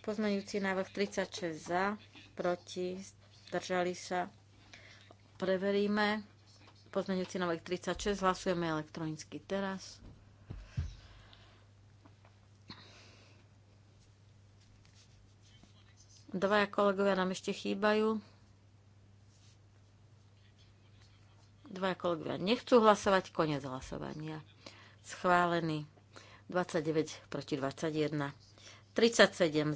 Pozmeňujúci návrh 36 za, proti, zdržali sa. Preveríme. Pozmeňujúci návrh 36, hlasujeme elektronicky teraz. Dvaja kolegovia nám ešte chýbajú. Dvaja kolegovia nechcú hlasovať. Konec hlasovania. Schválený. 29 proti 21. 37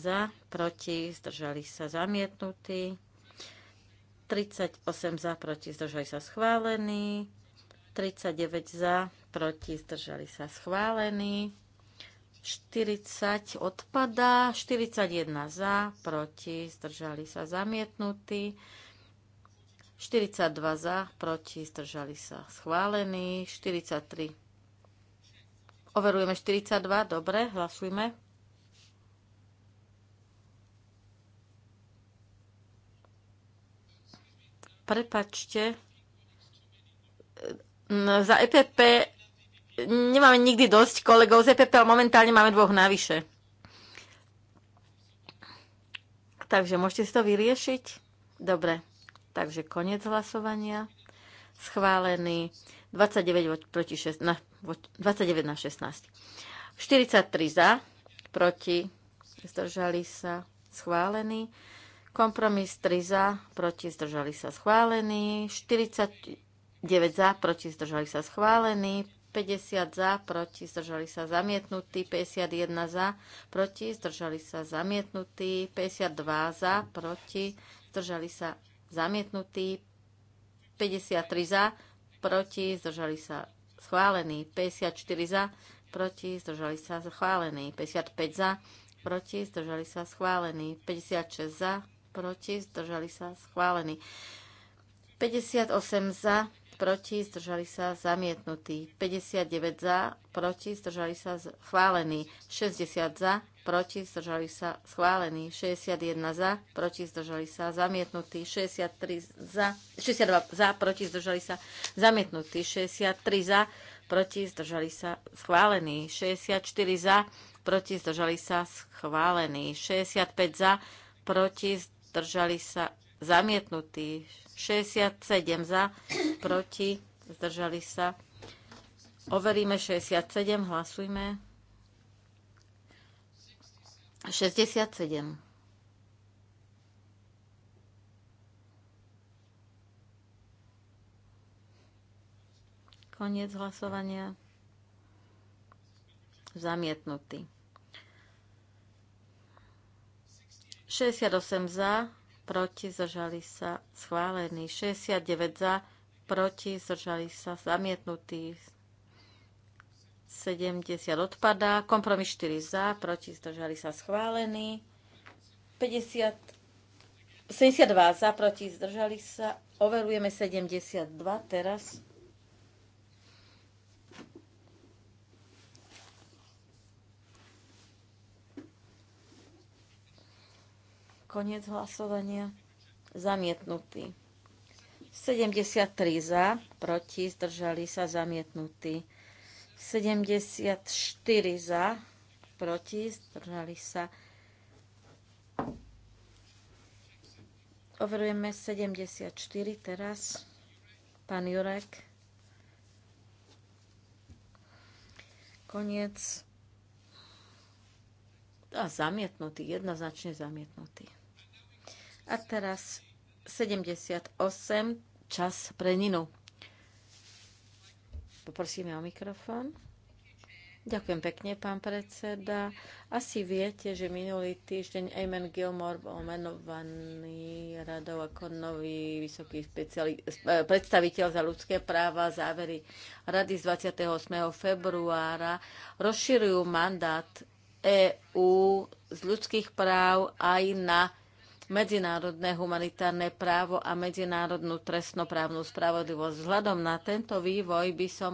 za, proti, zdržali sa zamietnutí. 38 za, proti, zdržali sa schválení. 39 za, proti, zdržali sa schválení. 40 odpadá, 41 za, proti, zdržali sa zamietnutí, 42 za, proti, zdržali sa schválení, 43. Overujeme 42, dobre, hlasujme. Prepačte, za EPP nemáme nikdy dosť kolegov z EPP, ale momentálne máme dvoch navyše. Takže môžete si to vyriešiť. Dobre, takže koniec hlasovania. Schválený 29 proti 6, na, 29 na 16. 43 za, proti, zdržali sa, schválený. Kompromis 3 za, proti, zdržali sa, schválený. 49 za, proti, zdržali sa, schválený. 50 za, proti, zdržali sa zamietnutí, 51 za, proti, zdržali sa zamietnutí, 52 za, proti, zdržali sa zamietnutí, 53 za, proti, zdržali sa schválení, 54 za, proti, zdržali sa schválení, 55 za, proti, zdržali sa schválení, 56 za, proti, zdržali sa schválení, 58 za, proti, zdržali sa zamietnutí. 59 za, proti, zdržali sa schválení. 60 za, proti, zdržali sa schválení. 61 za, proti, zdržali sa zamietnutí. 63 za, 62 za, proti, zdržali sa zamietnutí. 63 za, proti, zdržali sa schválení. 64 za, proti, zdržali sa schválení. 65 za, proti, zdržali sa zamietnutí. 67 za, proti, zdržali sa. Overíme 67, hlasujme. 67. Koniec hlasovania. Zamietnutý. 68 za, proti, zažali sa, schválený. 69 za, proti, zdržali sa zamietnutí. 70 odpadá, kompromis 4 za, proti, zdržali sa schválení. 50, 72 za, proti, zdržali sa. Overujeme 72 teraz. Koniec hlasovania. Zamietnutý. 73 za, proti, zdržali sa zamietnutí. 74 za, proti, zdržali sa. Overujeme 74 teraz. Pán Jurek. Koniec. A zamietnutý, jednoznačne zamietnutý. A teraz 78 čas pre Ninu. Poprosíme o mikrofón. Ďakujem pekne, pán predseda. Asi viete, že minulý týždeň Eamon Gilmore bol menovaný radou ako nový vysoký speciali- eh, predstaviteľ za ľudské práva. Závery rady z 28. februára rozširujú mandát EÚ z ľudských práv aj na medzinárodné humanitárne právo a medzinárodnú trestnoprávnu spravodlivosť. Vzhľadom na tento vývoj by som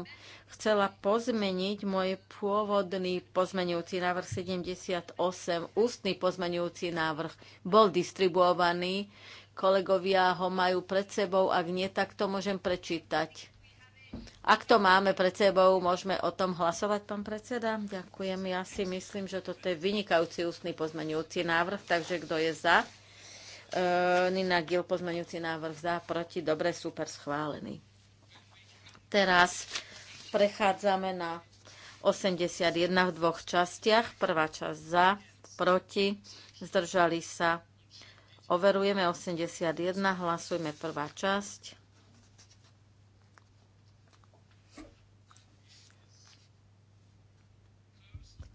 chcela pozmeniť môj pôvodný pozmenujúci návrh 78. Ústny pozmenujúci návrh bol distribuovaný. Kolegovia ho majú pred sebou, ak nie, tak to môžem prečítať. Ak to máme pred sebou, môžeme o tom hlasovať, pán predseda? Ďakujem. Ja si myslím, že toto je vynikajúci ústny pozmenujúci návrh, takže kto je za? E, Nina Gil, pozmeňujúci návrh za, proti, dobre, super, schválený. Teraz prechádzame na 81 v dvoch častiach. Prvá časť za, proti, zdržali sa. Overujeme 81, hlasujme prvá časť.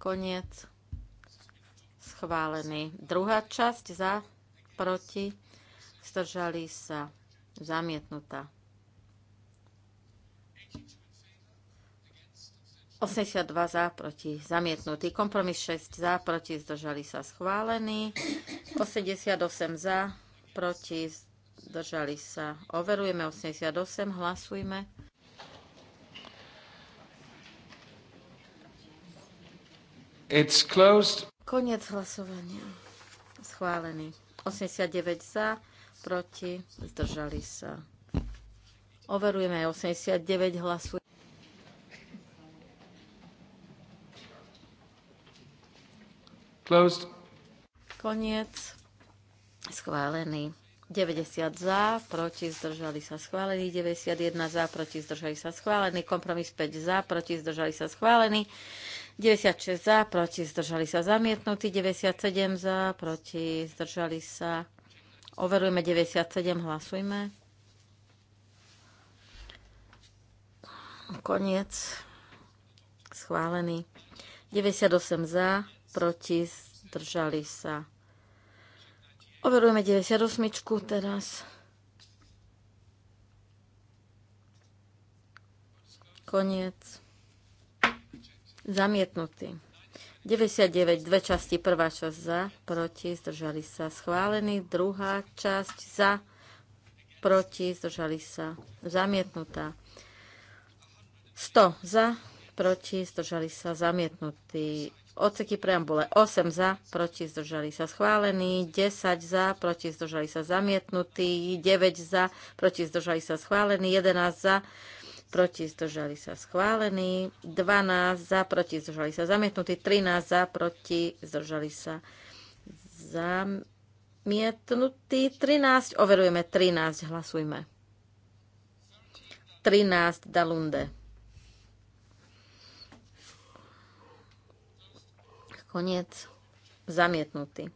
Koniec. Schválený. Druhá časť za, proti, zdržali sa, zamietnutá. 82 za, proti, zamietnutý. Kompromis 6 za, proti, zdržali sa, schválený. 88 za, proti, zdržali sa. Overujeme 88, hlasujme. It's closed. Konec hlasovania. Schválený. 89 za, proti, zdržali sa. Overujeme aj 89 hlasuje. Closed. Koniec. Schválený. 90 za, proti zdržali sa schválení, 91 za, proti zdržali sa schválení, kompromis 5 za, proti zdržali sa schválení, 96 za, proti, zdržali sa zamietnutí, 97 za, proti, zdržali sa. Overujme 97, hlasujme. Koniec. Schválený. 98 za, proti, zdržali sa. Overujeme 98 teraz. Koniec Zamietnutý. 99, dve časti, prvá časť za, proti, zdržali sa. Schválený, druhá časť za, proti, zdržali sa. Zamietnutá. 100 za, proti, zdržali sa. Zamietnutý. Odseky preambule 8 za, proti zdržali sa schválený, 10 za, proti zdržali sa zamietnutý, 9 za, proti zdržali sa schválený, 11 za, proti zdržali sa schválení, 12 za, proti zdržali sa zamietnutí, 13 za, proti zdržali sa zamietnutí, 13, overujeme 13, hlasujme. 13 Dalunde. Koniec. Zamietnutý.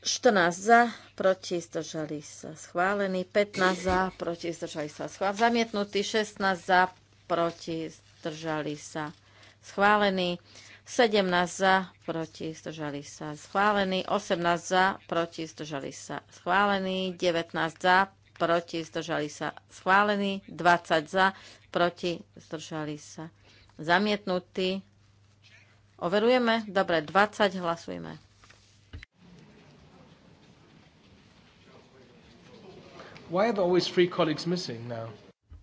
14 za, proti zdržali sa schválení, 15 za, proti zdržali sa schválení, zamietnutý 16 za, proti zdržali sa schválení, 17 za, proti zdržali sa schválení, 18 za, proti zdržali sa schválení, 19 za, proti zdržali sa schválení, 20 za, proti zdržali sa zamietnutí. Overujeme? Dobre, 20 hlasujeme. Why are there always three colleagues missing now?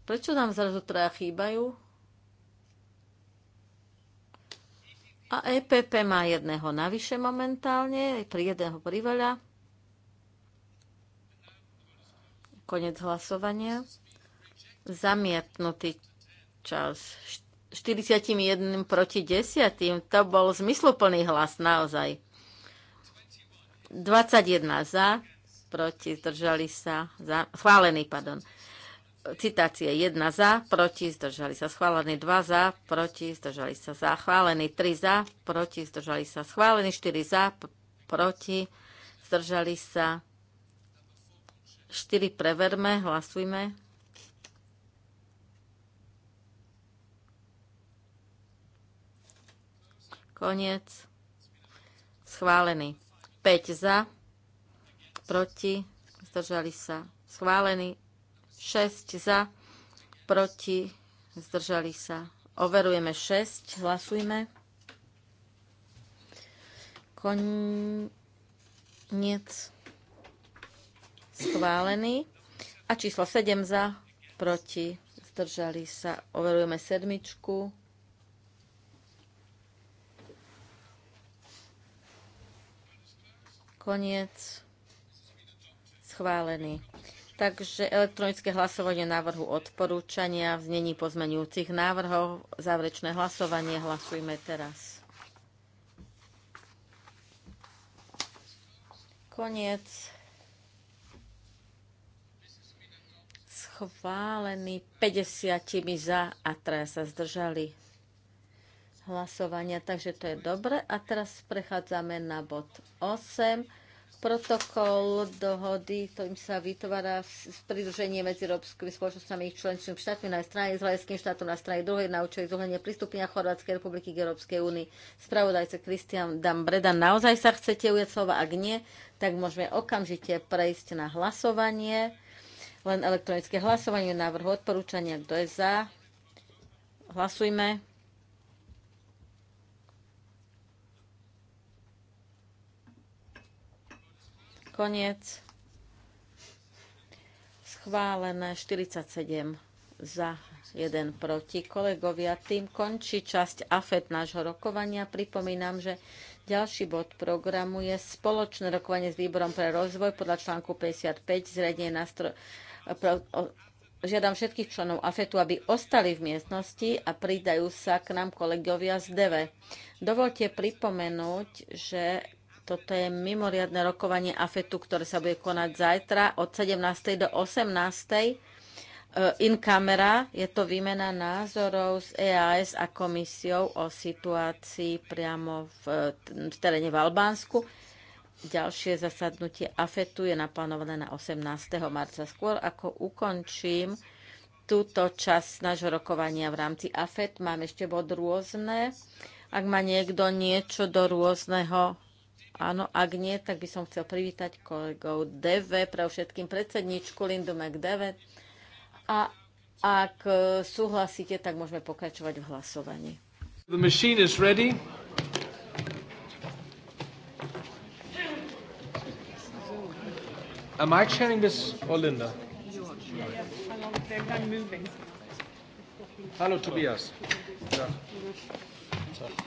Prečo nám zrazu traja chýbajú? A EPP má jedného navyše momentálne, pri jedného priveľa. Konec hlasovania. Zamietnutý čas 41 proti 10. To bol zmysluplný hlas naozaj. 21 za, proti, zdržali sa, za, schválený, pardon. Citácie 1 za, proti, zdržali sa, schválený 2 za, proti, zdržali sa, za, schválený 3 za, proti, zdržali sa, schválený 4 za, proti, zdržali sa, 4 preverme, hlasujme. Koniec. Schválený. 5 za, proti, zdržali sa schválení, 6 za, proti, zdržali sa. Overujeme 6, hlasujme. Koniec schválený. A číslo 7 za, proti, zdržali sa. Overujeme sedmičku. Koniec schválený. Takže elektronické hlasovanie návrhu odporúčania v znení pozmenujúcich návrhov. Záverečné hlasovanie hlasujme teraz. Koniec. Schválený 50 za a traja sa zdržali hlasovania, takže to je dobre. A teraz prechádzame na bod 8 Protokol dohody, ktorým sa vytvára pridruženie medzi európskymi spoločnosťami a ich členskými štátmi na strane izraelským štátom na strane druhej na účely zohľadne pristúpenia Chorvátskej republiky k Európskej únii. Spravodajca Kristian Dambreda, naozaj sa chcete ujať slova? Ak nie, tak môžeme okamžite prejsť na hlasovanie. Len elektronické hlasovanie návrhu odporúčania. Kto je za? Hlasujme. Koniec. Schválené 47 za, jeden proti. Kolegovia, tým končí časť AFET nášho rokovania. Pripomínam, že ďalší bod programu je spoločné rokovanie s výborom pre rozvoj podľa článku 55 zredenie nástroj Žiadam všetkých členov AFETu, aby ostali v miestnosti a pridajú sa k nám kolegovia z DV. Dovolte pripomenúť, že toto je mimoriadne rokovanie AFETu, ktoré sa bude konať zajtra od 17. do 18. E, in camera je to výmena názorov s EAS a komisiou o situácii priamo v, v teréne v Albánsku. Ďalšie zasadnutie AFETu je naplánované na 18. marca. Skôr ako ukončím túto časť nášho rokovania v rámci AFET, mám ešte bod rôzne. Ak má niekto niečo do rôzneho, Áno, ak nie, tak by som chcel privítať kolegov DV, pre všetkým predsedničku Lindu McDevet. A ak e, súhlasíte, tak môžeme pokračovať v hlasovaní. The machine is ready. Am I chairing this or Linda? Hello, Tobias. Yeah.